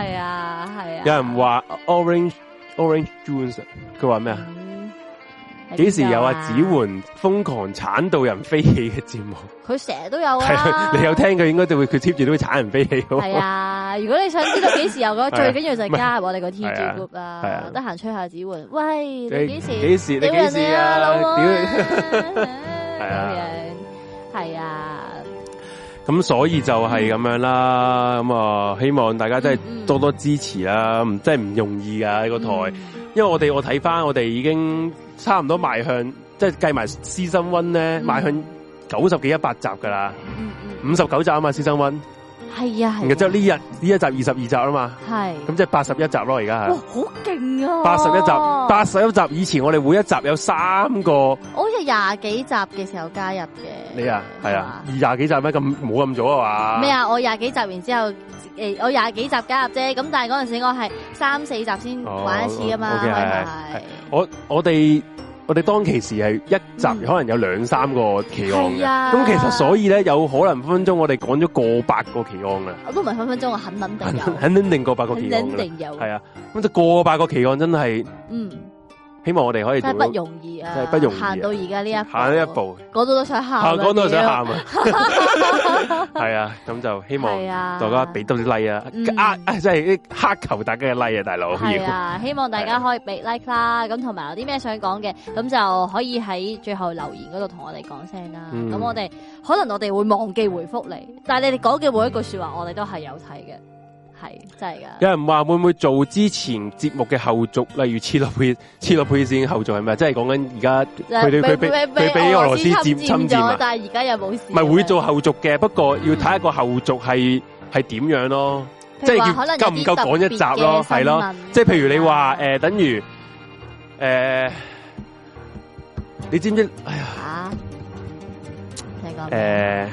係啊，係啊！有人話 Orange。Orange Juice，佢話咩啊？幾時有阿子煥瘋狂鏟到人飛起嘅節目？佢成日都有啊！ 你有聽佢應該就會佢貼住都會鏟人飛起。係啊！如果你想知道幾時有嘅， 最緊要就係加我哋個 T G Group 啊，得閒、啊啊、吹下子煥，喂，幾時？幾時？你幾時，你幾時啊？點？係啊，係啊。 咁所以就係咁樣啦，咁、嗯、啊、嗯、希望大家真係多多支持啦，嗯、真係唔容易噶呢、呢個台、嗯，因為我哋我睇翻我哋已經差唔多邁向，即係計埋 Season One 咧，邁向九十幾一百集噶啦，五十九集啊嘛 Season One。係啊，然之後呢日，呢、啊、一集二十二集啊嘛，係咁即係八十一集咯，而家係。哇，好勁啊！八十一集，八十一集，以前我哋每一集有三個。好似廿幾集嘅時候加入嘅。你啊，係啊，二廿幾集咩咁冇咁早啊嘛？咩啊？我廿幾集然之後誒，我廿幾集加入啫，咁但係嗰陣時我係三四集先玩一次噶嘛，係、哦、我 okay, 係係係我我哋。我我哋當其時係一集可能有兩三個奇案，咁、嗯、其實所以咧有可能分分鐘我哋講咗過百個奇案㗎，我都唔係分分鐘，我肯定定 肯定肯定過百個奇案啦，係啊，咁就過百個奇案真係。嗯希望我哋可以做真係不容易啊！真係不容易、啊，行到而家呢一步，行呢一步，度都想喊，行到都想喊啊！係啊，咁、 啊、就希望大家俾多啲 like 啊，呃即係啲乞求大家嘅 like 啊，大佬。係啊，希望大家可以俾 like 啦，咁同埋有啲咩想講嘅，咁就可以喺最後留言嗰度同我哋講聲啦。咁、嗯、我哋可能我哋會忘記回覆你，但係你哋講嘅每一句說話，嗯、我哋都係有睇嘅。係真係噶，有人話會唔會做之前節目嘅後續，例如切爾佩切爾佩斯後續係咪，就是？即係講緊而家佢哋佢俾佢俾俄羅斯佔侵佔但係而家又冇事，咪會做後續嘅，嗯？不過要睇一個後續係係點樣咯，即係要夠唔夠講一集咯，係咯？即係譬如你話誒、啊呃，等於誒、呃，你知唔知？哎呀，呃、誒、啊。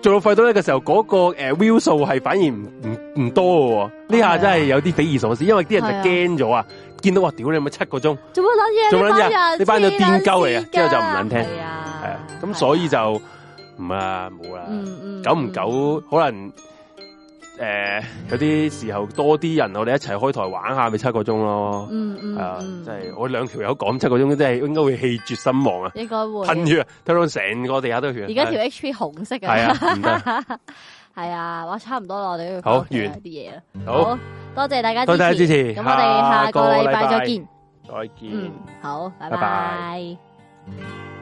做到廢到咧嘅時候，嗰、那個誒、呃、view 數係反而唔唔唔多喎，呢下真係有啲匪夷所思，因為啲人就驚咗啊，見到話，屌你有冇七個鐘？做乜諗嘢？做乜嘢？你班咗癲鳩嚟啊，之後就唔撚聽。係啊，咁所以就唔啊，冇啦，久唔久可能。誒、呃，有啲時候多啲人，我哋一齊開台玩下，咪七個鐘咯。嗯嗯，啊、呃，即、就、係、是、我兩條友講七個鐘，真係應該會氣絕身亡啊。應該會噴血，噴到成個地下都血。而家條 H P 紅色㗎。係啊，係 啊，哇，差唔多啦，我哋呢好、okay，完。啲嘢，好，好多謝大家支持。多謝大家支持，咁我哋下個禮拜再見。再見。嗯，拜拜拜。拜拜。